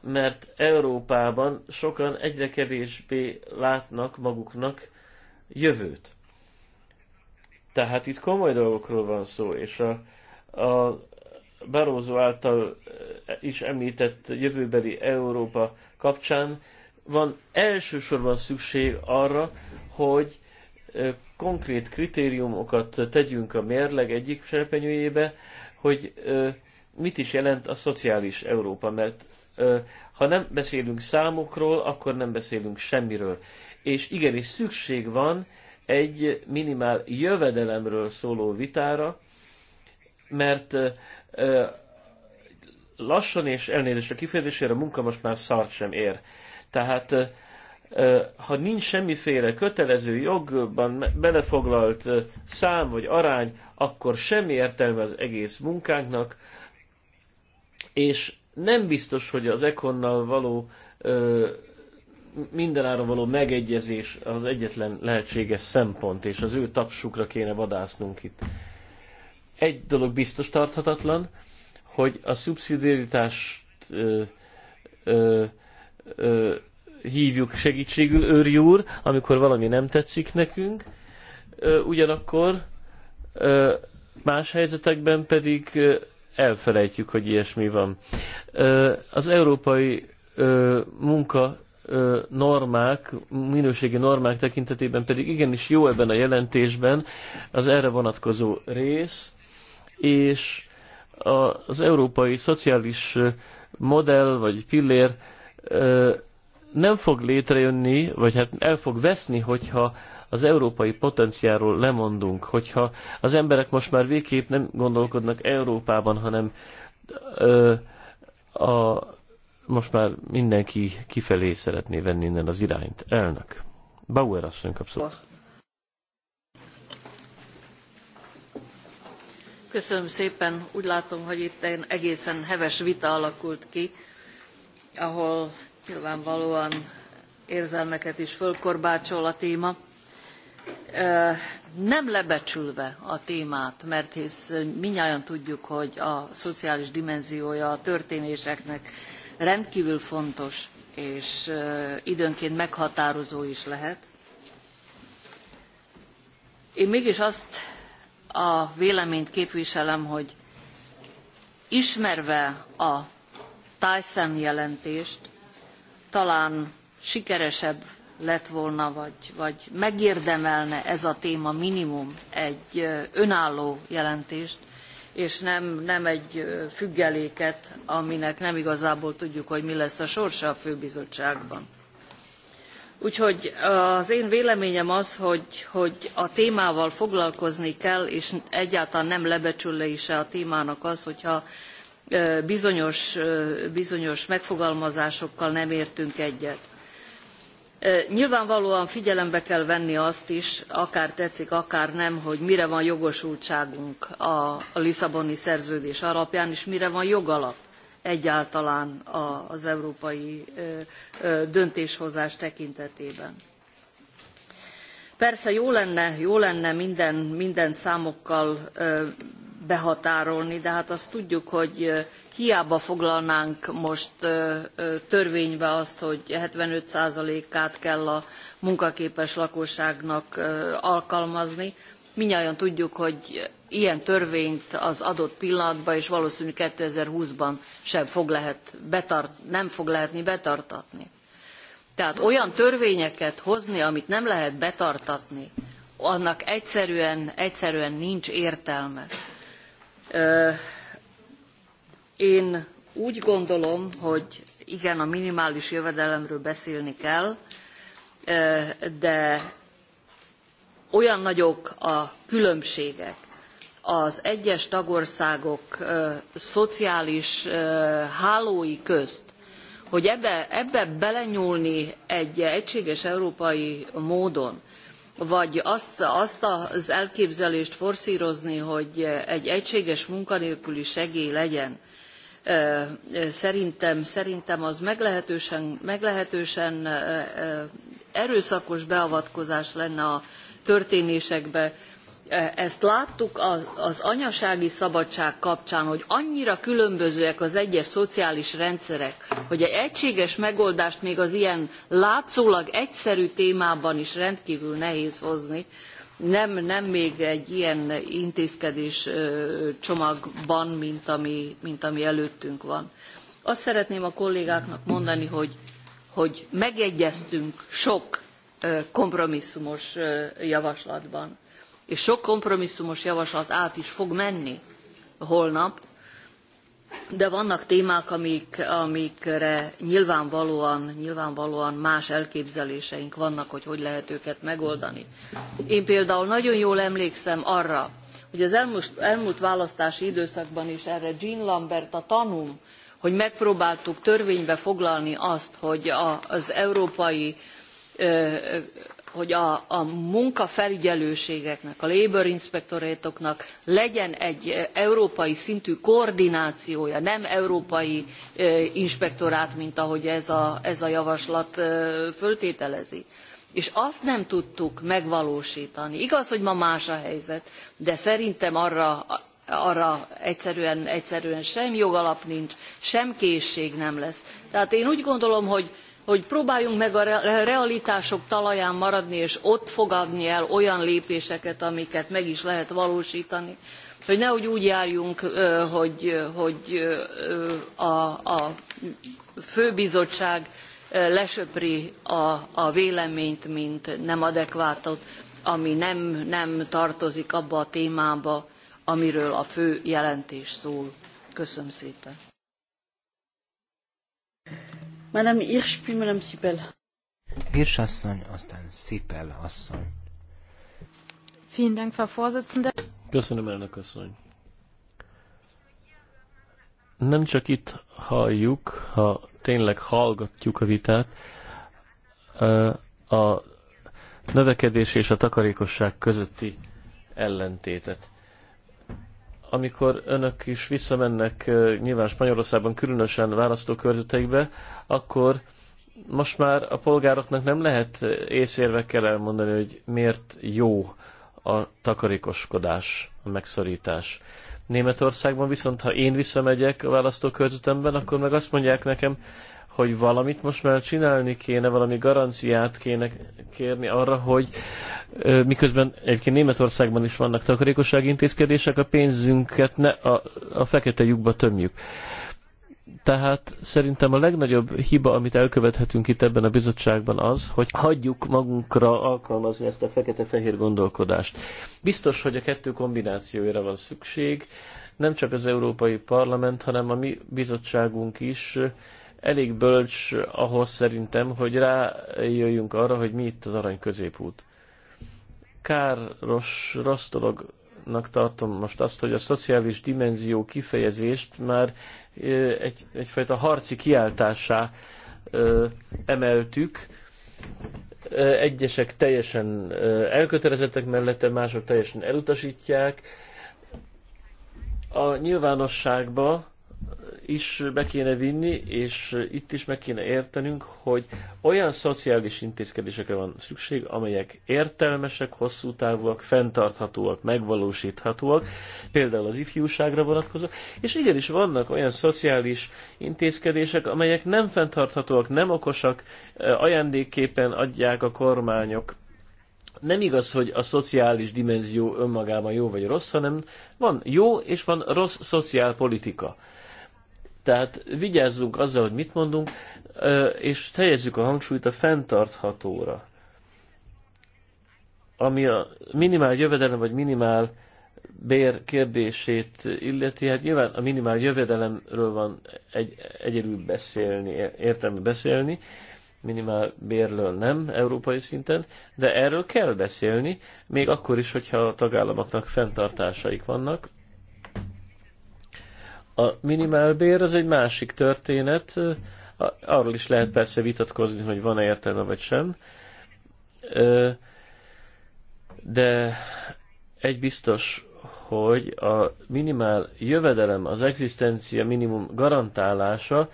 mert Európában sokan egyre kevésbé látnak maguknak jövőt. Tehát itt komoly dolgokról van szó, és a, a Barózó által is említett jövőbeli Európa kapcsán van elsősorban szükség arra, hogy konkrét kritériumokat tegyünk a mérleg egyik serpenyőjébe, hogy mit is jelent a szociális Európa, mert ha nem beszélünk számokról, akkor nem beszélünk semmiről. És igenis szükség van egy minimál jövedelemről szóló vitára, mert lassan és elnézésre kifejezésére a munka most már szart sem ér. Tehát ha nincs semmiféle kötelező jogban belefoglalt szám vagy arány, akkor semmi értelme az egész munkánknak, és nem biztos, hogy az Econnal való ö, mindenára való megegyezés az egyetlen lehetséges szempont, és az ő tapsukra kéne vadásznunk itt. Egy dolog biztos tarthatatlan, hogy a szubszidiaritást hívjuk segítségül, őrjúr, amikor valami nem tetszik nekünk, ö, ugyanakkor ö, más helyzetekben pedig elfelejtjük, hogy ilyesmi van. Az európai munka normák, minőségi normák tekintetében pedig igenis jó ebben a jelentésben az erre vonatkozó rész, és az európai szociális modell vagy pillér nem fog létrejönni, vagy hát el fog veszni, hogyha az európai potenciáról lemondunk, hogyha az emberek most már végképp nem gondolkodnak Európában, hanem ö, a, most már mindenki kifelé szeretné venni innen az irányt. Elnök. Bauer asszony kapszol. Köszönöm szépen. Úgy látom, hogy itt egy egészen heves vita alakult ki, ahol nyilvánvalóan érzelmeket is fölkorbácsol a téma nem lebecsülve a témát, mert hisz minnyáján tudjuk, hogy a szociális dimenziója a történéseknek rendkívül fontos, és időnként meghatározó is lehet. Én mégis azt a véleményt képviselem, hogy ismerve a Tyson jelentést, talán sikeresebb lett volna, vagy, vagy megérdemelne ez a téma minimum egy önálló jelentést, és nem, nem egy függeléket, aminek nem igazából tudjuk, hogy mi lesz a sorsa a főbizottságban. Úgyhogy az én véleményem az, hogy, hogy a témával foglalkozni kell, és egyáltalán nem lebecsülése a témának az, hogyha bizonyos, bizonyos megfogalmazásokkal nem értünk egyet Nyilvánvalóan figyelembe kell venni azt is, akár tetszik, akár nem, hogy mire van jogosultságunk a Lisszaboni szerződés alapján, és mire van jogalap egyáltalán az európai döntéshozás tekintetében. Persze jó lenne, jó lenne minden, mindent számokkal behatárolni, de hát azt tudjuk, hogy hiába foglalnánk most törvénybe azt, hogy 75%-át kell a munkaképes lakosságnak alkalmazni. Minnyáján tudjuk, hogy ilyen törvényt az adott pillanatban és valószínű 2020-ban sem fog lehet betart, nem fog lehetni betartatni. Tehát olyan törvényeket hozni, amit nem lehet betartatni, annak egyszerűen, egyszerűen nincs értelme. Ö, én úgy gondolom, hogy igen, a minimális jövedelemről beszélni kell, de olyan nagyok a különbségek az egyes tagországok szociális hálói közt, hogy ebbe, ebbe belenyúlni egy egységes európai módon, vagy azt, azt az elképzelést forszírozni, hogy egy egységes munkanélküli segély legyen, szerintem, szerintem az meglehetősen, meglehetősen erőszakos beavatkozás lenne a történésekbe. Ezt láttuk az anyasági szabadság kapcsán, hogy annyira különbözőek az egyes szociális rendszerek, hogy egy egységes megoldást még az ilyen látszólag egyszerű témában is rendkívül nehéz hozni nem, nem még egy ilyen intézkedés csomagban, mint ami, mint ami előttünk van. Azt szeretném a kollégáknak mondani, hogy, hogy megegyeztünk sok kompromisszumos javaslatban, és sok kompromisszumos javaslat át is fog menni holnap, de vannak témák, amik, amikre nyilvánvalóan, nyilvánvalóan más elképzeléseink vannak, hogy hogy lehet őket megoldani. Én például nagyon jól emlékszem arra, hogy az elmúlt, elmúlt választási időszakban is erre Jean Lambert a tanum, hogy megpróbáltuk törvénybe foglalni azt, hogy az európai hogy a, a munkafelügyelőségeknek, a labor inspektorétoknak legyen egy eh, európai szintű koordinációja, nem európai eh, inspektorát, mint ahogy ez a, ez a javaslat eh, föltételezi és azt nem tudtuk megvalósítani. Igaz, hogy ma más a helyzet, de szerintem arra, arra egyszerűen, egyszerűen sem jogalap nincs, sem készség nem lesz. Tehát én úgy gondolom, hogy hogy próbáljunk meg a realitások talaján maradni, és ott fogadni el olyan lépéseket, amiket meg is lehet valósítani, hogy nehogy úgy járjunk, hogy, hogy a, a főbizottság lesöpri a, a véleményt, mint nem adekvátot, ami nem, nem tartozik abba a témába, amiről a fő jelentés szól. Köszönöm szépen. Madame Hirsch, puis Madame Sipel. Hirsch asszony, aztán Sipel asszony. Vielen Dank, Frau Vorsitzende. Köszönöm, elnök asszony. Nem csak itt halljuk, ha tényleg hallgatjuk a vitát, a növekedés és a takarékosság közötti ellentétet amikor önök is visszamennek eh, nyilván Spanyolországban, különösen választókörzeteikbe, akkor most már a polgároknak nem lehet eh, észérvekkel elmondani, hogy miért jó a takarékoskodás, a megszorítás. Németországban viszont, ha én visszamegyek a választókörzetemben, akkor meg azt mondják nekem, hogy valamit most már csinálni kéne, valami garanciát kéne kérni arra, hogy miközben egyébként Németországban is vannak takarékossági intézkedések, a pénzünket ne a, a fekete lyukba tömjük. Tehát szerintem a legnagyobb hiba, amit elkövethetünk itt ebben a bizottságban az, hogy hagyjuk magunkra alkalmazni ezt a fekete-fehér gondolkodást. Biztos, hogy a kettő kombinációira van szükség, nem csak az Európai Parlament, hanem a mi bizottságunk is elég bölcs ahhoz szerintem, hogy rájöjjünk arra, hogy mi itt az arany középút. Káros, rossz dolognak tartom most azt, hogy a szociális dimenzió kifejezést már egy, egyfajta harci kiáltásá emeltük. Egyesek teljesen elkötelezettek mellette, mások teljesen elutasítják. A nyilvánosságban is be kéne vinni, és itt is meg kéne értenünk, hogy olyan szociális intézkedésekre van szükség, amelyek értelmesek, hosszú távúak, fenntarthatóak, megvalósíthatóak, például az ifjúságra vonatkozók, és igenis vannak olyan szociális intézkedések, amelyek nem fenntarthatóak, nem okosak, ajándékképpen adják a kormányok nem igaz, hogy a szociális dimenzió önmagában jó vagy rossz, hanem van jó és van rossz szociálpolitika. Tehát vigyázzunk azzal, hogy mit mondunk, és helyezzük a hangsúlyt a fenntarthatóra. Ami a minimál jövedelem vagy minimál bér kérdését illeti, hát nyilván a minimál jövedelemről van egy, egyedül beszélni, értelme beszélni, minimál bérről nem európai szinten, de erről kell beszélni, még akkor is, hogyha a tagállamoknak fenntartásaik vannak. A minimálbér az egy másik történet, arról is lehet persze vitatkozni, hogy van-e értelme vagy sem, de egy biztos, hogy a minimál jövedelem, az egzisztencia minimum garantálása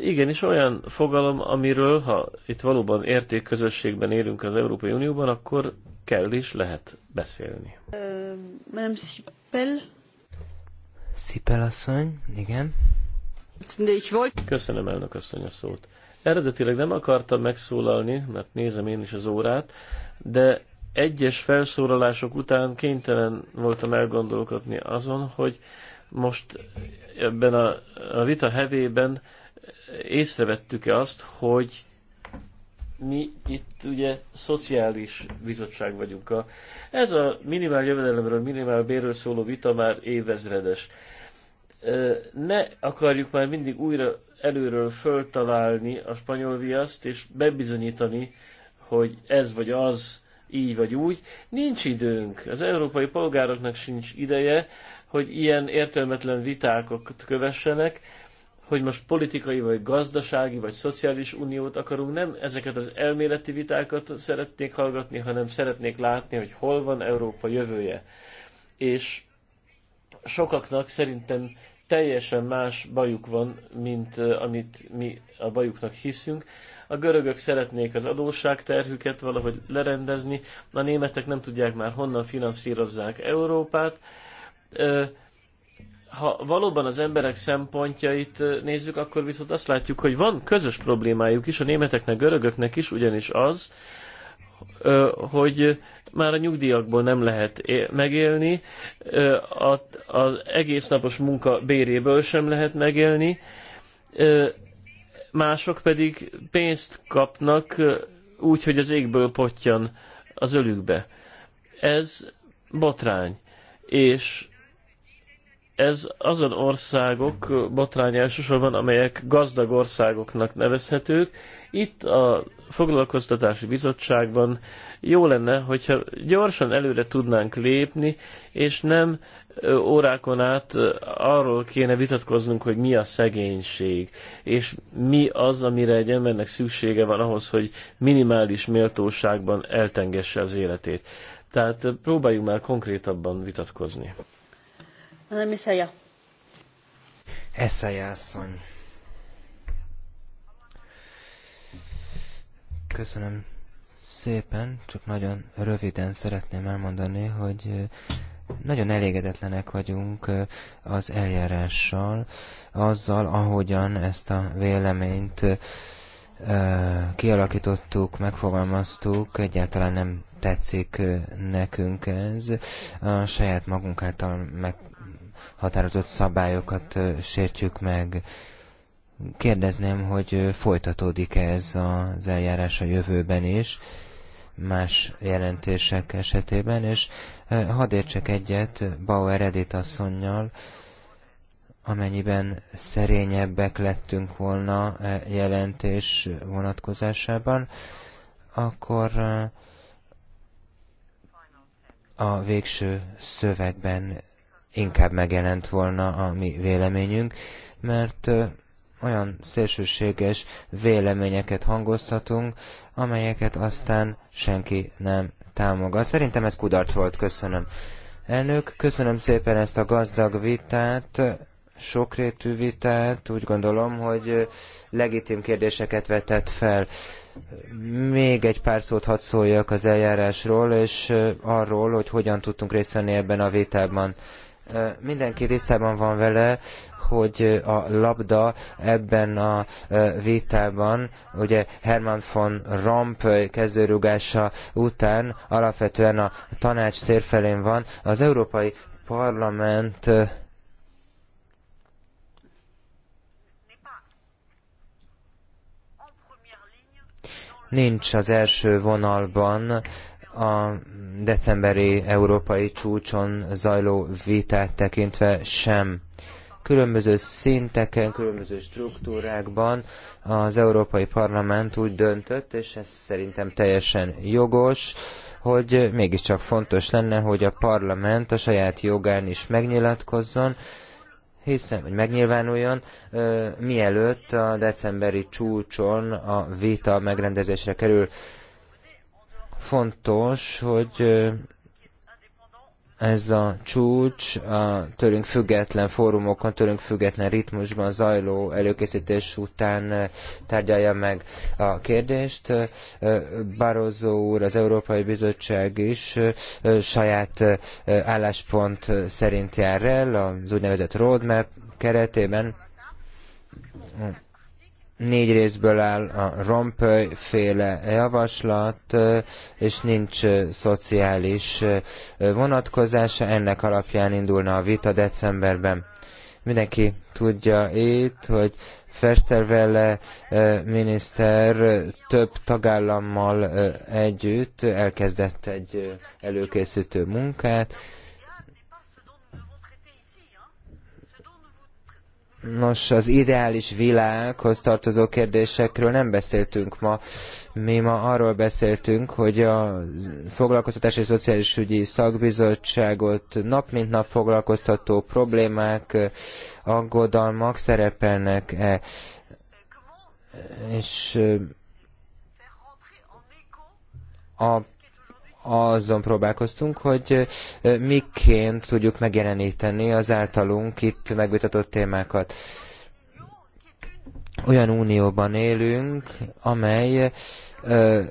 igenis olyan fogalom, amiről, ha itt valóban értékközösségben élünk az Európai Unióban, akkor kell is lehet beszélni. Madame Sipel. Szipelasszony, igen. Köszönöm elnök asszony a szót. Eredetileg nem akartam megszólalni, mert nézem én is az órát, de egyes felszólalások után kénytelen voltam elgondolkodni azon, hogy most ebben a, a vita hevében észrevettük-e azt, hogy mi itt ugye szociális bizottság vagyunk. A, ez a minimál jövedelemről, minimál bérről szóló vita már évezredes ne akarjuk már mindig újra előről föltalálni a spanyol viaszt, és bebizonyítani, hogy ez vagy az, így vagy úgy. Nincs időnk, az európai polgároknak sincs ideje, hogy ilyen értelmetlen vitákat kövessenek, hogy most politikai, vagy gazdasági, vagy szociális uniót akarunk, nem ezeket az elméleti vitákat szeretnék hallgatni, hanem szeretnék látni, hogy hol van Európa jövője. És sokaknak szerintem teljesen más bajuk van, mint amit mi a bajuknak hiszünk. A görögök szeretnék az adósságterhüket valahogy lerendezni, a németek nem tudják már honnan finanszírozzák Európát. Ha valóban az emberek szempontjait nézzük, akkor viszont azt látjuk, hogy van közös problémájuk is, a németeknek, görögöknek is, ugyanis az, hogy már a nyugdíjakból nem lehet megélni, az egész napos munka béréből sem lehet megélni, mások pedig pénzt kapnak úgy, hogy az égből potyan az ölükbe. Ez botrány, és ez azon országok botrány elsősorban, amelyek gazdag országoknak nevezhetők, itt a foglalkoztatási bizottságban jó lenne, hogyha gyorsan előre tudnánk lépni, és nem órákon át arról kéne vitatkoznunk, hogy mi a szegénység, és mi az, amire egy embernek szüksége van ahhoz, hogy minimális méltóságban eltengesse az életét. Tehát próbáljuk már konkrétabban vitatkozni. Nem is Eszeje asszony. Köszönöm szépen, csak nagyon röviden szeretném elmondani, hogy nagyon elégedetlenek vagyunk az eljárással, azzal, ahogyan ezt a véleményt kialakítottuk, megfogalmaztuk, egyáltalán nem tetszik nekünk ez. A saját magunk által meghatározott szabályokat sértjük meg. Kérdezném, hogy folytatódik -e ez az eljárás a jövőben is, más jelentések esetében, és hadd értsek egyet Bauer Edith asszonynal, amennyiben szerényebbek lettünk volna jelentés vonatkozásában, akkor a végső szövegben inkább megjelent volna a mi véleményünk, mert olyan szélsőséges véleményeket hangozhatunk, amelyeket aztán senki nem támogat. Szerintem ez kudarc volt, köszönöm. Elnök, köszönöm szépen ezt a gazdag vitát, sokrétű vitát, úgy gondolom, hogy legitim kérdéseket vetett fel. Még egy pár szót hadd szóljak az eljárásról, és arról, hogy hogyan tudtunk részt venni ebben a vitában. Mindenki tisztában van vele, hogy a labda ebben a vitában, ugye Herman von Rompuy kezdőrugása után alapvetően a tanács térfelén van. Az Európai Parlament nincs az első vonalban a decemberi európai csúcson zajló vitát tekintve sem. Különböző szinteken, különböző struktúrákban az Európai Parlament úgy döntött, és ez szerintem teljesen jogos, hogy mégiscsak fontos lenne, hogy a parlament a saját jogán is megnyilatkozzon, hiszen, hogy megnyilvánuljon, mielőtt a decemberi csúcson a vita megrendezésre kerül. Fontos, hogy ez a csúcs a tőlünk független fórumokon, tőlünk független ritmusban zajló előkészítés után tárgyalja meg a kérdést. Barozó úr, az Európai Bizottság is saját álláspont szerint jár el az úgynevezett roadmap keretében négy részből áll a Rompuy féle javaslat, és nincs szociális vonatkozása. Ennek alapján indulna a vita decemberben. Mindenki tudja itt, hogy Ferstervelle miniszter több tagállammal együtt elkezdett egy előkészítő munkát, Nos, az ideális világhoz tartozó kérdésekről nem beszéltünk ma. Mi ma arról beszéltünk, hogy a Foglalkoztatási és Szociális Ügyi Szakbizottságot nap mint nap foglalkoztató problémák, aggodalmak szerepelnek-e. És a azon próbálkoztunk, hogy miként tudjuk megjeleníteni az általunk itt megvitatott témákat. Olyan unióban élünk, amely ö,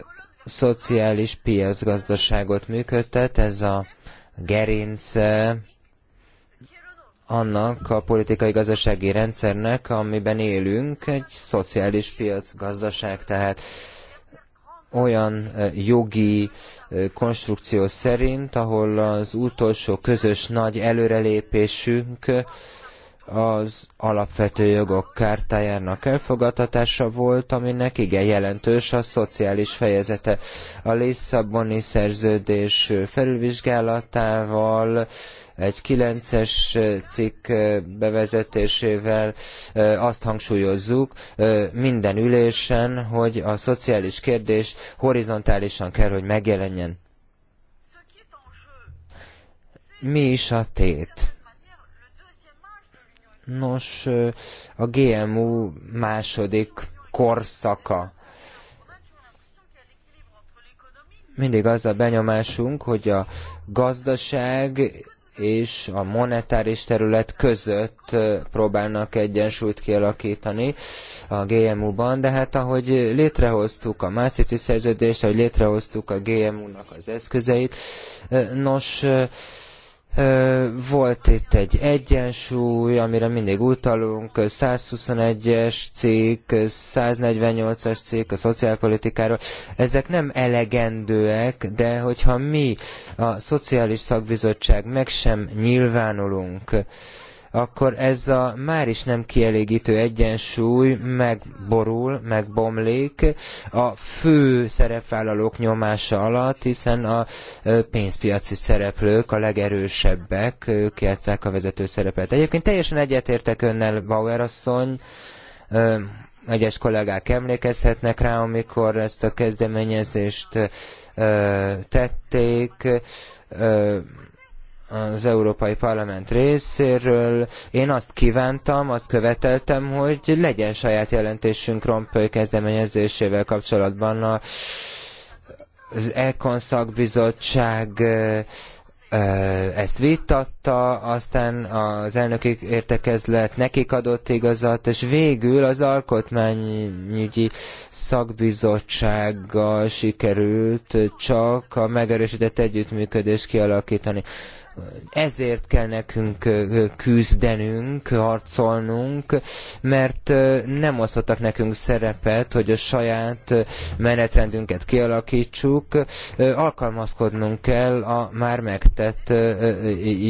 szociális piacgazdaságot működtet, ez a gerince annak a politikai-gazdasági rendszernek, amiben élünk, egy szociális piacgazdaság, tehát ö, olyan eh, jogi eh, konstrukció szerint, ahol az utolsó közös nagy előrelépésünk eh, az alapvető jogok kártájának elfogadtatása volt, aminek igen jelentős a szociális fejezete. A Lisszaboni szerződés felülvizsgálatával egy 9-es cikk bevezetésével azt hangsúlyozzuk minden ülésen, hogy a szociális kérdés horizontálisan kell, hogy megjelenjen. Mi is a tét? Nos, a GMU második korszaka. Mindig az a benyomásunk, hogy a gazdaság és a monetáris terület között próbálnak egyensúlyt kialakítani a GMU-ban, de hát ahogy létrehoztuk a Maastrichti szerződést, ahogy létrehoztuk a GMU-nak az eszközeit, nos, volt itt egy egyensúly, amire mindig utalunk, 121-es cikk, 148-as cikk a szociálpolitikáról. Ezek nem elegendőek, de hogyha mi a Szociális Szakbizottság meg sem nyilvánulunk, akkor ez a már is nem kielégítő egyensúly megborul, megbomlik a fő szerepvállalók nyomása alatt, hiszen a pénzpiaci szereplők a legerősebbek, ők játszák a vezető szerepet. Egyébként teljesen egyetértek önnel, Bauer asszony, egyes kollégák emlékezhetnek rá, amikor ezt a kezdeményezést tették, az Európai Parlament részéről. Én azt kívántam, azt követeltem, hogy legyen saját jelentésünk Rompuy kezdeményezésével kapcsolatban a, az Econ szakbizottság ezt vitatta, aztán az elnöki értekezlet nekik adott igazat, és végül az alkotmányügyi szakbizottsággal sikerült csak a megerősített együttműködést kialakítani ezért kell nekünk küzdenünk, harcolnunk, mert nem osztottak nekünk szerepet, hogy a saját menetrendünket kialakítsuk, alkalmazkodnunk kell a már megtett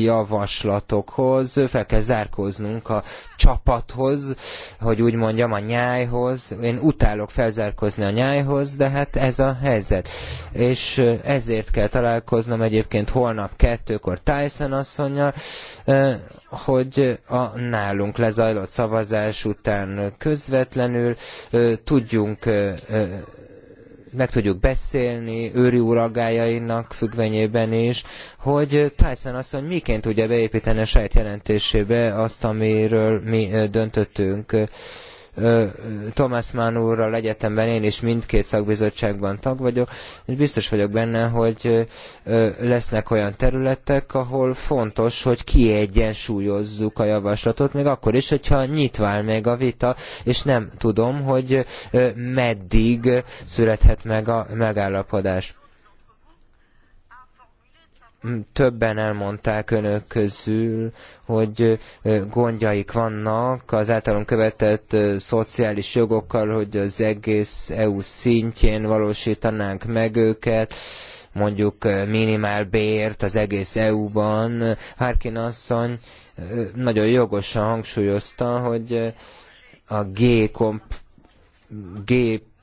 javaslatokhoz, fel kell zárkóznunk a csapathoz, hogy úgy mondjam, a nyájhoz. Én utálok felzárkózni a nyájhoz, de hát ez a helyzet. És ezért kell találkoznom egyébként holnap kettőkor táj Tyson asszonynal, hogy a nálunk lezajlott szavazás után közvetlenül tudjunk meg tudjuk beszélni őri uragájainak függvényében is, hogy Tyson asszony miként tudja beépíteni a saját jelentésébe azt, amiről mi döntöttünk. Thomas Mann úrral egyetemben én is mindkét szakbizottságban tag vagyok, és biztos vagyok benne, hogy lesznek olyan területek, ahol fontos, hogy kiegyensúlyozzuk a javaslatot, még akkor is, hogyha áll még a vita, és nem tudom, hogy meddig születhet meg a megállapodás többen elmondták önök közül, hogy gondjaik vannak az általunk követett szociális jogokkal, hogy az egész EU szintjén valósítanánk meg őket, mondjuk minimálbért az egész EU-ban. Harkin asszony nagyon jogosan hangsúlyozta, hogy a G-komp G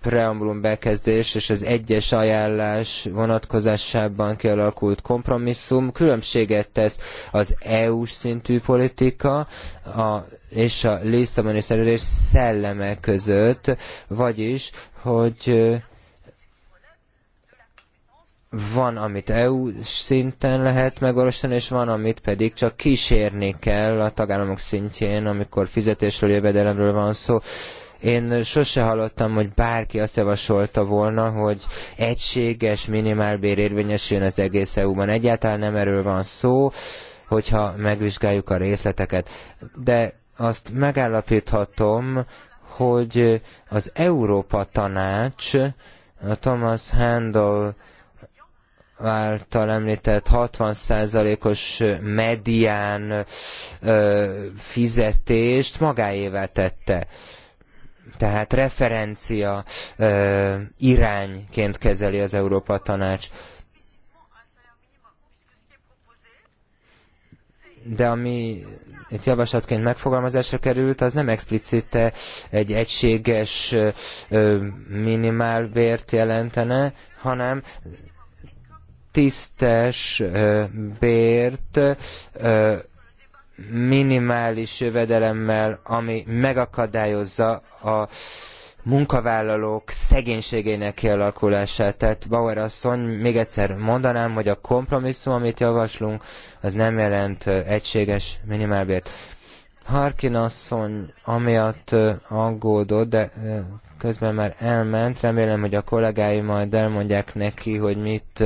preambulum bekezdés és az egyes ajánlás vonatkozásában kialakult kompromisszum különbséget tesz az EU-s szintű politika a, és a Lisszaboni szerződés szelleme között, vagyis, hogy van, amit EU szinten lehet megvalósítani, és van, amit pedig csak kísérni kell a tagállamok szintjén, amikor fizetésről, jövedelemről van szó én sose hallottam, hogy bárki azt javasolta volna, hogy egységes minimálbér érvényesüljön az egész EU-ban. Egyáltalán nem erről van szó, hogyha megvizsgáljuk a részleteket. De azt megállapíthatom, hogy az Európa Tanács, a Thomas Handel által említett 60%-os medián fizetést magáévá tette tehát referencia irányként kezeli az Európa Tanács. De ami itt javaslatként megfogalmazásra került, az nem explicite egy egységes minimálbért jelentene, hanem tisztes bért minimális jövedelemmel, ami megakadályozza a munkavállalók szegénységének kialakulását. Tehát Bauer asszony, még egyszer mondanám, hogy a kompromisszum, amit javaslunk, az nem jelent egységes minimálbért. Harkin asszony amiatt aggódott, de közben már elment, remélem, hogy a kollégáim majd elmondják neki, hogy mit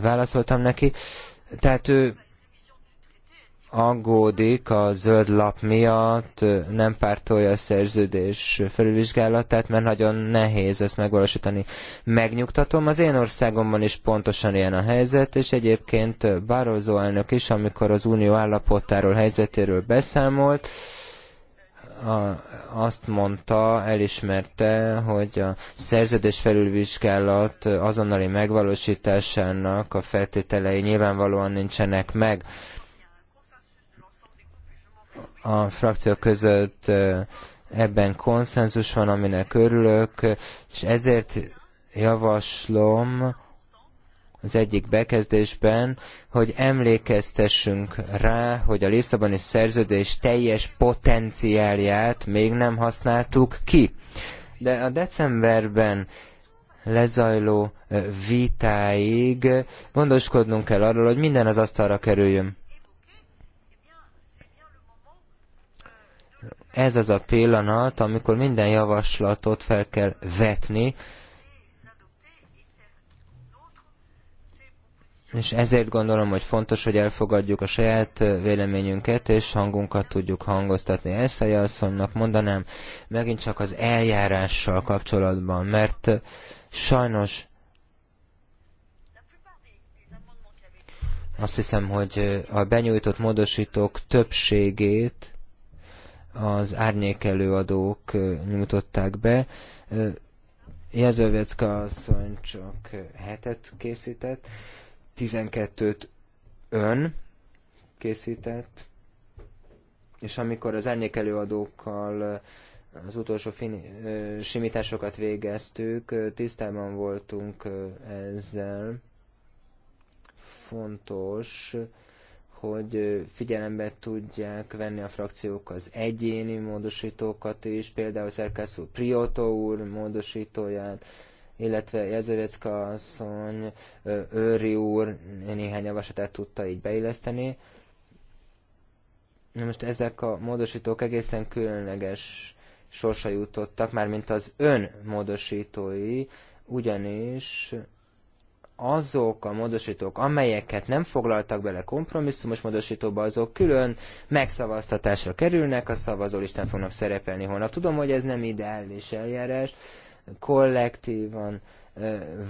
válaszoltam neki. Tehát ő aggódik a zöld lap miatt, nem pártolja a szerződés felülvizsgálatát, mert nagyon nehéz ezt megvalósítani. Megnyugtatom, az én országomban is pontosan ilyen a helyzet, és egyébként Barroso elnök is, amikor az unió állapotáról, helyzetéről beszámolt, a, azt mondta, elismerte, hogy a szerződés felülvizsgálat azonnali megvalósításának a feltételei nyilvánvalóan nincsenek meg a frakciók között ebben konszenzus van, aminek örülök, és ezért javaslom az egyik bekezdésben, hogy emlékeztessünk rá, hogy a Lisszaboni szerződés teljes potenciálját még nem használtuk ki. De a decemberben lezajló vitáig gondoskodnunk kell arról, hogy minden az asztalra kerüljön. ez az a pillanat, amikor minden javaslatot fel kell vetni, és ezért gondolom, hogy fontos, hogy elfogadjuk a saját véleményünket, és hangunkat tudjuk hangoztatni. Elszaja asszonynak mondanám megint csak az eljárással kapcsolatban, mert sajnos azt hiszem, hogy a benyújtott módosítók többségét az előadók nyújtották be. Jezővecka asszony csak hetet készített, 12-t ön készített, és amikor az előadókkal az utolsó fin- simításokat végeztük, tisztában voltunk ezzel. Fontos, hogy figyelembe tudják venni a frakciók az egyéni módosítókat is, például Szerkász úr Prioto úr módosítóját, illetve Jezőrecka asszony, Őri úr néhány javaslatát tudta így beilleszteni. Na most ezek a módosítók egészen különleges sorsa jutottak, mármint az ön módosítói, ugyanis azok a módosítók, amelyeket nem foglaltak bele kompromisszumos módosítóba, azok külön megszavaztatásra kerülnek, a szavazólistán fognak szerepelni holnap. Tudom, hogy ez nem ideális eljárás, kollektívan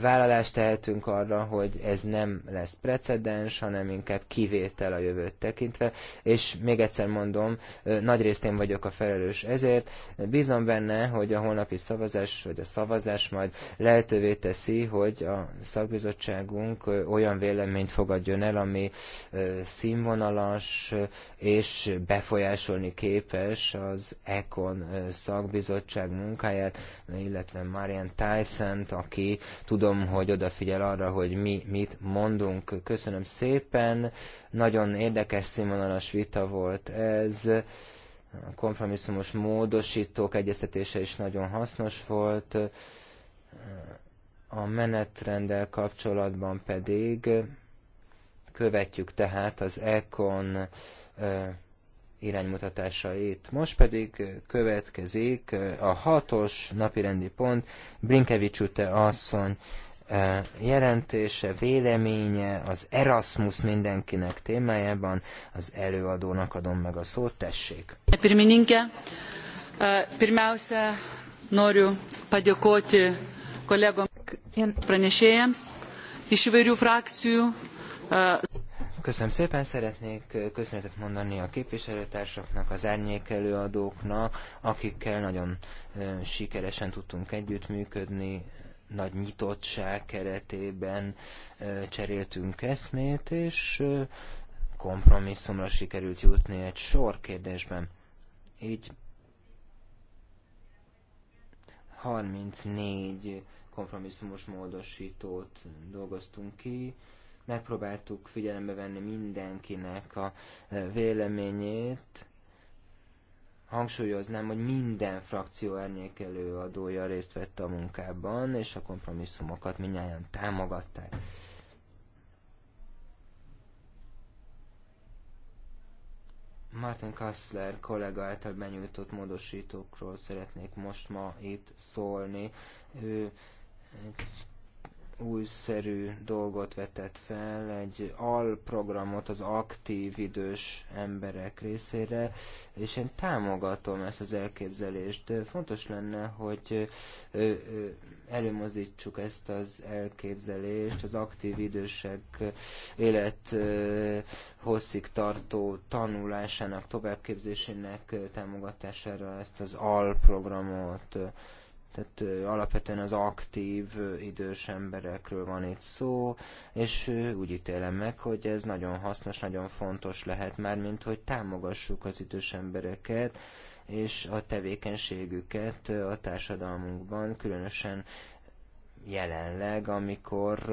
vállalást tehetünk arra, hogy ez nem lesz precedens, hanem inkább kivétel a jövőt tekintve, és még egyszer mondom, nagyrészt én vagyok a felelős ezért, bízom benne, hogy a holnapi szavazás, vagy a szavazás majd lehetővé teszi, hogy a szakbizottságunk olyan véleményt fogadjon el, ami színvonalas és befolyásolni képes az ECON szakbizottság munkáját, illetve Marian Tyson-t, aki Tudom, hogy odafigyel arra, hogy mi mit mondunk. Köszönöm szépen. Nagyon érdekes színvonalas vita volt ez. A kompromisszumos módosítók egyeztetése is nagyon hasznos volt. A menetrenddel kapcsolatban pedig követjük tehát az ECON iránymutatásait. Most pedig következik a hatos napirendi pont, Brinkevics Ute asszony e, jelentése, véleménye az Erasmus mindenkinek témájában. Az előadónak adom meg a szót, tessék. Pirmininke, e, noriu padjokóti kollégom pranesélyemsz, és frakciú. E, Köszönöm szépen, szeretnék köszönetet mondani a képviselőtársaknak, az árnyékelőadóknak, akikkel nagyon sikeresen tudtunk együttműködni, nagy nyitottság keretében cseréltünk eszmét, és kompromisszumra sikerült jutni egy sor kérdésben. Így 34 kompromisszumos módosítót dolgoztunk ki, Megpróbáltuk figyelembe venni mindenkinek a e, véleményét. Hangsúlyoznám, hogy minden frakció ernyékelő adója részt vett a munkában, és a kompromisszumokat minnyáján támogatták. Martin Kassler kollega által benyújtott módosítókról szeretnék most ma itt szólni. Ő egy újszerű dolgot vetett fel, egy alprogramot az aktív idős emberek részére, és én támogatom ezt az elképzelést. Fontos lenne, hogy előmozdítsuk ezt az elképzelést, az aktív idősek élet hosszig tartó tanulásának, továbbképzésének támogatására ezt az alprogramot tehát alapvetően az aktív idős emberekről van itt szó, és úgy ítélem meg, hogy ez nagyon hasznos, nagyon fontos lehet már, mint hogy támogassuk az idős embereket, és a tevékenységüket a társadalmunkban, különösen jelenleg, amikor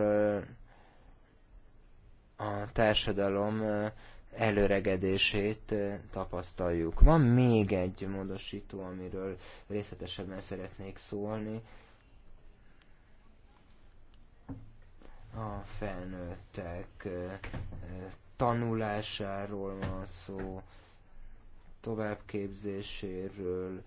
a társadalom előregedését tapasztaljuk. Van még egy módosító, amiről részletesebben szeretnék szólni. A felnőttek tanulásáról van szó, továbbképzéséről,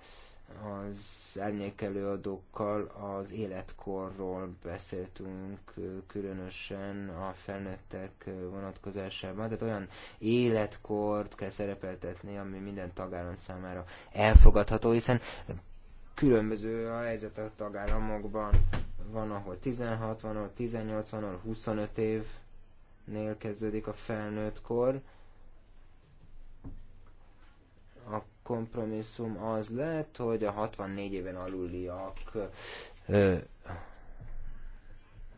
az árnyékelőadókkal az életkorról beszéltünk különösen a felnőttek vonatkozásában, tehát olyan életkort kell szerepeltetni, ami minden tagállam számára elfogadható, hiszen különböző a helyzet a tagállamokban. Van, ahol 16, van, ahol 18, van, ahol 25 évnél kezdődik a felnőtt kor, kompromisszum az lett, hogy a 64 éven aluliak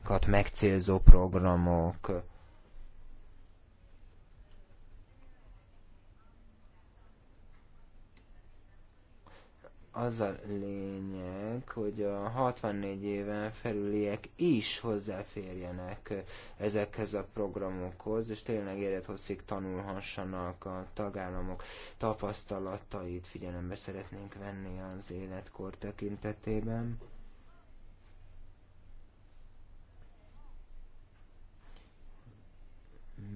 kat megcélzó programok az a lényeg, hogy a 64 éven felüliek is hozzáférjenek ezekhez a programokhoz, és tényleg élethosszig tanulhassanak a tagállamok tapasztalatait, figyelembe szeretnénk venni az életkor tekintetében.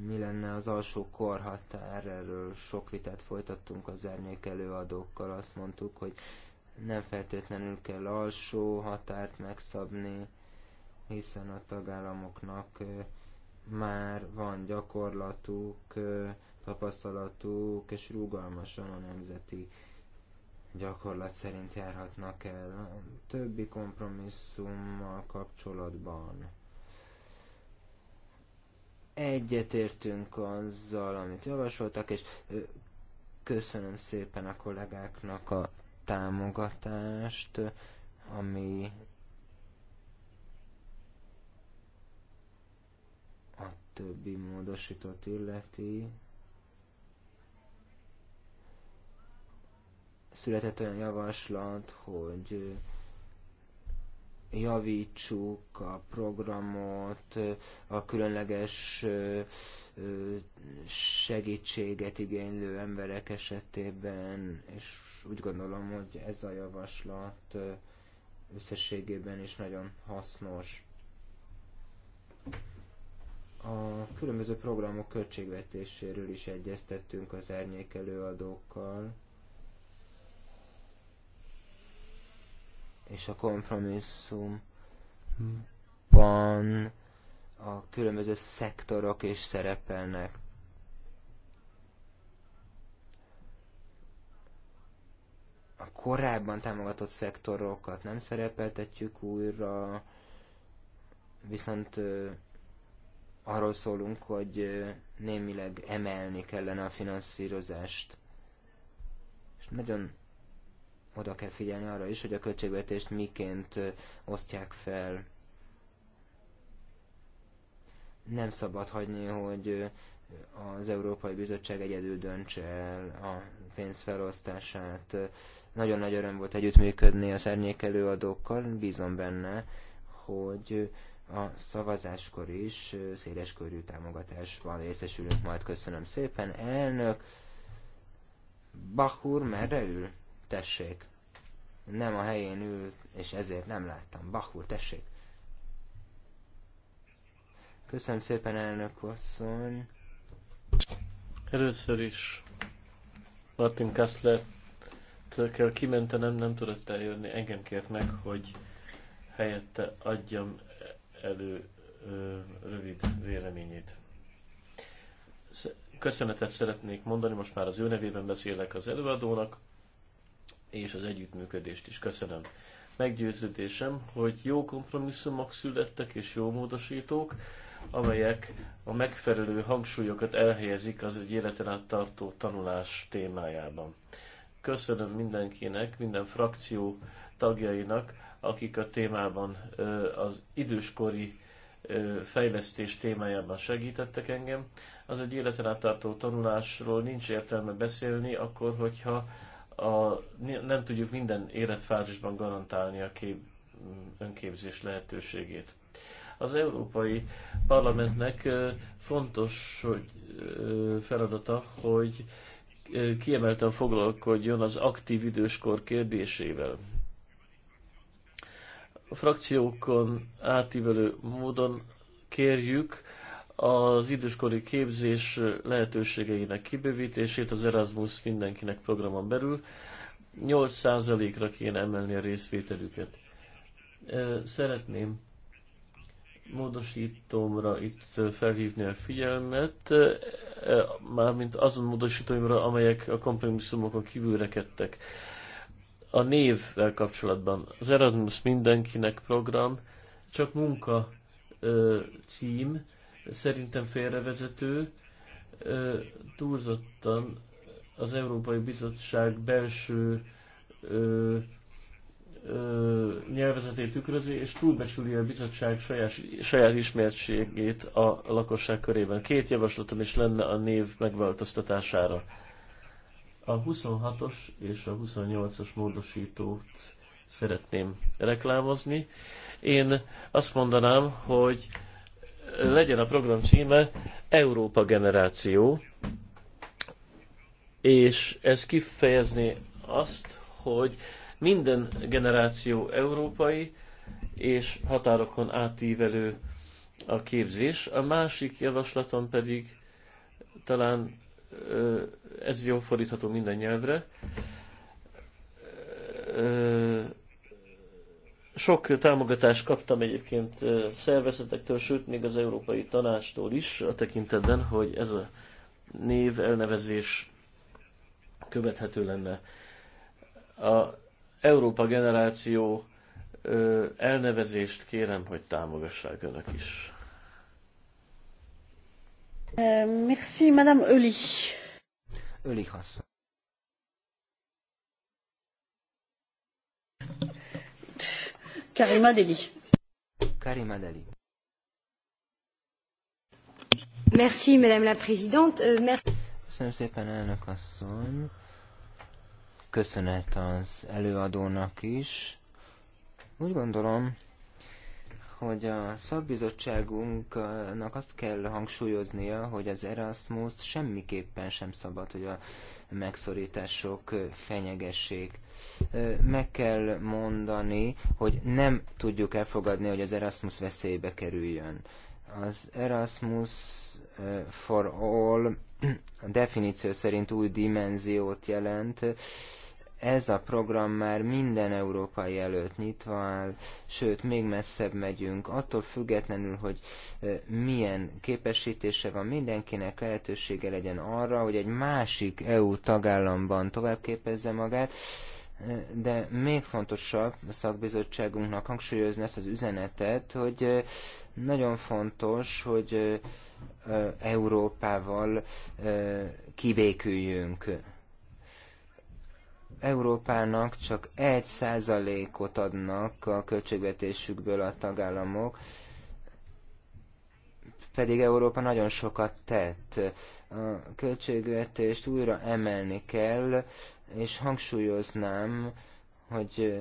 mi lenne az alsó korhatár, erről sok vitát folytattunk az árnyék előadókkal, azt mondtuk, hogy nem feltétlenül kell alsó határt megszabni, hiszen a tagállamoknak már van gyakorlatuk, tapasztalatuk, és rugalmasan a nemzeti gyakorlat szerint járhatnak el. A többi kompromisszummal kapcsolatban egyetértünk azzal, amit javasoltak, és köszönöm szépen a kollégáknak a támogatást, ami a többi módosított illeti. Született olyan javaslat, hogy javítsuk a programot, a különleges segítséget igénylő emberek esetében, és úgy gondolom, hogy ez a javaslat összességében is nagyon hasznos. A különböző programok költségvetéséről is egyeztettünk az árnyék előadókkal, és a kompromisszumban a különböző szektorok is szerepelnek a korábban támogatott szektorokat nem szerepeltetjük újra, viszont arról szólunk, hogy némileg emelni kellene a finanszírozást. És nagyon oda kell figyelni arra is, hogy a költségvetést miként osztják fel. Nem szabad hagyni, hogy az Európai Bizottság egyedül döntse el a pénz felosztását. Nagyon nagy öröm volt együttműködni az árnyék előadókkal, bízom benne, hogy a szavazáskor is széleskörű van, részesülünk majd. Köszönöm szépen, elnök! Bachur merre ül? Tessék! Nem a helyén ül, és ezért nem láttam. Bachur, tessék! Köszönöm szépen, elnök asszony! Először is Martin Kessler kell kimentenem, nem tudott eljönni. Engem kért meg, hogy helyette adjam elő ö, rövid véleményét. Köszönetet szeretnék mondani, most már az ő nevében beszélek az előadónak, és az együttműködést is köszönöm. Meggyőződésem, hogy jó kompromisszumok születtek és jó módosítók, amelyek a megfelelő hangsúlyokat elhelyezik az egy életen át tartó tanulás témájában köszönöm mindenkinek, minden frakció tagjainak, akik a témában az időskori fejlesztés témájában segítettek engem. Az egy életen átartó tanulásról nincs értelme beszélni, akkor, hogyha a, nem tudjuk minden életfázisban garantálni a kép, önképzés lehetőségét. Az Európai Parlamentnek fontos hogy, feladata, hogy kiemelten foglalkodjon az aktív időskor kérdésével. A frakciókon átívelő módon kérjük az időskori képzés lehetőségeinek kibővítését az Erasmus mindenkinek programon belül. 8%-ra kéne emelni a részvételüket. Szeretném módosítomra itt felhívni a figyelmet mármint azon módosítóimra, amelyek a kompromisszumokon kívül rekedtek. A névvel kapcsolatban az Erasmus mindenkinek program, csak munka ö, cím, szerintem félrevezető, ö, túlzottan az Európai Bizottság belső ö, nyelvezetét tükrözi, és túlbecsüli a bizottság saját, saját ismertségét a lakosság körében. Két javaslatom is lenne a név megváltoztatására. A 26-os és a 28-as módosítót szeretném reklámozni. Én azt mondanám, hogy legyen a program címe Európa Generáció, és ez kifejezni azt, hogy minden generáció európai és határokon átívelő a képzés. A másik javaslatom pedig talán ez jó fordítható minden nyelvre. Sok támogatást kaptam egyébként szervezetektől, sőt még az Európai Tanástól is a tekintetben, hogy ez a név elnevezés követhető lenne. A Európa generáció elnevezést kérem, hogy támogassák Önök is. Merci, Madame Öli. Öli hasz. Karima Deli. Karima Deli. Merci, Madame la Présidente. Euh, merci. Köszönöm szépen, elnök asszony köszönet az előadónak is. Úgy gondolom, hogy a szakbizottságunknak azt kell hangsúlyoznia, hogy az erasmus semmiképpen sem szabad, hogy a megszorítások fenyegessék. Meg kell mondani, hogy nem tudjuk elfogadni, hogy az Erasmus veszélybe kerüljön. Az Erasmus for All a definíció szerint új dimenziót jelent, ez a program már minden európai előtt nyitva áll, sőt, még messzebb megyünk, attól függetlenül, hogy milyen képesítése van mindenkinek, lehetősége legyen arra, hogy egy másik EU tagállamban továbbképezze magát, de még fontosabb a szakbizottságunknak hangsúlyozni ezt az üzenetet, hogy nagyon fontos, hogy Európával kibéküljünk Európának csak egy százalékot adnak a költségvetésükből a tagállamok, pedig Európa nagyon sokat tett. A költségvetést újra emelni kell, és hangsúlyoznám, hogy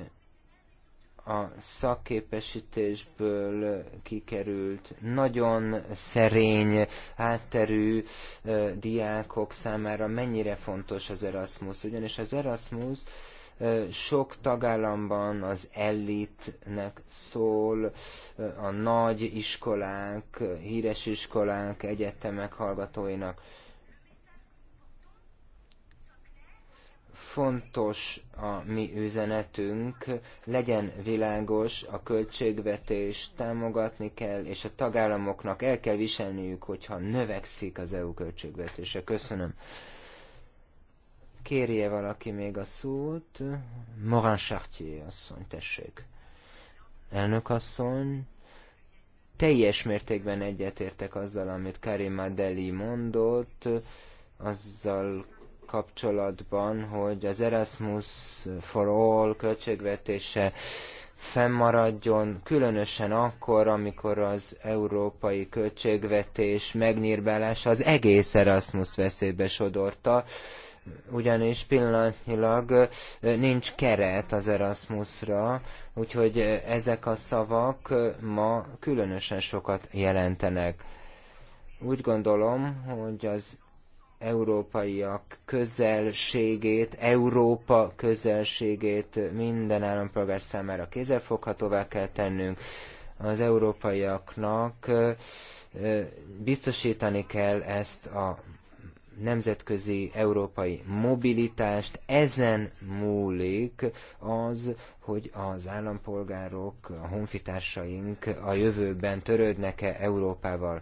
a szakképesítésből kikerült nagyon szerény, átterű diákok számára mennyire fontos az Erasmus. Ugyanis az Erasmus sok tagállamban az elitnek szól, a nagy iskolák, híres iskolák, egyetemek hallgatóinak fontos a mi üzenetünk, legyen világos, a költségvetés támogatni kell, és a tagállamoknak el kell viselniük, hogyha növekszik az EU költségvetése. Köszönöm. Kérje valaki még a szót. Morin Chartier asszony, tessék. Elnök asszony, teljes mértékben egyetértek azzal, amit Karim Adeli mondott, azzal kapcsolatban, hogy az Erasmus for All költségvetése fennmaradjon, különösen akkor, amikor az európai költségvetés megnyírbálása az egész Erasmus veszélybe sodorta, ugyanis pillanatnyilag nincs keret az Erasmusra, úgyhogy ezek a szavak ma különösen sokat jelentenek. Úgy gondolom, hogy az európaiak közelségét, Európa közelségét minden állampolgár számára kézzelfoghatóvá kell tennünk. Az európaiaknak biztosítani kell ezt a nemzetközi európai mobilitást. Ezen múlik az, hogy az állampolgárok, a honfitársaink a jövőben törődnek-e Európával.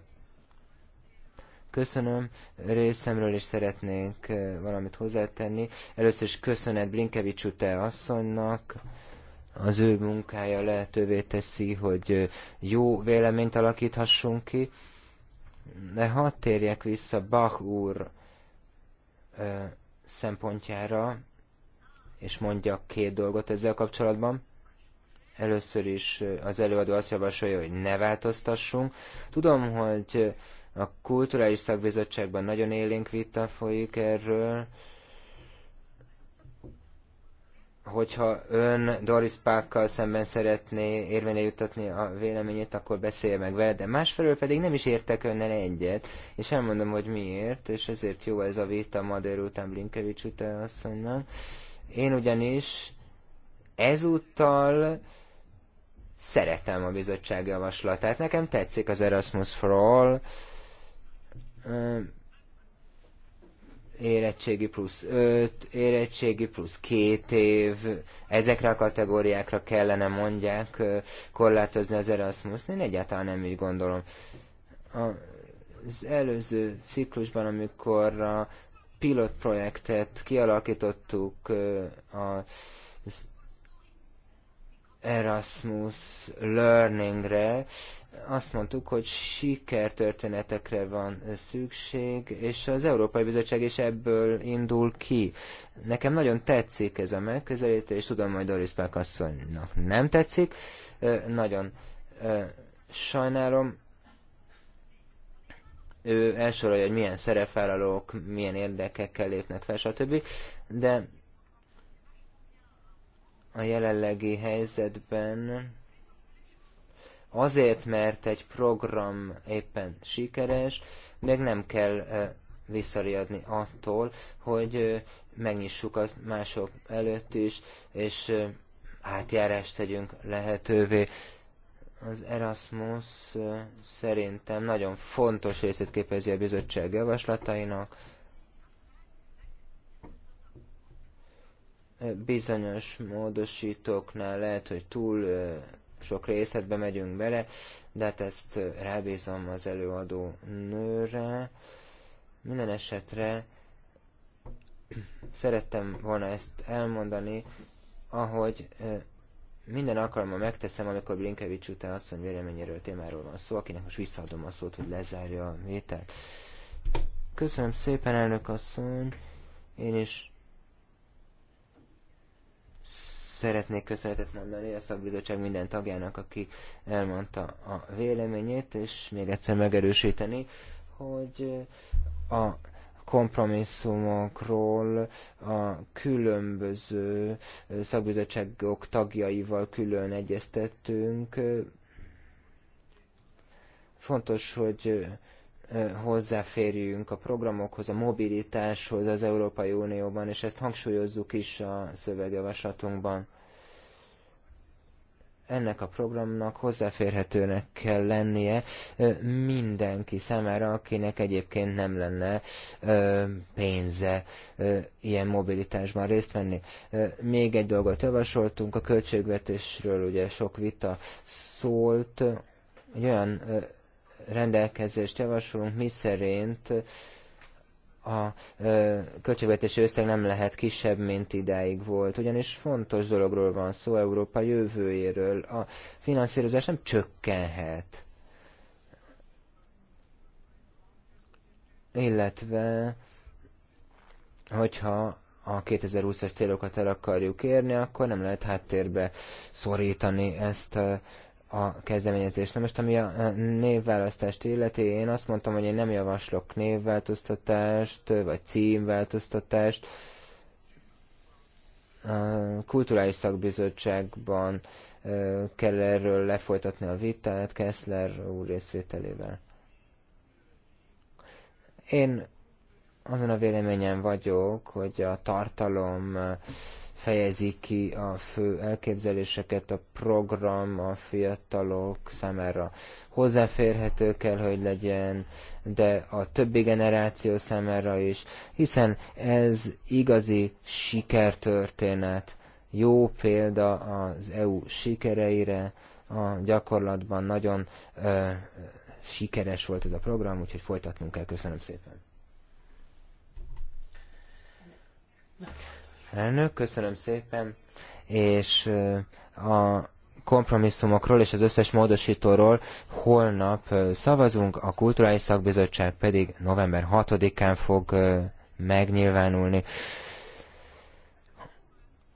Köszönöm részemről, és szeretnénk eh, valamit hozzátenni. Először is köszönet Blinkevics Ute asszonynak, az ő munkája lehetővé teszi, hogy eh, jó véleményt alakíthassunk ki. De hadd térjek vissza Bach úr ö, eh, szempontjára, és mondjak két dolgot ezzel kapcsolatban. Először is az előadó azt javasolja, hogy ne változtassunk. Tudom, hogy a Kulturális Szakbizottságban nagyon élénk vita folyik erről. Hogyha ön Doris Parkkal szemben szeretné érvényre juttatni a véleményét, akkor beszélje meg vele, de másfelől pedig nem is értek önnel egyet, és elmondom, hogy miért, és ezért jó ez a vita ma délután Blinkevics asszonynak. Én ugyanis ezúttal szeretem a bizottság javaslatát. Nekem tetszik az Erasmus for All, érettségi plusz 5, érettségi plusz 2 év, ezekre a kategóriákra kellene mondják korlátozni az erasmus Én egyáltalán nem így gondolom. Az előző ciklusban, amikor a pilotprojektet kialakítottuk az Erasmus Learningre, azt mondtuk, hogy sikertörténetekre van szükség, és az Európai Bizottság is ebből indul ki. Nekem nagyon tetszik ez a megközelítés, tudom, hogy Doris Pák asszonynak nem tetszik. Nagyon sajnálom, ő elsorolja, hogy milyen szerepvállalók, milyen érdekekkel lépnek fel, stb. De a jelenlegi helyzetben azért, mert egy program éppen sikeres, meg nem kell visszariadni attól, hogy megnyissuk azt mások előtt is, és átjárást tegyünk lehetővé. Az Erasmus szerintem nagyon fontos részét képezi a bizottság javaslatainak. Bizonyos módosítóknál lehet, hogy túl sok részletbe megyünk bele, de hát ezt rábízom az előadó nőre. Minden esetre szerettem volna ezt elmondani, ahogy minden alkalommal megteszem, amikor Blinkevics után asszony véleményéről témáról van szó, akinek most visszaadom a szót, hogy lezárja a vételt. Köszönöm szépen, elnök asszony. Én is Szeretnék köszönetet mondani a szakbizottság minden tagjának, aki elmondta a véleményét, és még egyszer megerősíteni, hogy a kompromisszumokról a különböző szakbizottságok tagjaival külön egyeztettünk. Fontos, hogy hozzáférjünk a programokhoz, a mobilitáshoz az Európai Unióban, és ezt hangsúlyozzuk is a szövegjavaslatunkban. Ennek a programnak hozzáférhetőnek kell lennie mindenki számára, akinek egyébként nem lenne pénze ilyen mobilitásban részt venni. Még egy dolgot javasoltunk, a költségvetésről ugye sok vita szólt, egy olyan rendelkezést javasolunk, mi szerint a költségvetési összeg nem lehet kisebb, mint idáig volt. Ugyanis fontos dologról van szó, Európa jövőjéről. A finanszírozás nem csökkenhet. Illetve, hogyha a 2020-as célokat el akarjuk érni, akkor nem lehet háttérbe szorítani ezt a kezdeményezés Na most, ami a névválasztást illeti, én azt mondtam, hogy én nem javaslok névváltoztatást, vagy címváltoztatást. A kulturális szakbizottságban kell erről lefolytatni a vitát Kessler úr részvételével. Én azon a véleményen vagyok, hogy a tartalom fejezi ki a fő elképzeléseket, a program a fiatalok számára hozzáférhető kell, hogy legyen, de a többi generáció számára is, hiszen ez igazi sikertörténet, jó példa az EU sikereire, a gyakorlatban nagyon ö, sikeres volt ez a program, úgyhogy folytatnunk kell. Köszönöm szépen! Elnök, köszönöm szépen, és a kompromisszumokról és az összes módosítóról holnap szavazunk, a Kulturális Szakbizottság pedig november 6-án fog megnyilvánulni.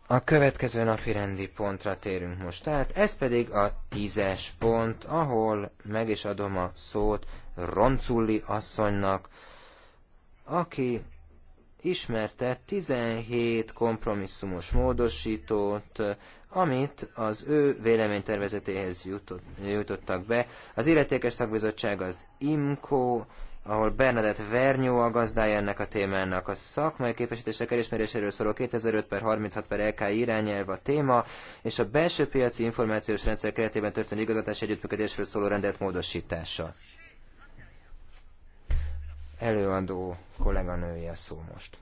A következő napi rendi pontra térünk most tehát ez pedig a tízes pont, ahol meg is adom a szót Ronculli asszonynak, aki ismertet 17 kompromisszumos módosítót, amit az ő véleménytervezetéhez jutott, jutottak be. Az illetékes szakbizottság az IMCO, ahol Bernadett Vernyó a gazdája ennek a témának. A szakmai képesítések elismeréséről szóló 2005 per 36 per LK irányelv a téma, és a belső piaci információs rendszer keretében történő igazgatási együttműködésről szóló rendelt módosítása. Előadó kolléganője szó most.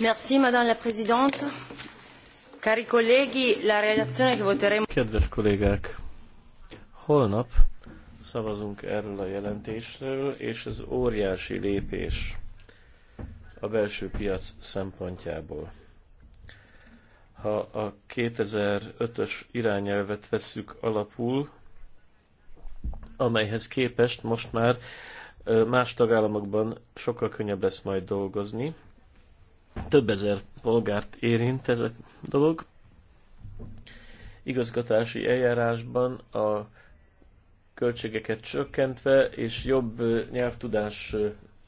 Merci, Madame la Présidente. Cari colleghi, la relazione che voteremo... Kedves kollégák, holnap szavazunk erről a jelentésről, és ez óriási lépés a belső piac szempontjából. Ha a 2005-ös irányelvet vesszük alapul, amelyhez képest most már Más tagállamokban sokkal könnyebb lesz majd dolgozni. Több ezer polgárt érint ez a dolog. Igazgatási eljárásban a költségeket csökkentve és jobb nyelvtudás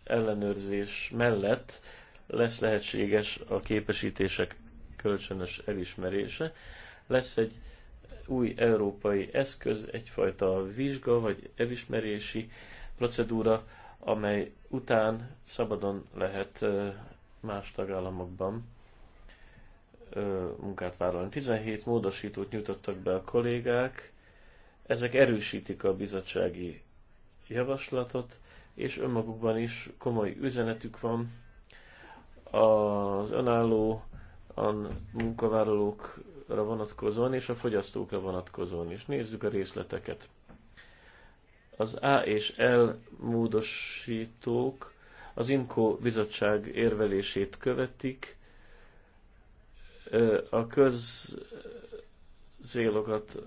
ellenőrzés mellett lesz lehetséges a képesítések kölcsönös elismerése. Lesz egy új európai eszköz, egyfajta vizsga vagy elismerési procedúra, amely után szabadon lehet más tagállamokban munkát vállalni. 17 módosítót nyújtottak be a kollégák, ezek erősítik a bizottsági javaslatot, és önmagukban is komoly üzenetük van. Az önálló a munkavállalókra vonatkozóan és a fogyasztókra vonatkozóan is. Nézzük a részleteket az A és L módosítók az INKO bizottság érvelését követik, a közzélokat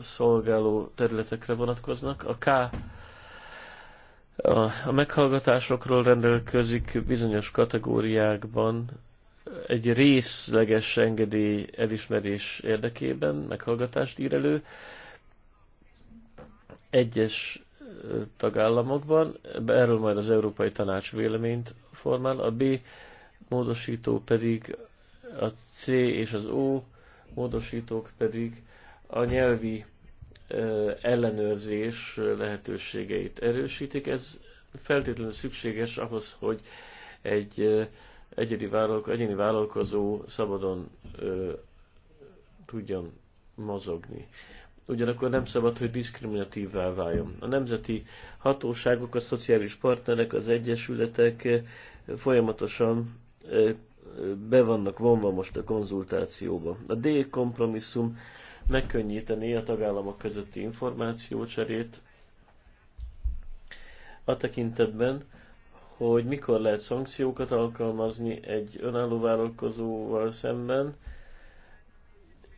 szolgáló területekre vonatkoznak. A K a, a meghallgatásokról rendelkezik bizonyos kategóriákban egy részleges engedély elismerés érdekében meghallgatást ír elő, egyes tagállamokban, erről majd az Európai Tanács véleményt formál, a B módosító pedig a C és az O módosítók pedig a nyelvi ellenőrzés lehetőségeit erősítik. Ez feltétlenül szükséges ahhoz, hogy egy egyedi vállalko, egyéni vállalkozó szabadon ö, tudjon mozogni ugyanakkor nem szabad, hogy diszkriminatívvá váljon. A nemzeti hatóságok, a szociális partnerek, az egyesületek eh, folyamatosan eh, be vannak vonva most a konzultációba. A D kompromisszum megkönnyíteni a tagállamok közötti információcserét a tekintetben, hogy mikor lehet szankciókat alkalmazni egy önálló vállalkozóval szemben,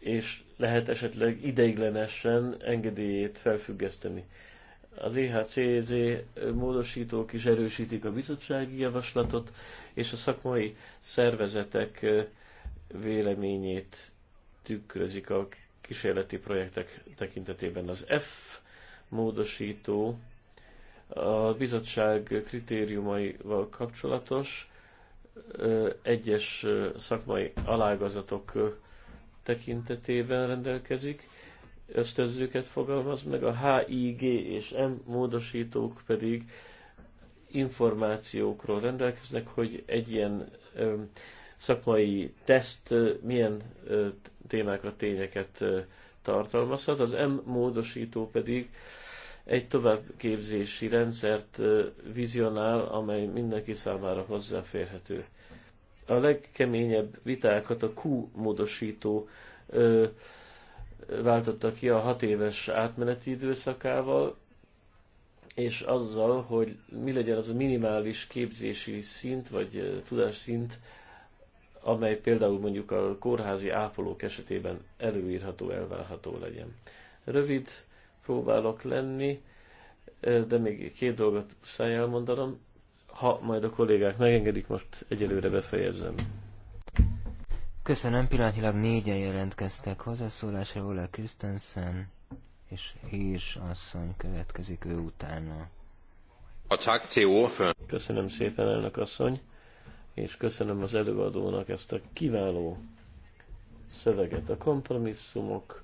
és lehet esetleg ideiglenesen engedélyét felfüggeszteni. Az EHCZ módosítók is erősítik a bizottsági javaslatot, és a szakmai szervezetek véleményét tükrözik a kísérleti projektek tekintetében. Az F módosító a bizottság kritériumaival kapcsolatos, egyes szakmai alágazatok tekintetében rendelkezik, ösztönzőket fogalmaz meg, a HIG és M módosítók pedig információkról rendelkeznek, hogy egy ilyen ö, szakmai teszt ö, milyen ö, témákat, tényeket ö, tartalmazhat, az M módosító pedig egy továbbképzési rendszert vizionál, amely mindenki számára hozzáférhető a legkeményebb vitákat a Q módosító ö, váltotta ki a hat éves átmeneti időszakával, és azzal, hogy mi legyen az a minimális képzési szint, vagy tudásszint, amely például mondjuk a kórházi ápolók esetében előírható, elvárható legyen. Rövid próbálok lenni, de még két dolgot muszáj elmondanom. Ha majd a kollégák megengedik, most egyelőre befejezem. Köszönöm, pillanatilag négyen jelentkeztek hozzászólásra, Ola Christensen és Hírs asszony következik ő utána. Köszönöm szépen, elnök asszony, és köszönöm az előadónak ezt a kiváló szöveget. A kompromisszumok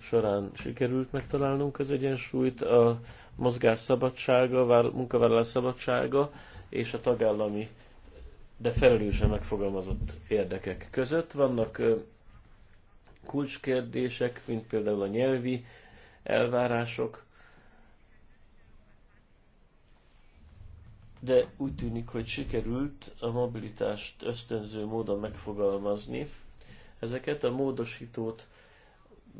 során sikerült megtalálnunk az egyensúlyt, a mozgás szabadsága, munkavállalás szabadsága és a tagállami, de felelősen megfogalmazott érdekek között. Vannak kulcskérdések, mint például a nyelvi elvárások, de úgy tűnik, hogy sikerült a mobilitást ösztönző módon megfogalmazni. Ezeket a módosítót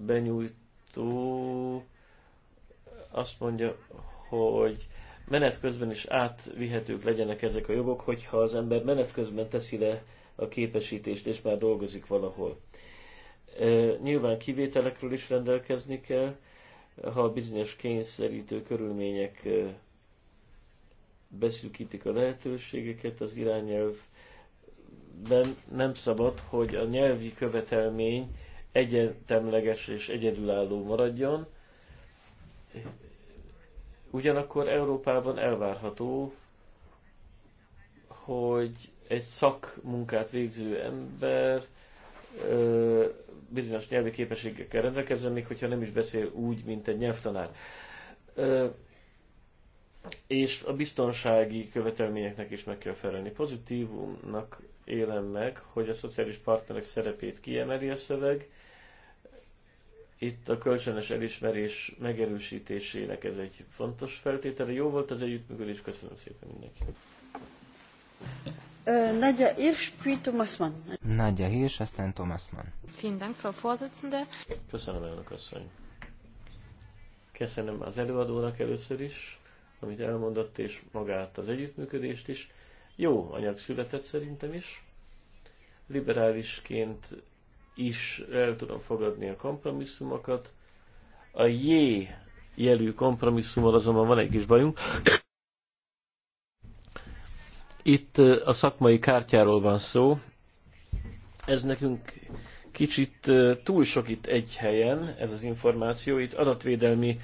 benyújtó azt mondja, hogy menet közben is átvihetők legyenek ezek a jogok, hogyha az ember menet közben teszi le a képesítést, és már dolgozik valahol. Nyilván kivételekről is rendelkezni kell, ha bizonyos kényszerítő körülmények beszűkítik a lehetőségeket, az irányelvben nem szabad, hogy a nyelvi követelmény egyetemleges és egyedülálló maradjon, Ugyanakkor Európában elvárható, hogy egy szakmunkát végző ember ö, bizonyos nyelvi képességekkel rendelkezzen, még hogyha nem is beszél úgy, mint egy nyelvtanár. Ö, és a biztonsági követelményeknek is meg kell felelni. Pozitívumnak élem meg, hogy a szociális partnerek szerepét kiemeli a szöveg, itt a kölcsönös elismerés megerősítésének ez egy fontos feltétele. Jó volt az együttműködés, köszönöm szépen mindenkinek. Nadja Hirsch, puis Thomas Mann. Nadja Hirsch, aztán Thomas Mann. Vielen Dank, Frau Vorsitzende. Köszönöm, elnök asszony. Köszönöm az előadónak először is, amit elmondott, és magát az együttműködést is. Jó anyag született szerintem is. Liberálisként is el tudom fogadni a kompromisszumokat. A J jelű kompromisszummal azonban van egy kis bajunk. Itt a szakmai kártyáról van szó. Ez nekünk kicsit túl sok itt egy helyen, ez az információ. Itt adatvédelmi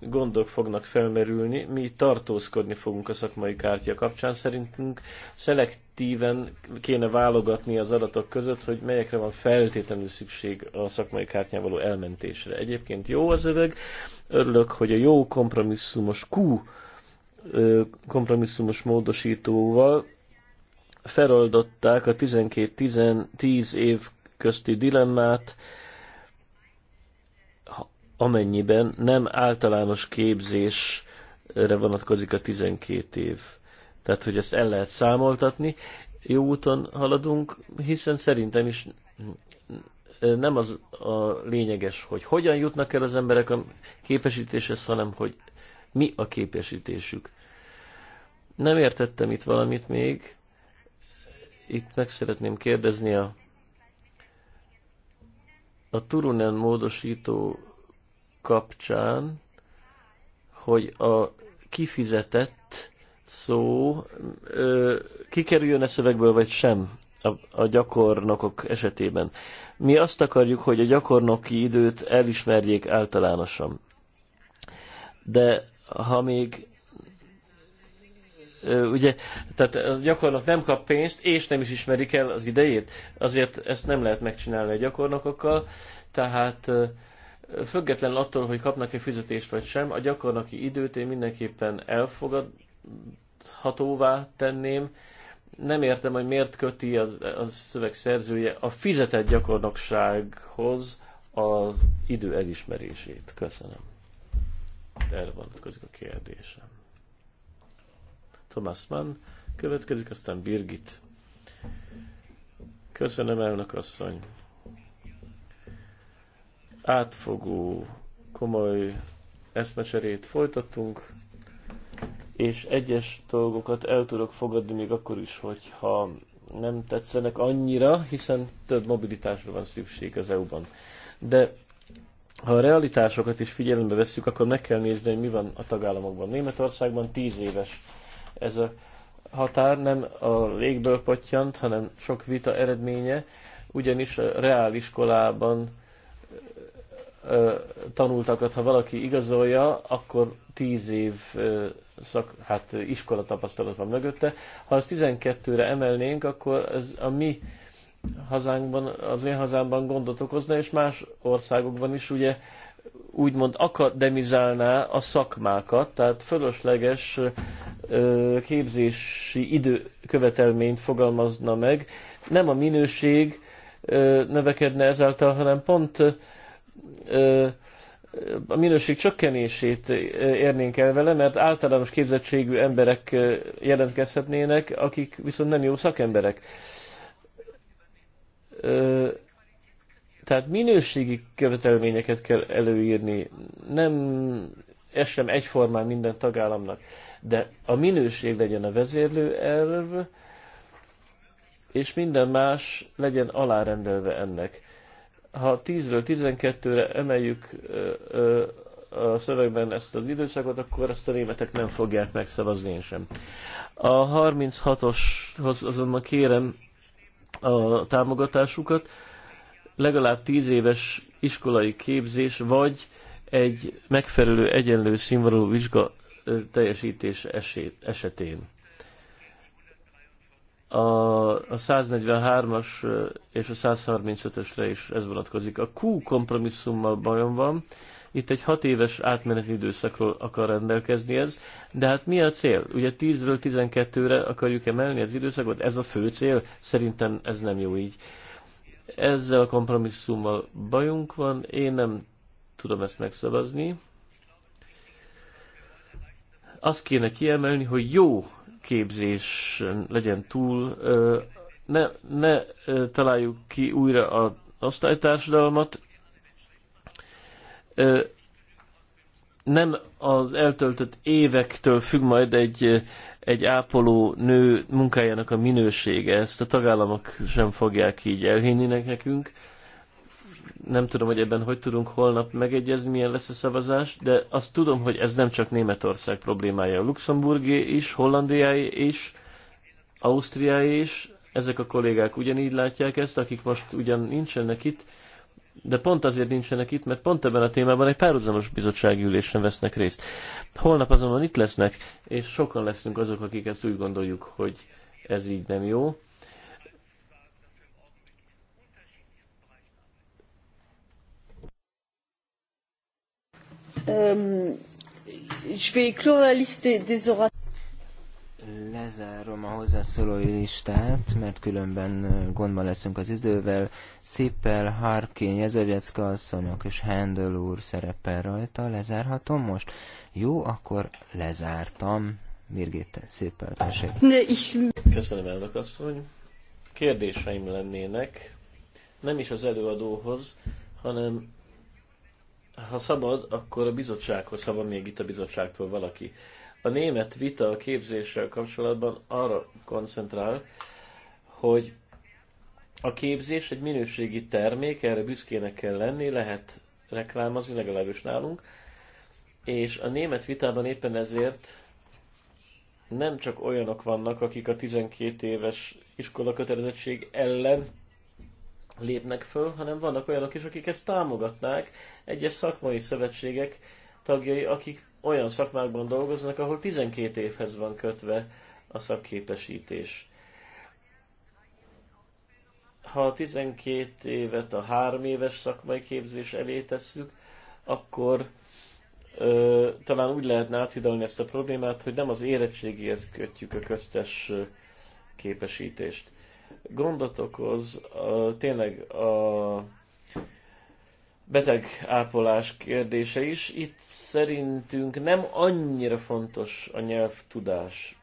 gondok fognak felmerülni, mi tartózkodni fogunk a szakmai kártya kapcsán. Szerintünk szelektíven kéne válogatni az adatok között, hogy melyekre van feltétlenül szükség a szakmai kártyán való elmentésre. Egyébként jó az öveg, örülök, hogy a jó kompromisszumos Q kompromisszumos módosítóval feloldották a 12-10 év közti dilemmát, amennyiben nem általános képzésre vonatkozik a 12 év. Tehát, hogy ezt el lehet számoltatni, jó úton haladunk, hiszen szerintem is nem az a lényeges, hogy hogyan jutnak el az emberek a képesítéshez, hanem hogy mi a képesítésük. Nem értettem itt valamit még. Itt meg szeretném kérdezni a, a Turunen módosító kapcsán, hogy a kifizetett szó ö, kikerüljön-e szövegből, vagy sem a, a gyakornokok esetében. Mi azt akarjuk, hogy a gyakornoki időt elismerjék általánosan. De ha még ugye, tehát a gyakornok nem kap pénzt, és nem is ismerik el az idejét, azért ezt nem lehet megcsinálni a gyakornokokkal, tehát Független attól, hogy kapnak-e fizetést vagy sem, a gyakornoki időt én mindenképpen elfogadhatóvá tenném. Nem értem, hogy miért köti az, az szöveg szerzője a fizetett gyakornoksághoz az idő elismerését. Köszönöm. Erre vonatkozik a kérdésem. Thomas Mann következik, aztán Birgit. Köszönöm, elnök asszony átfogó, komoly eszmecserét folytattunk, és egyes dolgokat el tudok fogadni még akkor is, hogyha nem tetszenek annyira, hiszen több mobilitásra van szükség az EU-ban. De ha a realitásokat is figyelembe veszük, akkor meg kell nézni, hogy mi van a tagállamokban. Németországban 10 éves ez a határ, nem a légből pattyant, hanem sok vita eredménye, ugyanis a reáliskolában tanultakat, ha valaki igazolja, akkor 10 év szak, hát iskola tapasztalat van mögötte. Ha azt 12-re emelnénk, akkor ez a mi hazánkban, az én hazámban gondot okozna, és más országokban is ugye úgymond akademizálná a szakmákat, tehát fölösleges képzési időkövetelményt fogalmazna meg. Nem a minőség növekedne ezáltal, hanem pont a minőség csökkenését érnénk el vele, mert általános képzettségű emberek jelentkezhetnének, akik viszont nem jó szakemberek. Tehát minőségi követelményeket kell előírni, nem ez sem egyformán minden tagállamnak, de a minőség legyen a vezérlő elv, és minden más legyen alárendelve ennek ha 10-ről 12-re emeljük a szövegben ezt az időszakot, akkor ezt a németek nem fogják megszavazni én sem. A 36-oshoz azonban kérem a támogatásukat, legalább 10 éves iskolai képzés, vagy egy megfelelő egyenlő színvonalú vizsga teljesítés esetén a 143-as és a 135-ösre is ez vonatkozik. A Q kompromisszummal bajom van, itt egy hat éves átmeneti időszakról akar rendelkezni ez, de hát mi a cél? Ugye 10-ről 12-re akarjuk emelni az időszakot, ez a fő cél? Szerintem ez nem jó így. Ezzel a kompromisszummal bajunk van, én nem tudom ezt megszavazni. Azt kéne kiemelni, hogy jó képzés legyen túl, ne, ne találjuk ki újra az osztálytársadalmat, nem az eltöltött évektől függ majd egy, egy ápoló nő munkájának a minősége, ezt a tagállamok sem fogják így elhinni nekünk, nem tudom, hogy ebben hogy tudunk holnap megegyezni, milyen lesz a szavazás, de azt tudom, hogy ez nem csak Németország problémája. A luxemburgi is, hollandiai is, ausztriai is, ezek a kollégák ugyanígy látják ezt, akik most ugyan nincsenek itt, de pont azért nincsenek itt, mert pont ebben a témában egy párhuzamos bizottsági ülésen vesznek részt. Holnap azonban itt lesznek, és sokan leszünk azok, akik ezt úgy gondoljuk, hogy ez így nem jó. Euh, je vais clore la liste des orateurs. Lezárom a hozzászólói listát, mert különben euh, gondban leszünk az idővel. Szippel, Harkin, Jezovjecka asszonyok és Handel úr szerepel rajta. Lezárhatom most? Jó, akkor lezártam. Birgitte, szépen tessék. Köszönöm, elnök asszony. Kérdéseim lennének, nem is az előadóhoz, hanem ha szabad, akkor a bizottsághoz, ha van még itt a bizottságtól valaki. A német vita a képzéssel kapcsolatban arra koncentrál, hogy a képzés egy minőségi termék, erre büszkének kell lenni, lehet reklámozni, legalábbis nálunk, és a német vitában éppen ezért nem csak olyanok vannak, akik a 12 éves iskola kötelezettség ellen lépnek föl, hanem vannak olyanok is, akik ezt támogatnák, egyes szakmai szövetségek tagjai, akik olyan szakmákban dolgoznak, ahol 12 évhez van kötve a szakképesítés. Ha 12 évet a három éves szakmai képzés elé tesszük, akkor ö, talán úgy lehetne áthidalni ezt a problémát, hogy nem az érettségihez kötjük a köztes képesítést gondot okoz a, tényleg a beteg ápolás kérdése is. Itt szerintünk nem annyira fontos a nyelvtudás.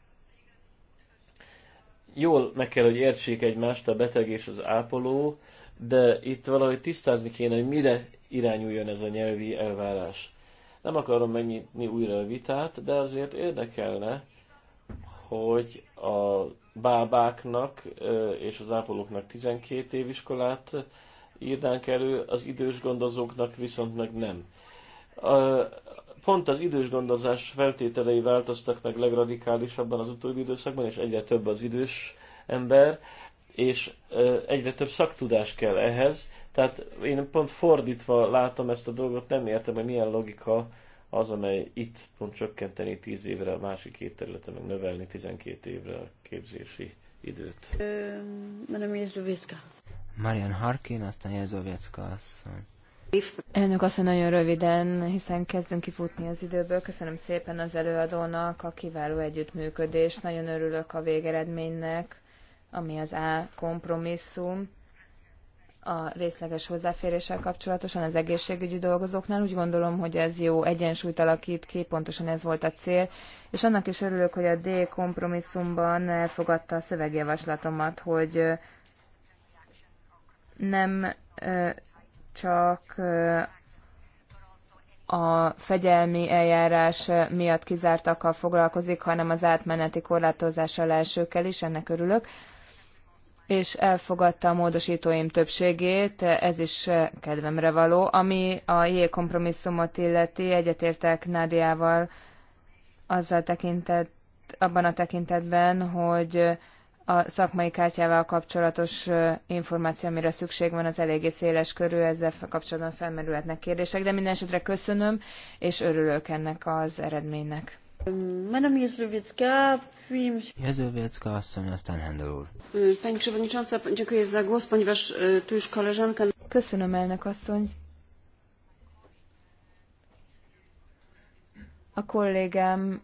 Jól meg kell, hogy értsék egymást a beteg és az ápoló, de itt valahogy tisztázni kéne, hogy mire irányuljon ez a nyelvi elvárás. Nem akarom megnyitni újra a vitát, de azért érdekelne, hogy a bábáknak és az ápolóknak 12 iskolát írnánk elő, az idős gondozóknak viszont meg nem. Pont az idős gondozás feltételei változtak meg legradikálisabban az utóbbi időszakban, és egyre több az idős ember, és egyre több szaktudás kell ehhez. Tehát én pont fordítva látom ezt a dolgot, nem értem, hogy milyen logika az, amely itt pont csökkenteni 10 évre, a másik két területen meg növelni 12 évre a képzési időt. Madame Jezlovicka. Marian Harkin, aztán Jezlovicka asszony. Elnök asszony, nagyon röviden, hiszen kezdünk kifutni az időből. Köszönöm szépen az előadónak a kiváló együttműködést. Nagyon örülök a végeredménynek, ami az A kompromisszum a részleges hozzáféréssel kapcsolatosan az egészségügyi dolgozóknál. Úgy gondolom, hogy ez jó egyensúlyt alakít ki, pontosan ez volt a cél. És annak is örülök, hogy a D kompromisszumban elfogadta a szövegjavaslatomat, hogy nem csak a fegyelmi eljárás miatt kizártakkal foglalkozik, hanem az átmeneti korlátozás alá esőkkel is, ennek örülök és elfogadta a módosítóim többségét, ez is kedvemre való. Ami a J kompromisszumot illeti, egyetértek Nádiával azzal tekintett, abban a tekintetben, hogy a szakmai kártyával kapcsolatos információ, amire szükség van, az eléggé széles körül, ezzel kapcsolatban felmerülhetnek kérdések, de minden esetre köszönöm, és örülök ennek az eredménynek. Madame Jezlowiecka, Jezłowiecka, asszony, aztán úr. Pani Przewodnicząca, dziękuję za głos, ponieważ e, tu już koleżanka... Köszönöm, elnök asszony. A kollégám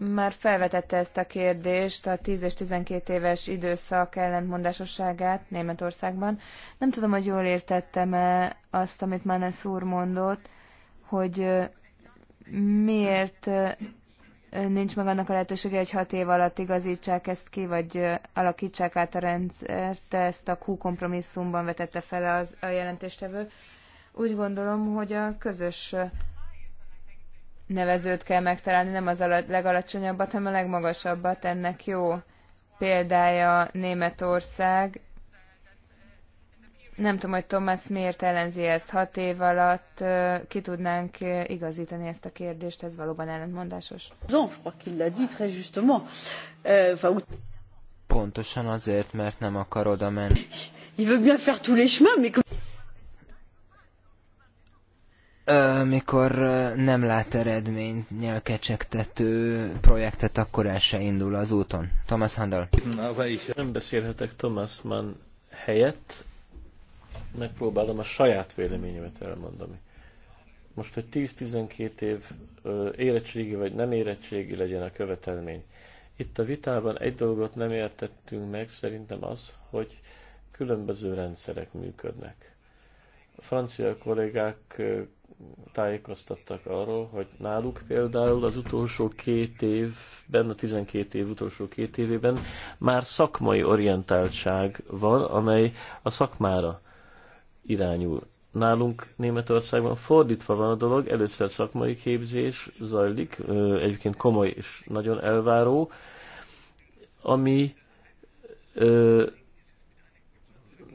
már felvetette ezt a kérdést, a 10 és 12 éves időszak ellentmondásosságát Németországban. Nem tudom, hogy jól értettem-e azt, amit Manes úr mondott, hogy miért nincs meg annak a lehetősége, hogy hat év alatt igazítsák ezt ki, vagy alakítsák át a rendszert, ezt a Q kompromisszumban vetette fel az, a jelentéstevő. Úgy gondolom, hogy a közös nevezőt kell megtalálni, nem az a legalacsonyabbat, hanem a legmagasabbat. Ennek jó példája Németország, nem tudom, hogy Thomas miért ellenzi ezt hat év alatt. Ki tudnánk igazítani ezt a kérdést, ez valóban ellentmondásos. Euh, Pontosan azért, mert nem akar oda menni. Il veut bien faire tous les chemins, mais mikor nem lát eredményt, nyelkecsegtető projektet, akkor el se indul az úton. Thomas Handel. Nem beszélhetek Thomas Mann helyett, megpróbálom a saját véleményemet elmondani. Most, hogy 10-12 év érettségi vagy nem érettségi legyen a követelmény. Itt a vitában egy dolgot nem értettünk meg, szerintem az, hogy különböző rendszerek működnek. A francia kollégák tájékoztattak arról, hogy náluk például az utolsó két évben, a 12 év utolsó két évében már szakmai orientáltság van, amely a szakmára irányul. Nálunk Németországban fordítva van a dolog, először szakmai képzés zajlik, egyébként komoly és nagyon elváró, ami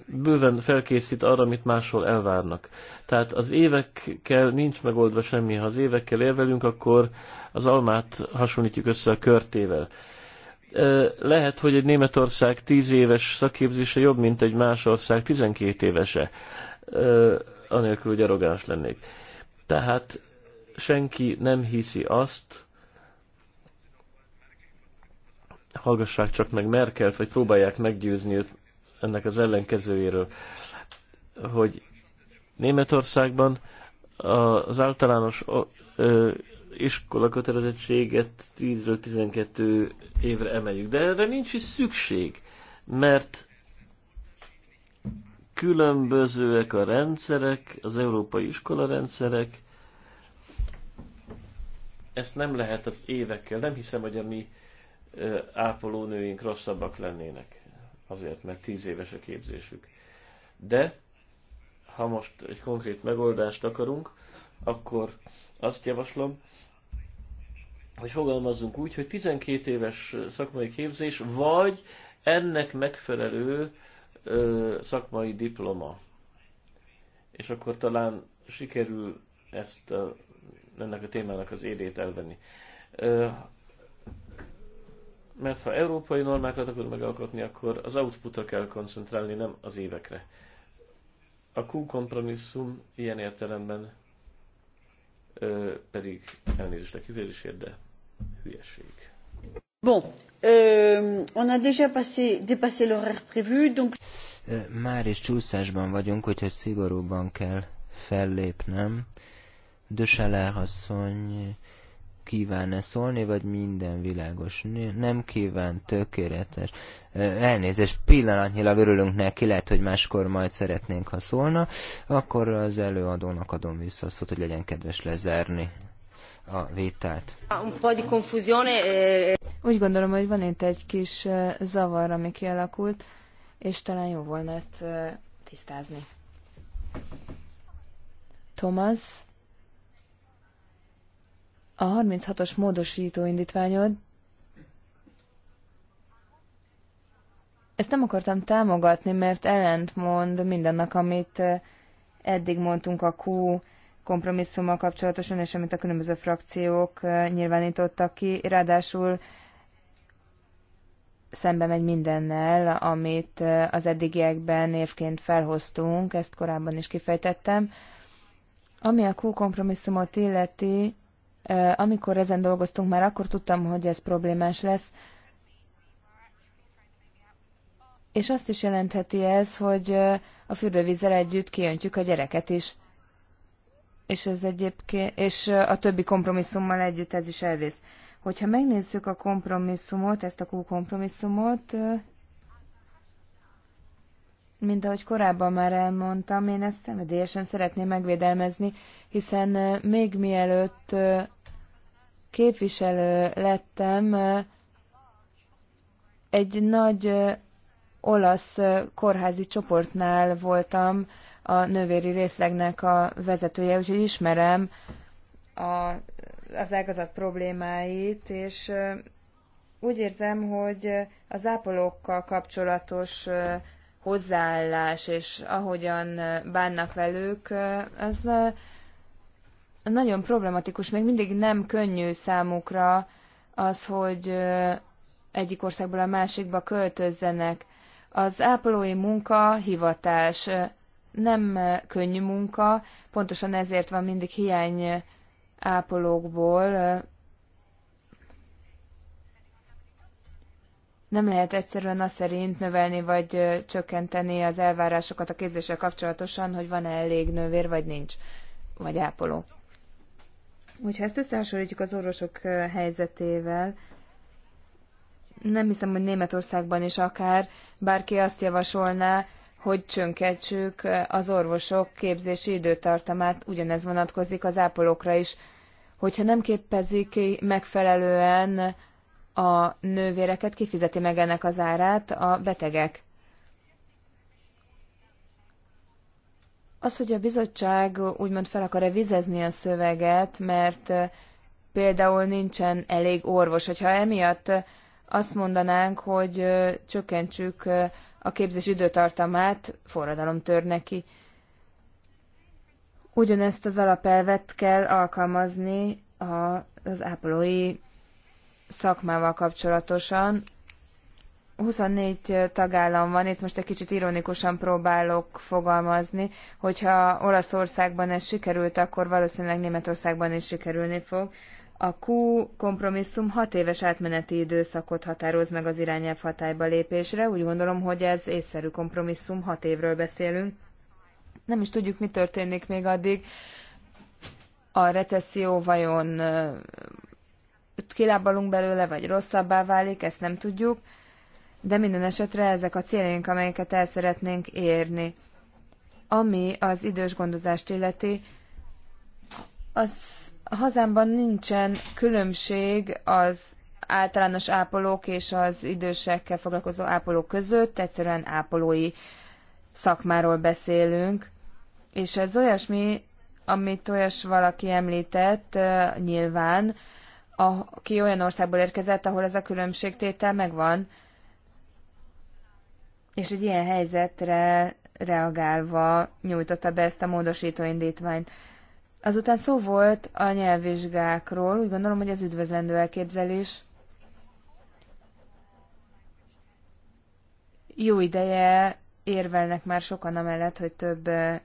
bőven felkészít arra, amit máshol elvárnak. Tehát az évekkel nincs megoldva semmi. Ha az évekkel érvelünk, akkor az almát hasonlítjuk össze a körtével lehet, hogy egy Németország 10 éves szakképzése jobb, mint egy más ország 12 évese, anélkül, hogy arrogáns lennék. Tehát senki nem hiszi azt, hallgassák csak meg Merkelt, vagy próbálják meggyőzni őt ennek az ellenkezőjéről, hogy Németországban az általános iskola kötelezettséget 10-12 évre emeljük, de erre nincs is szükség, mert különbözőek a rendszerek, az európai iskola rendszerek, ezt nem lehet az évekkel, nem hiszem, hogy a mi ápolónőink rosszabbak lennének, azért, mert tíz éves a képzésük. De ha most egy konkrét megoldást akarunk, akkor azt javaslom, hogy fogalmazzunk úgy, hogy 12 éves szakmai képzés, vagy ennek megfelelő ö, szakmai diploma. És akkor talán sikerül ezt a, ennek a témának az érét elvenni. Ö, mert ha európai normákat akarunk megalkotni, akkor az outputra kell koncentrálni, nem az évekre. A Q kompromisszum ilyen értelemben ö, pedig elnézést a kifejezésért, de hülyeség. Bon, euh, on a déjà passé, dépassé l'horaire prévu, donc... Már is csúszásban vagyunk, hogyha szigorúban kell fellépnem. Döseler asszony kíván-e szólni, vagy minden világos? Nem kíván, tökéletes. Elnézés, pillanatnyilag örülünk neki, lehet, hogy máskor majd szeretnénk, ha szólna. Akkor az előadónak adom vissza azt, hogy legyen kedves lezárni a vételt. Eh, Úgy gondolom, hogy van itt egy kis eh, zavar, ami kialakult, és talán jó volna ezt eh, tisztázni. Thomas, a 36-os módosító indítványod, ezt nem akartam támogatni, mert ellentmond mindannak, amit eddig mondtunk a Q kompromisszummal kapcsolatosan, és amit a különböző frakciók nyilvánítottak ki. Ráadásul szembe megy mindennel, amit az eddigiekben évként felhoztunk, ezt korábban is kifejtettem. Ami a Q kompromisszumot illeti, amikor ezen dolgoztunk, már akkor tudtam, hogy ez problémás lesz, és azt is jelentheti ez, hogy a fürdővízzel együtt kiöntjük a gyereket is és ez egyébként, és a többi kompromisszummal együtt ez is elvész. Hogyha megnézzük a kompromisszumot, ezt a Q kompromisszumot, mint ahogy korábban már elmondtam, én ezt szenvedélyesen szeretném megvédelmezni, hiszen még mielőtt képviselő lettem, egy nagy olasz kórházi csoportnál voltam, a nővéri részlegnek a vezetője, úgyhogy ismerem a, az ágazat problémáit, és úgy érzem, hogy az ápolókkal kapcsolatos hozzáállás, és ahogyan bánnak velük, az nagyon problematikus. Még mindig nem könnyű számukra az, hogy egyik országból a másikba költözzenek. Az ápolói munka hivatás nem könnyű munka, pontosan ezért van mindig hiány ápolókból. Nem lehet egyszerűen azt szerint növelni vagy csökkenteni az elvárásokat a képzéssel kapcsolatosan, hogy van-e elég nővér, vagy nincs, vagy ápoló. Hogyha ezt összehasonlítjuk az orvosok helyzetével, nem hiszem, hogy Németországban is akár bárki azt javasolná, hogy csönketsük az orvosok képzési időtartamát, ugyanez vonatkozik az ápolókra is. Hogyha nem képezik megfelelően a nővéreket, kifizeti meg ennek az árát a betegek. Az, hogy a bizottság úgymond fel akar-e vizezni a szöveget, mert például nincsen elég orvos, hogyha emiatt azt mondanánk, hogy csökkentsük a képzés időtartamát forradalom tör neki. Ugyanezt az alapelvet kell alkalmazni a, az ápolói szakmával kapcsolatosan. 24 tagállam van, itt most egy kicsit ironikusan próbálok fogalmazni, hogyha Olaszországban ez sikerült, akkor valószínűleg Németországban is sikerülni fog. A Q kompromisszum hat éves átmeneti időszakot határoz meg az irányelv hatályba lépésre. Úgy gondolom, hogy ez észszerű kompromisszum, hat évről beszélünk. Nem is tudjuk, mi történik még addig. A recesszió vajon kilábalunk belőle, vagy rosszabbá válik, ezt nem tudjuk. De minden esetre ezek a céljaink, amelyeket el szeretnénk érni. Ami az idős gondozást illeti, az a hazámban nincsen különbség az általános ápolók és az idősekkel foglalkozó ápolók között, egyszerűen ápolói szakmáról beszélünk, és ez olyasmi, amit olyas valaki említett nyilván, aki olyan országból érkezett, ahol ez a különbségtétel megvan, és egy ilyen helyzetre reagálva nyújtotta be ezt a módosító indítványt. Azután szó volt a nyelvvizsgákról, úgy gondolom, hogy ez üdvözlendő elképzelés. Jó ideje érvelnek már sokan amellett, hogy több eh,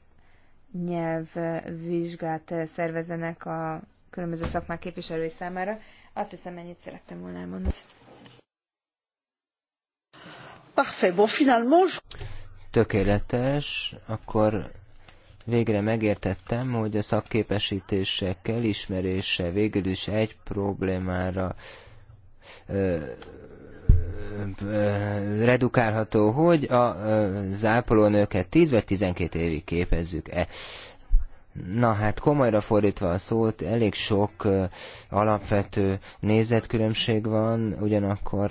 nyelvvizsgát eh, szervezenek a különböző szakmák képviselői számára. Azt hiszem, ennyit szerettem volna elmondani. Parfait. Bon, finalement... Tökéletes, akkor végre megértettem, hogy a szakképesítések elismerése végül is egy problémára ö, ö, redukálható, hogy a zápolónőket 10 vagy 12 évig képezzük-e. Na hát komolyra fordítva a szót, elég sok ö, alapvető nézetkülönbség van, ugyanakkor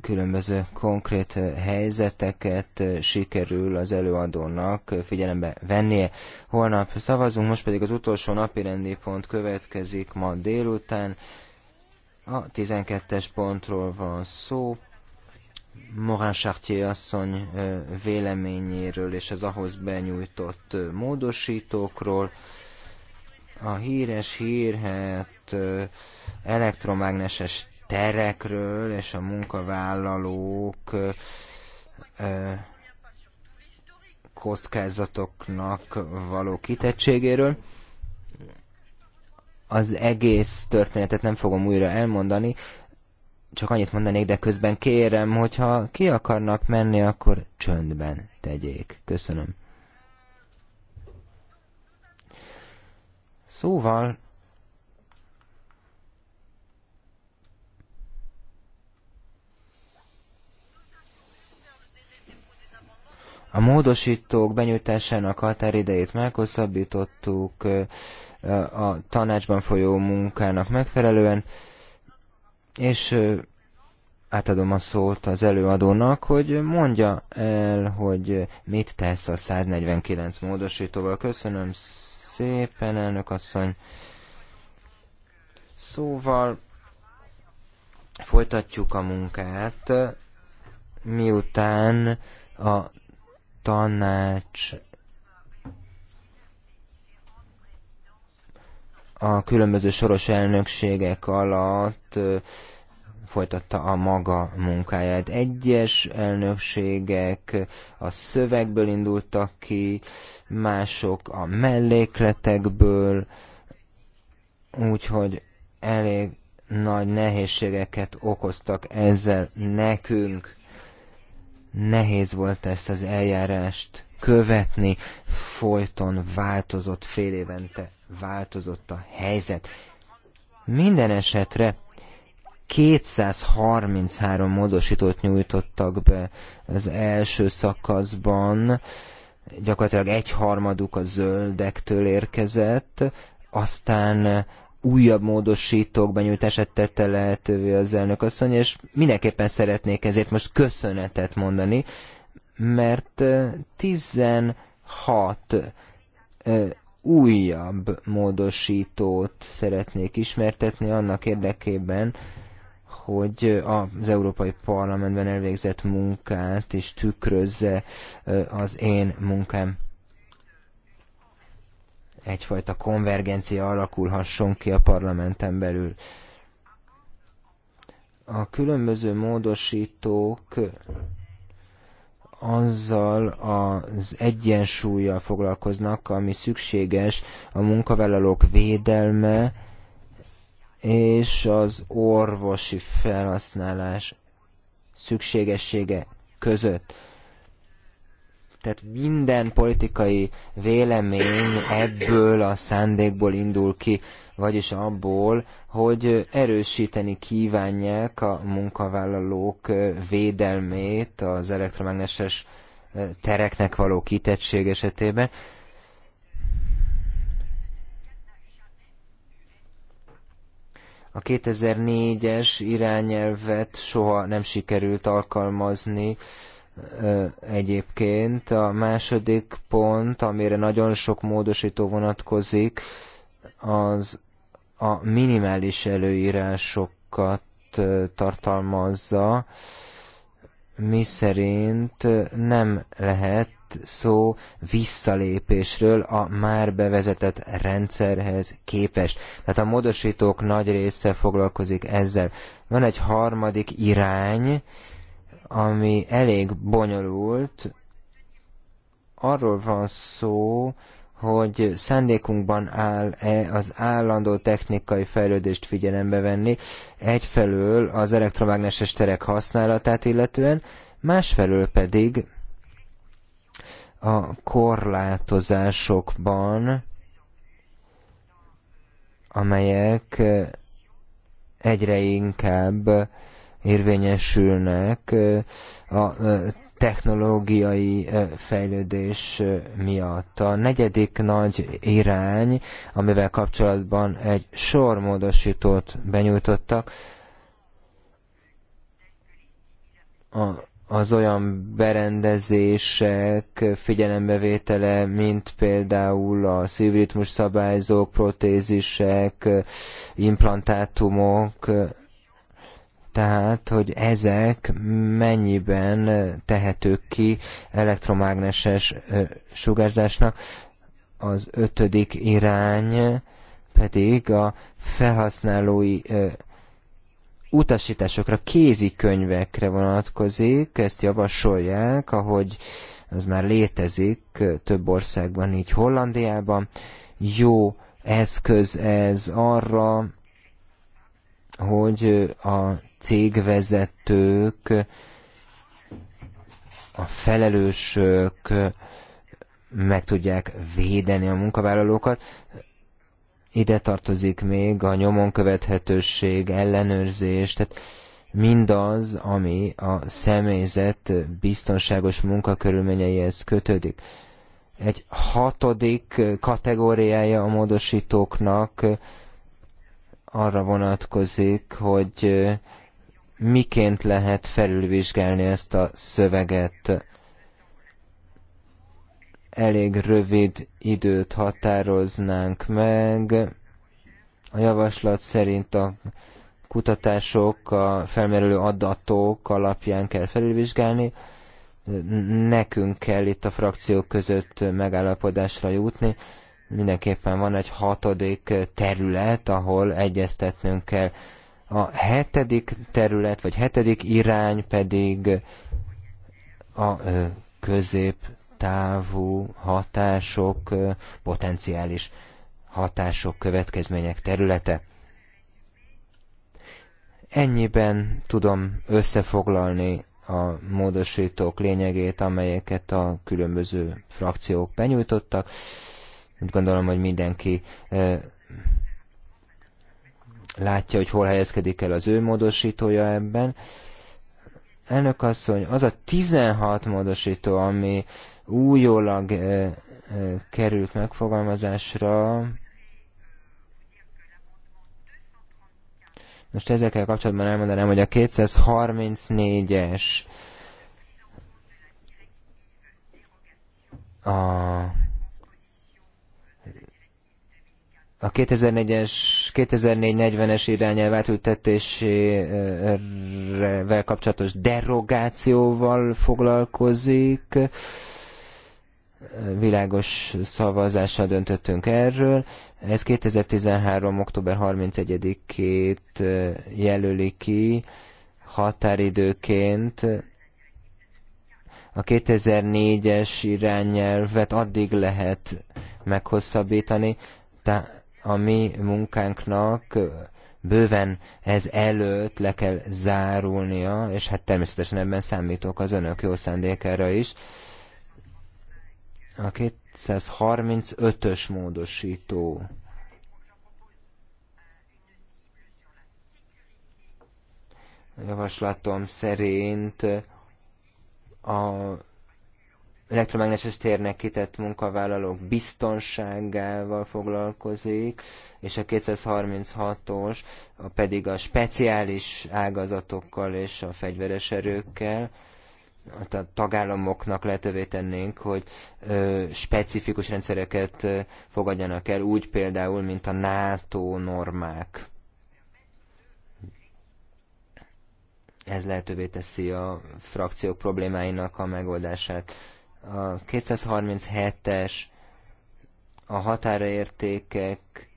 különböző konkrét eh, helyzeteket eh, sikerül az előadónak eh, figyelembe vennie. Holnap szavazunk, most pedig az utolsó napi rendi pont következik ma délután. A 12-es pontról van szó. Morin Chartier asszony véleményéről és az ahhoz benyújtott módosítókról. A híres hírhet elektromágneses terekről és a munkavállalók kockázatoknak való kitettségéről. Az egész történetet nem fogom újra elmondani, csak annyit mondanék, de közben kérem, hogyha ki akarnak menni, akkor csöndben tegyék. Köszönöm. Szóval A módosítók benyújtásának határidejét meghosszabbítottuk a tanácsban folyó munkának megfelelően, és átadom a szót az előadónak, hogy mondja el, hogy mit tesz a 149 módosítóval. Köszönöm szépen, elnök asszony. Szóval folytatjuk a munkát, miután a tanács a különböző soros elnökségek alatt folytatta a maga munkáját. Egyes elnökségek a szövegből indultak ki, mások a mellékletekből, úgyhogy elég nagy nehézségeket okoztak ezzel nekünk nehéz volt ezt az eljárást követni, folyton változott, fél évente változott a helyzet. Minden esetre 233 módosítót nyújtottak be az első szakaszban, gyakorlatilag egyharmaduk a zöldektől érkezett, aztán újabb módosítók benyújtását tette lehetővé az elnök asszony, és mindenképpen szeretnék ezért most köszönetet mondani, mert 16 újabb módosítót szeretnék ismertetni annak érdekében, hogy az Európai Parlamentben elvégzett munkát is tükrözze az én munkám egyfajta konvergencia alakulhasson ki a parlamenten belül. A különböző módosítók azzal az egyensúlyjal foglalkoznak, ami szükséges a munkavállalók védelme és az orvosi felhasználás szükségessége között. Tehát minden politikai vélemény ebből a szándékból indul ki, vagyis abból, hogy erősíteni kívánják a munkavállalók védelmét az elektromágneses tereknek való kitettség esetében. a 2004-es irányelvet soha nem sikerült alkalmazni egyébként. A második pont, amire nagyon sok módosító vonatkozik, az a minimális előírásokat tartalmazza, mi szerint nem lehet szó visszalépésről a már bevezetett rendszerhez képest. Tehát a módosítók nagy része foglalkozik ezzel. Van egy harmadik irány, ami elég bonyolult. Arról van szó, hogy szándékunkban áll-e az állandó technikai fejlődést figyelembe venni, egyfelől az elektromágneses terek használatát illetően, másfelől pedig a korlátozásokban, amelyek egyre inkább érvényesülnek a technológiai fejlődés miatt. A negyedik nagy irány, amivel kapcsolatban egy sor módosítót benyújtottak, az olyan berendezések figyelembevétele, mint például a szívritmus szabályzók, protézisek, implantátumok, tehát, hogy ezek mennyiben tehetők ki elektromágneses sugárzásnak. Az ötödik irány pedig a felhasználói utasításokra, kézikönyvekre vonatkozik, ezt javasolják, ahogy az már létezik több országban, így Hollandiában. Jó eszköz ez arra, hogy a cégvezetők, a felelősök meg tudják védeni a munkavállalókat. Ide tartozik még a nyomon követhetőség, ellenőrzés, tehát mindaz, ami a személyzet biztonságos munkakörülményeihez kötődik. Egy hatodik kategóriája a módosítóknak arra vonatkozik, hogy miként lehet felülvizsgálni ezt a szöveget. Elég rövid időt határoznánk meg. A javaslat szerint a kutatások, a felmerülő adatok alapján kell felülvizsgálni. Nekünk kell itt a frakciók között megállapodásra jutni. Mindenképpen van egy hatodik terület, ahol egyeztetnünk kell a hetedik terület, vagy hetedik irány pedig a középtávú hatások, potenciális hatások, következmények területe. Ennyiben tudom összefoglalni a módosítók lényegét, amelyeket a különböző frakciók benyújtottak. Úgy gondolom, hogy mindenki látja, hogy hol helyezkedik el az ő módosítója ebben. Elnök asszony, az a 16 módosító, ami újólag e, e, került megfogalmazásra, Most ezekkel kapcsolatban elmondanám, hogy a 234-es a a 2004-es, 2004-40-es irányelv átültetésével kapcsolatos derogációval foglalkozik. Világos szavazással döntöttünk erről. Ez 2013. október 31-ét jelöli ki határidőként a 2004-es irányelvet addig lehet meghosszabbítani, tehát a mi munkánknak bőven ez előtt le kell zárulnia, és hát természetesen ebben számítok az önök jó szándékára is. A 235-ös módosító. Javaslatom szerint a elektromágneses térnek kitett munkavállalók biztonságával foglalkozik, és a 236-os pedig a speciális ágazatokkal és a fegyveres erőkkel, a tagállamoknak lehetővé tennénk, hogy ö, specifikus rendszereket ö, fogadjanak el, úgy például, mint a NATO normák. Ez lehetővé teszi a frakciók problémáinak a megoldását a 237-es, a határértékek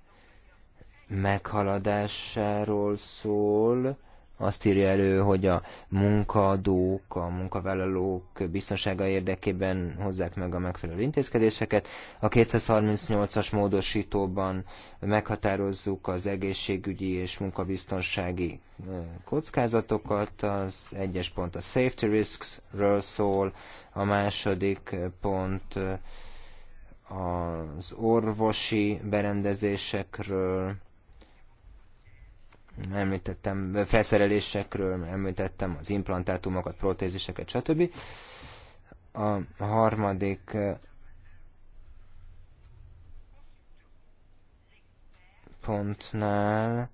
meghaladásáról szól, azt írja elő, hogy a munkadók, a munkavállalók biztonsága érdekében hozzák meg a megfelelő intézkedéseket. A 238-as módosítóban meghatározzuk az egészségügyi és munkabiztonsági kockázatokat. Az egyes pont a safety risks-ről szól, a második pont az orvosi berendezésekről, említettem felszerelésekről, említettem az implantátumokat, protéziseket, stb. A harmadik pontnál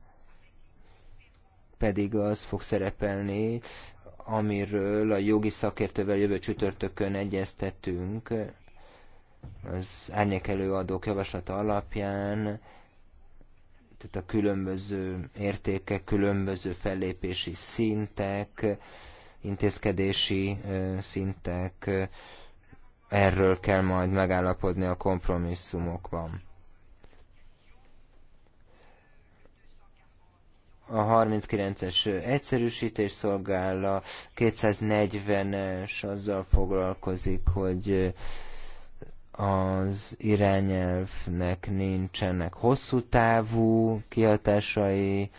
pedig az fog szerepelni, amiről a jogi szakértővel jövő csütörtökön egyeztetünk, az árnyékelőadók javaslata alapján tehát a különböző értékek, különböző fellépési szintek, intézkedési szintek, erről kell majd megállapodni a kompromisszumokban. a 39-es egyszerűsítés szolgál, a 240-es azzal foglalkozik, hogy az irányelvnek nincsenek hosszú távú kiadásai,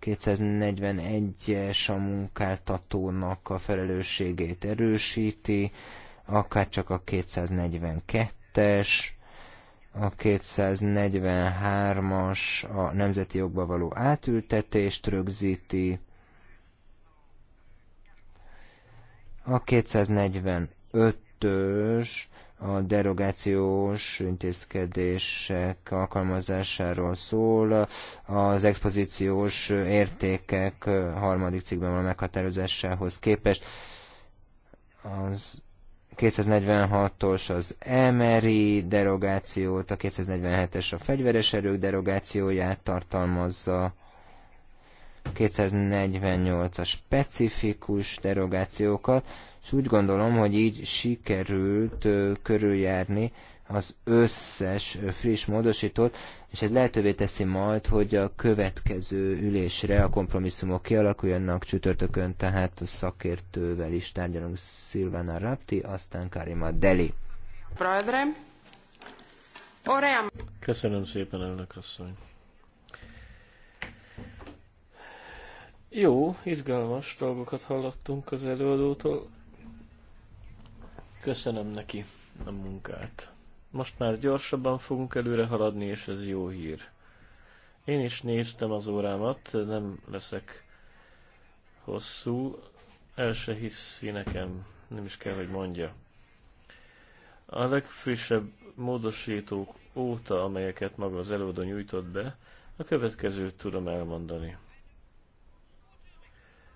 241-es a munkáltatónak a felelősségét erősíti, akár csak a 242-es, a 243-as a nemzeti jogba való átültetést rögzíti, a 245 ötös a derogációs intézkedések alkalmazásáról szól, az expozíciós értékek harmadik cikkben van meghatározásához képest. Az 246-os az emeri derogációt, a 247-es a fegyveres erők derogációját tartalmazza, 248 a specifikus derogációkat, és úgy gondolom, hogy így sikerült körüljárni az összes friss módosítót, és ez lehetővé teszi majd, hogy a következő ülésre a kompromisszumok kialakuljanak csütörtökön, tehát a szakértővel is tárgyalunk Szilvana Rapti, aztán Karima Deli. Köszönöm szépen, elnök asszony. Jó, izgalmas dolgokat hallottunk az előadótól. Köszönöm neki a munkát. Most már gyorsabban fogunk előre haladni, és ez jó hír. Én is néztem az órámat, nem leszek hosszú, el se hiszi nekem, nem is kell, hogy mondja. A legfrissebb módosítók óta, amelyeket maga az előadó nyújtott be, a következőt tudom elmondani.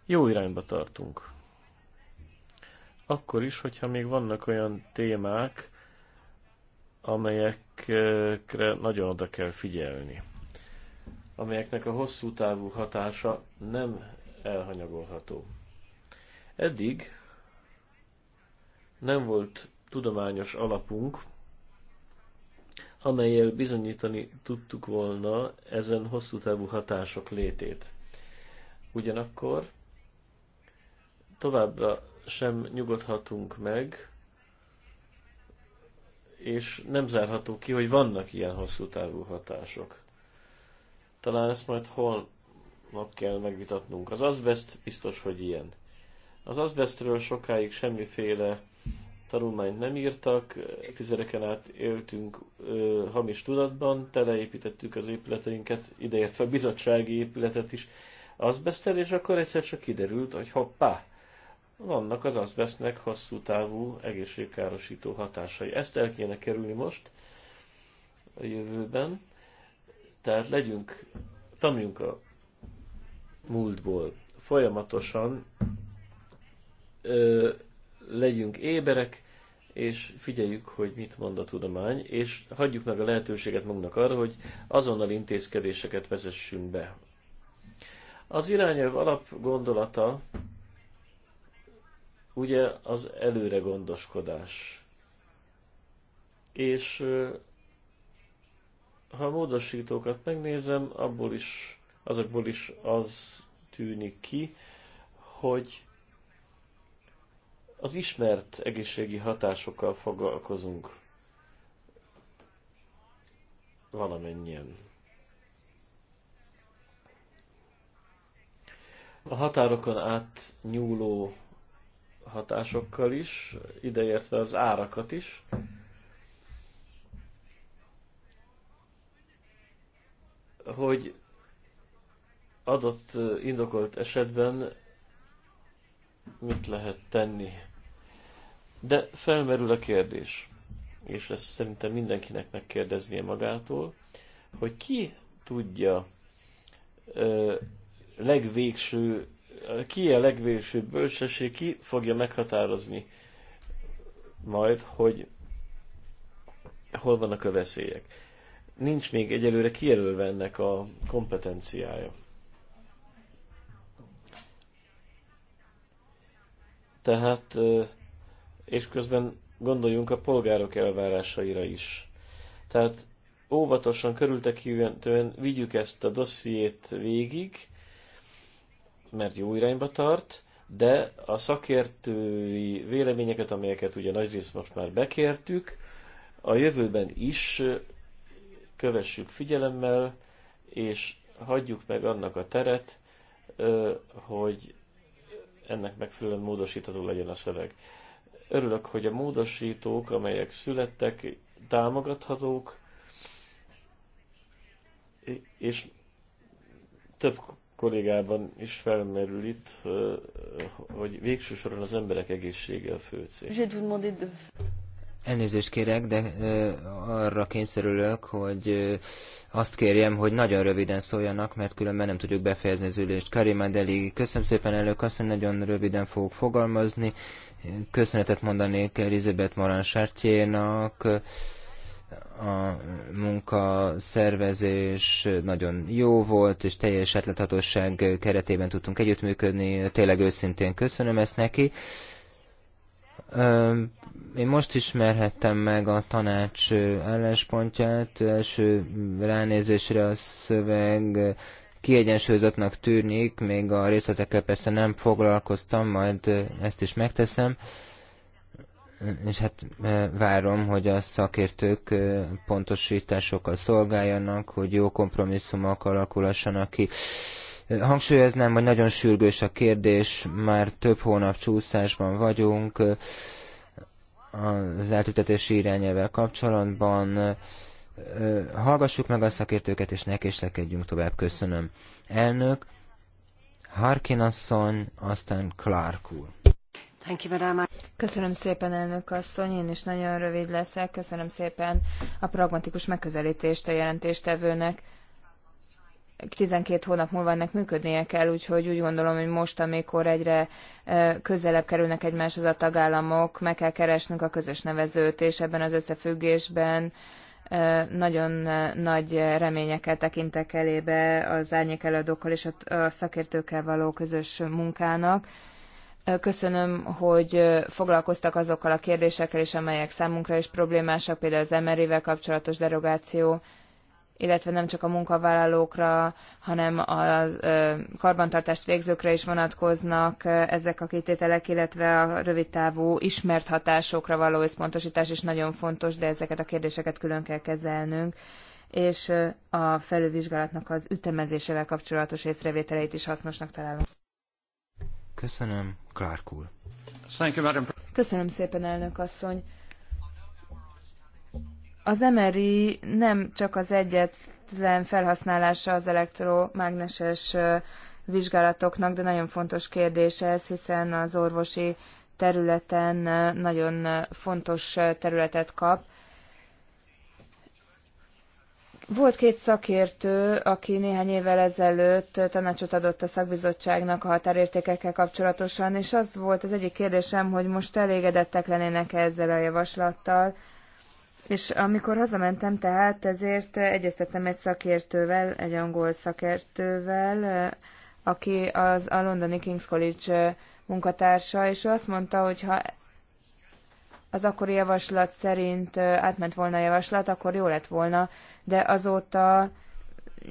Jó irányba tartunk akkor is, hogyha még vannak olyan témák, amelyekre nagyon oda kell figyelni, amelyeknek a hosszú távú hatása nem elhanyagolható. Eddig nem volt tudományos alapunk, amelyel bizonyítani tudtuk volna ezen hosszú távú hatások létét. Ugyanakkor továbbra sem nyugodhatunk meg, és nem zárható ki, hogy vannak ilyen hosszú távú hatások. Talán ezt majd holnap kell megvitatnunk. Az azbest biztos, hogy ilyen. Az azbestről sokáig semmiféle tanulmányt nem írtak, tizedeken át éltünk ö, hamis tudatban, teleépítettük az épületeinket, ideértve a bizottsági épületet is azbesztel, és akkor egyszer csak kiderült, hogy hoppá, vannak az azbesznek hosszú távú egészségkárosító hatásai. Ezt el kéne kerülni most, a jövőben, tehát legyünk, tanuljunk a múltból. Folyamatosan ö, legyünk éberek, és figyeljük, hogy mit mond a tudomány, és hagyjuk meg a lehetőséget magunknak arra, hogy azonnal intézkedéseket vezessünk be. Az irányelv alapgondolata ugye az előre gondoskodás. És ha a módosítókat megnézem, abból is, azokból is az tűnik ki, hogy az ismert egészségi hatásokkal foglalkozunk valamennyien. A határokon átnyúló hatásokkal is, ideértve az árakat is. Hogy adott eh, indokolt esetben mit lehet tenni. De felmerül a kérdés, és ezt szerintem mindenkinek megkérdeznie magától, hogy ki tudja ö, eh, legvégső ki a legvésőbb bölcsesség, ki fogja meghatározni majd, hogy hol vannak a veszélyek. Nincs még egyelőre kijelölve ennek a kompetenciája. Tehát, és közben gondoljunk a polgárok elvárásaira is. Tehát óvatosan, körültekintően vigyük ezt a dossziét végig, mert jó irányba tart, de a szakértői véleményeket, amelyeket ugye nagy rész most már bekértük, a jövőben is kövessük figyelemmel, és hagyjuk meg annak a teret, hogy ennek megfelelően módosítható legyen a szöveg. Örülök, hogy a módosítók, amelyek születtek, támogathatók, és több kollégában is felmerül itt, hogy végső soron az emberek egészsége a fő cél. Elnézést kérek, de arra kényszerülök, hogy azt kérjem, hogy nagyon röviden szóljanak, mert különben nem tudjuk befejezni az ülést. Karim Adeli, köszönöm szépen azt hogy nagyon röviden fogok fogalmazni. Köszönetet mondanék Elizabeth Moran Sártyénak, a munka szervezés nagyon jó volt, és teljes átláthatóság keretében tudtunk együttműködni. Tényleg őszintén köszönöm ezt neki. Én most ismerhettem meg a tanács álláspontját. Első ránézésre a szöveg kiegyensúlyozottnak tűnik, még a részletekkel persze nem foglalkoztam, majd ezt is megteszem és hát e, várom, hogy a szakértők e, pontosításokkal szolgáljanak, hogy jó kompromisszumok alakulassanak ki. E, hangsúlyoznám, hogy nagyon sürgős a kérdés, már több hónap csúszásban vagyunk az eltüntetési irányelvel kapcsolatban. Hallgassuk meg a szakértőket, és ne késlekedjünk tovább. Köszönöm. Elnök, Harkin asszony, aztán Clark úr. Köszönöm szépen, elnök asszony, én is nagyon rövid leszek. Köszönöm szépen a pragmatikus megközelítést a jelentéstevőnek. 12 hónap múlva ennek működnie kell, úgyhogy úgy gondolom, hogy most, amikor egyre közelebb kerülnek egymáshoz a tagállamok, meg kell keresnünk a közös nevezőt, és ebben az összefüggésben nagyon nagy reményekkel tekintek elébe az árnyék előadókkal és a szakértőkkel való közös munkának Köszönöm, hogy foglalkoztak azokkal a kérdésekkel is, amelyek számunkra is problémásak, például az MRI-vel kapcsolatos derogáció, illetve nem csak a munkavállalókra, hanem a karbantartást végzőkre is vonatkoznak ezek a kitételek, illetve a rövidtávú ismert hatásokra való összpontosítás is nagyon fontos, de ezeket a kérdéseket külön kell kezelnünk és a felülvizsgálatnak az ütemezésével kapcsolatos észrevételeit is hasznosnak találom. Köszönöm, Clark úr. Köszönöm szépen, elnök asszony. Az MRI nem csak az egyetlen felhasználása az elektromágneses vizsgálatoknak, de nagyon fontos kérdés ez, hiszen az orvosi területen nagyon fontos területet kap. Volt két szakértő, aki néhány évvel ezelőtt tanácsot adott a szakbizottságnak a határértékekkel kapcsolatosan, és az volt az egyik kérdésem, hogy most elégedettek lennének -e ezzel a javaslattal. És amikor hazamentem, tehát ezért egyeztettem egy szakértővel, egy angol szakértővel, aki az a Londoni King's College munkatársa, és ő azt mondta, hogy ha az akkori javaslat szerint átment volna a javaslat, akkor jó lett volna de azóta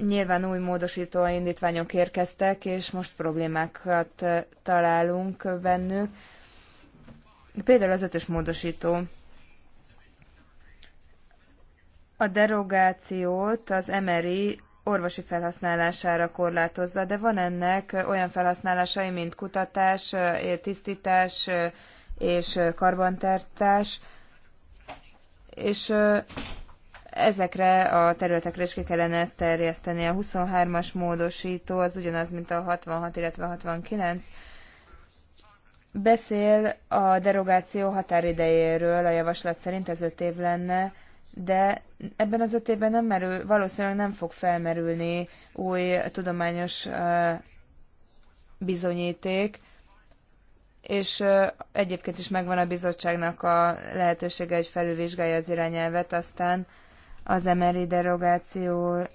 nyilván új módosító indítványok érkeztek, és most problémákat találunk bennük. Például az ötös módosító. A derogációt az MRI orvosi felhasználására korlátozza, de van ennek olyan felhasználásai, mint kutatás, tisztítás és karbantartás, és ezekre a területekre is ki kellene ezt terjeszteni. A 23-as módosító az ugyanaz, mint a 66, illetve 69. Beszél a derogáció határidejéről, a javaslat szerint ez öt év lenne, de ebben az öt évben nem merül, valószínűleg nem fog felmerülni új tudományos bizonyíték, és egyébként is megvan a bizottságnak a lehetősége, hogy felülvizsgálja az irányelvet, aztán az emeri derogációról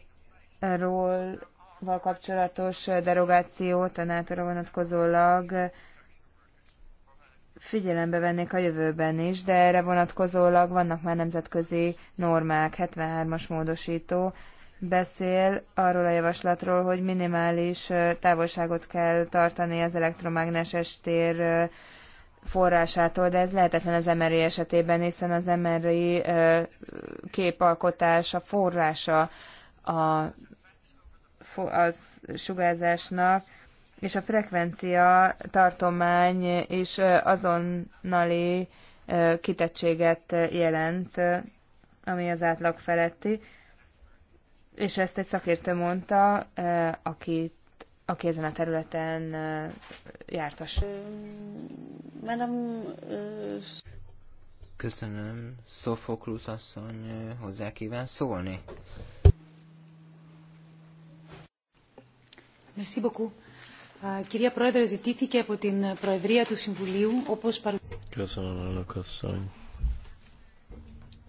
val kapcsolatos derogáció a vonatkozólag figyelembe vennék a jövőben is, de erre vonatkozólag vannak már nemzetközi normák. 73-as módosító beszél arról a javaslatról, hogy minimális távolságot kell tartani az elektromágneses tér forrásától, de ez lehetetlen az MRI esetében, hiszen az MRI a forrása a, a sugárzásnak, és a frekvencia tartomány is azonnali kitettséget jelent, ami az átlag feletti. És ezt egy szakértő mondta, akit, aki ezen a területen jártas. Euh, Köszönöm. Szofoklus asszony euh, hozzá kíván szólni. Merci beaucoup. Κυρία Πρόεδρε, ζητήθηκε από την Προεδρία του Συμβουλίου όπως παρουσιάζει. Köszönöm, elnök asszony.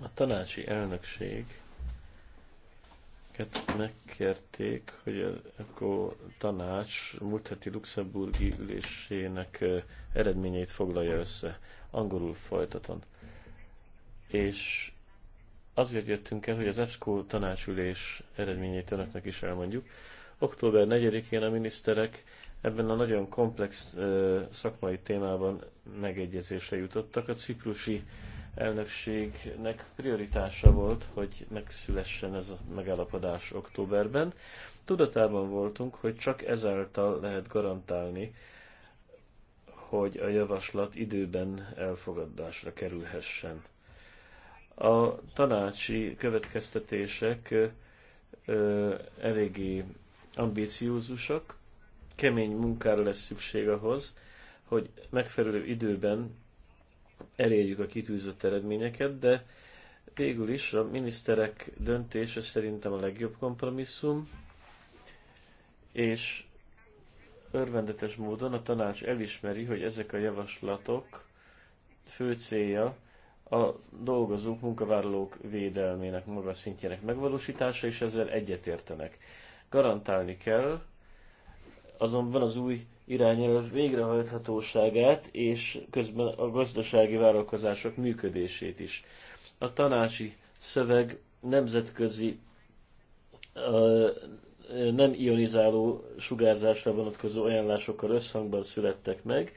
A tanácsi elnökség minket megkérték, hogy a tanács múlt heti luxemburgi ülésének eredményeit foglalja össze. Angolul folytaton. És azért jöttünk el, hogy az EPSCO tanácsülés eredményeit önöknek is elmondjuk. Október 4-én a miniszterek ebben a nagyon komplex szakmai témában megegyezésre jutottak. A ciprusi elnökségnek prioritása volt, hogy megszülessen ez a megállapodás októberben. Tudatában voltunk, hogy csak ezáltal lehet garantálni, hogy a javaslat időben elfogadásra kerülhessen. A tanácsi következtetések ö, eléggé ambíciózusak, kemény munkára lesz szükség ahhoz, hogy megfelelő időben elérjük a kitűzött eredményeket, de végül is a miniszterek döntése szerintem a legjobb kompromisszum, és örvendetes módon a tanács elismeri, hogy ezek a javaslatok fő célja a dolgozók, munkavállalók védelmének magas szintjének megvalósítása, és ezzel egyetértenek. Garantálni kell azonban az új irányelv végrehajthatóságát és közben a gazdasági vállalkozások működését is. A tanácsi szöveg nemzetközi nem ionizáló sugárzásra vonatkozó ajánlásokkal összhangban születtek meg,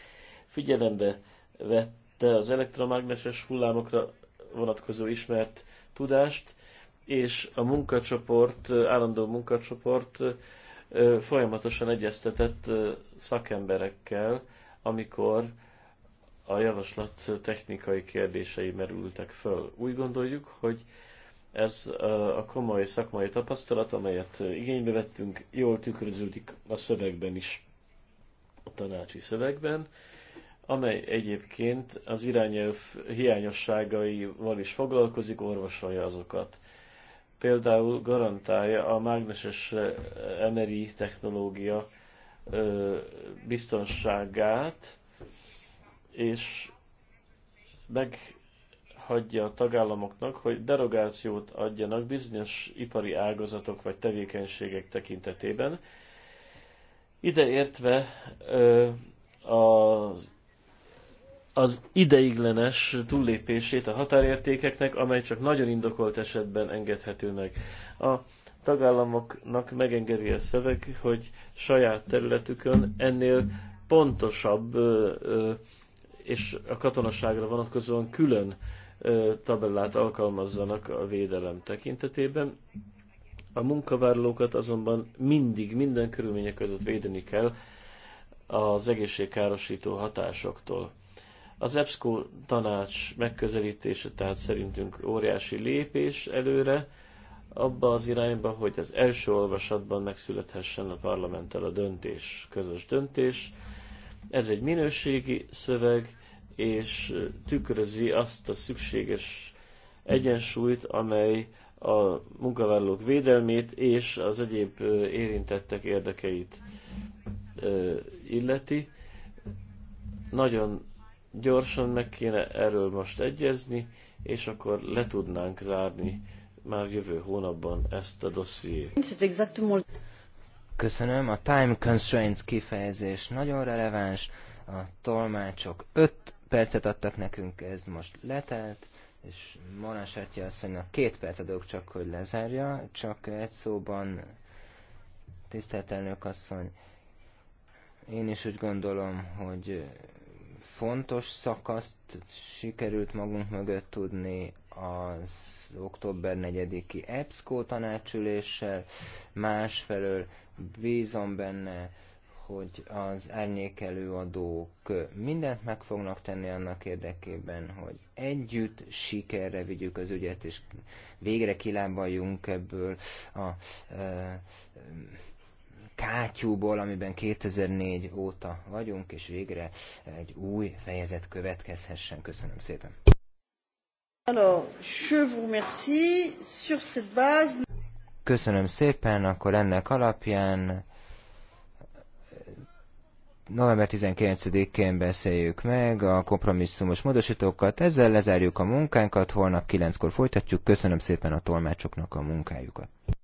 figyelembe vette az elektromágneses hullámokra vonatkozó ismert tudást, és a munkacsoport, állandó munkacsoport folyamatosan egyeztetett szakemberekkel, amikor a javaslat technikai kérdései merültek föl. Úgy gondoljuk, hogy ez a komoly szakmai tapasztalat, amelyet igénybe vettünk, jól tükröződik a szövegben is, a tanácsi szövegben, amely egyébként az irányelv hiányosságaival is foglalkozik, orvosolja azokat például garantálja a mágneses eh, MRI technológia eh, biztonságát, és meghagyja a tagállamoknak, hogy derogációt adjanak bizonyos ipari ágazatok vagy tevékenységek tekintetében, ideértve eh, az az ideiglenes túllépését a határértékeknek, amely csak nagyon indokolt esetben engedhető meg. A tagállamoknak megengedi a szöveg, hogy saját területükön ennél pontosabb és a katonaságra vonatkozóan külön tabellát alkalmazzanak a védelem tekintetében. A munkavállalókat azonban mindig, minden körülmények között védeni kell az egészségkárosító hatásoktól. Az EBSCO tanács megközelítése tehát szerintünk óriási lépés előre, abba az irányba, hogy az első olvasatban megszülethessen a parlamenttel a döntés, közös döntés. Ez egy minőségi szöveg, és tükrözi azt a szükséges egyensúlyt, amely a munkavállalók védelmét és az egyéb érintettek érdekeit illeti. Nagyon gyorsan meg kéne erről most egyezni, és akkor le tudnánk zárni már jövő hónapban ezt a dossziét. Köszönöm, a time constraints kifejezés nagyon releváns, a tolmácsok 5 percet adtak nekünk, ez most letelt, és Morán Sertje mondja, két perc adok csak, hogy lezárja, csak egy szóban, tisztelt elnök asszony, én is úgy gondolom, hogy fontos szakaszt sikerült magunk mögött tudni az október 4-i EBSCO tanácsüléssel, másfelől bízom benne, hogy az árnyékelőadók mindent meg fognak tenni annak érdekében, hogy együtt sikerre vigyük az ügyet, és végre kilábaljunk ebből a a kátyúból, amiben 2004 óta vagyunk, és végre egy új fejezet következhessen. Köszönöm szépen. Alors, je vous remercie. Sur cette base... Köszönöm szépen, akkor ennek alapján eh, november 19-én beszéljük meg a kompromisszumos módosítókat. Ezzel lezárjuk a munkánkat, holnap 9-kor folytatjuk. Köszönöm szépen a tolmácsoknak a munkájukat.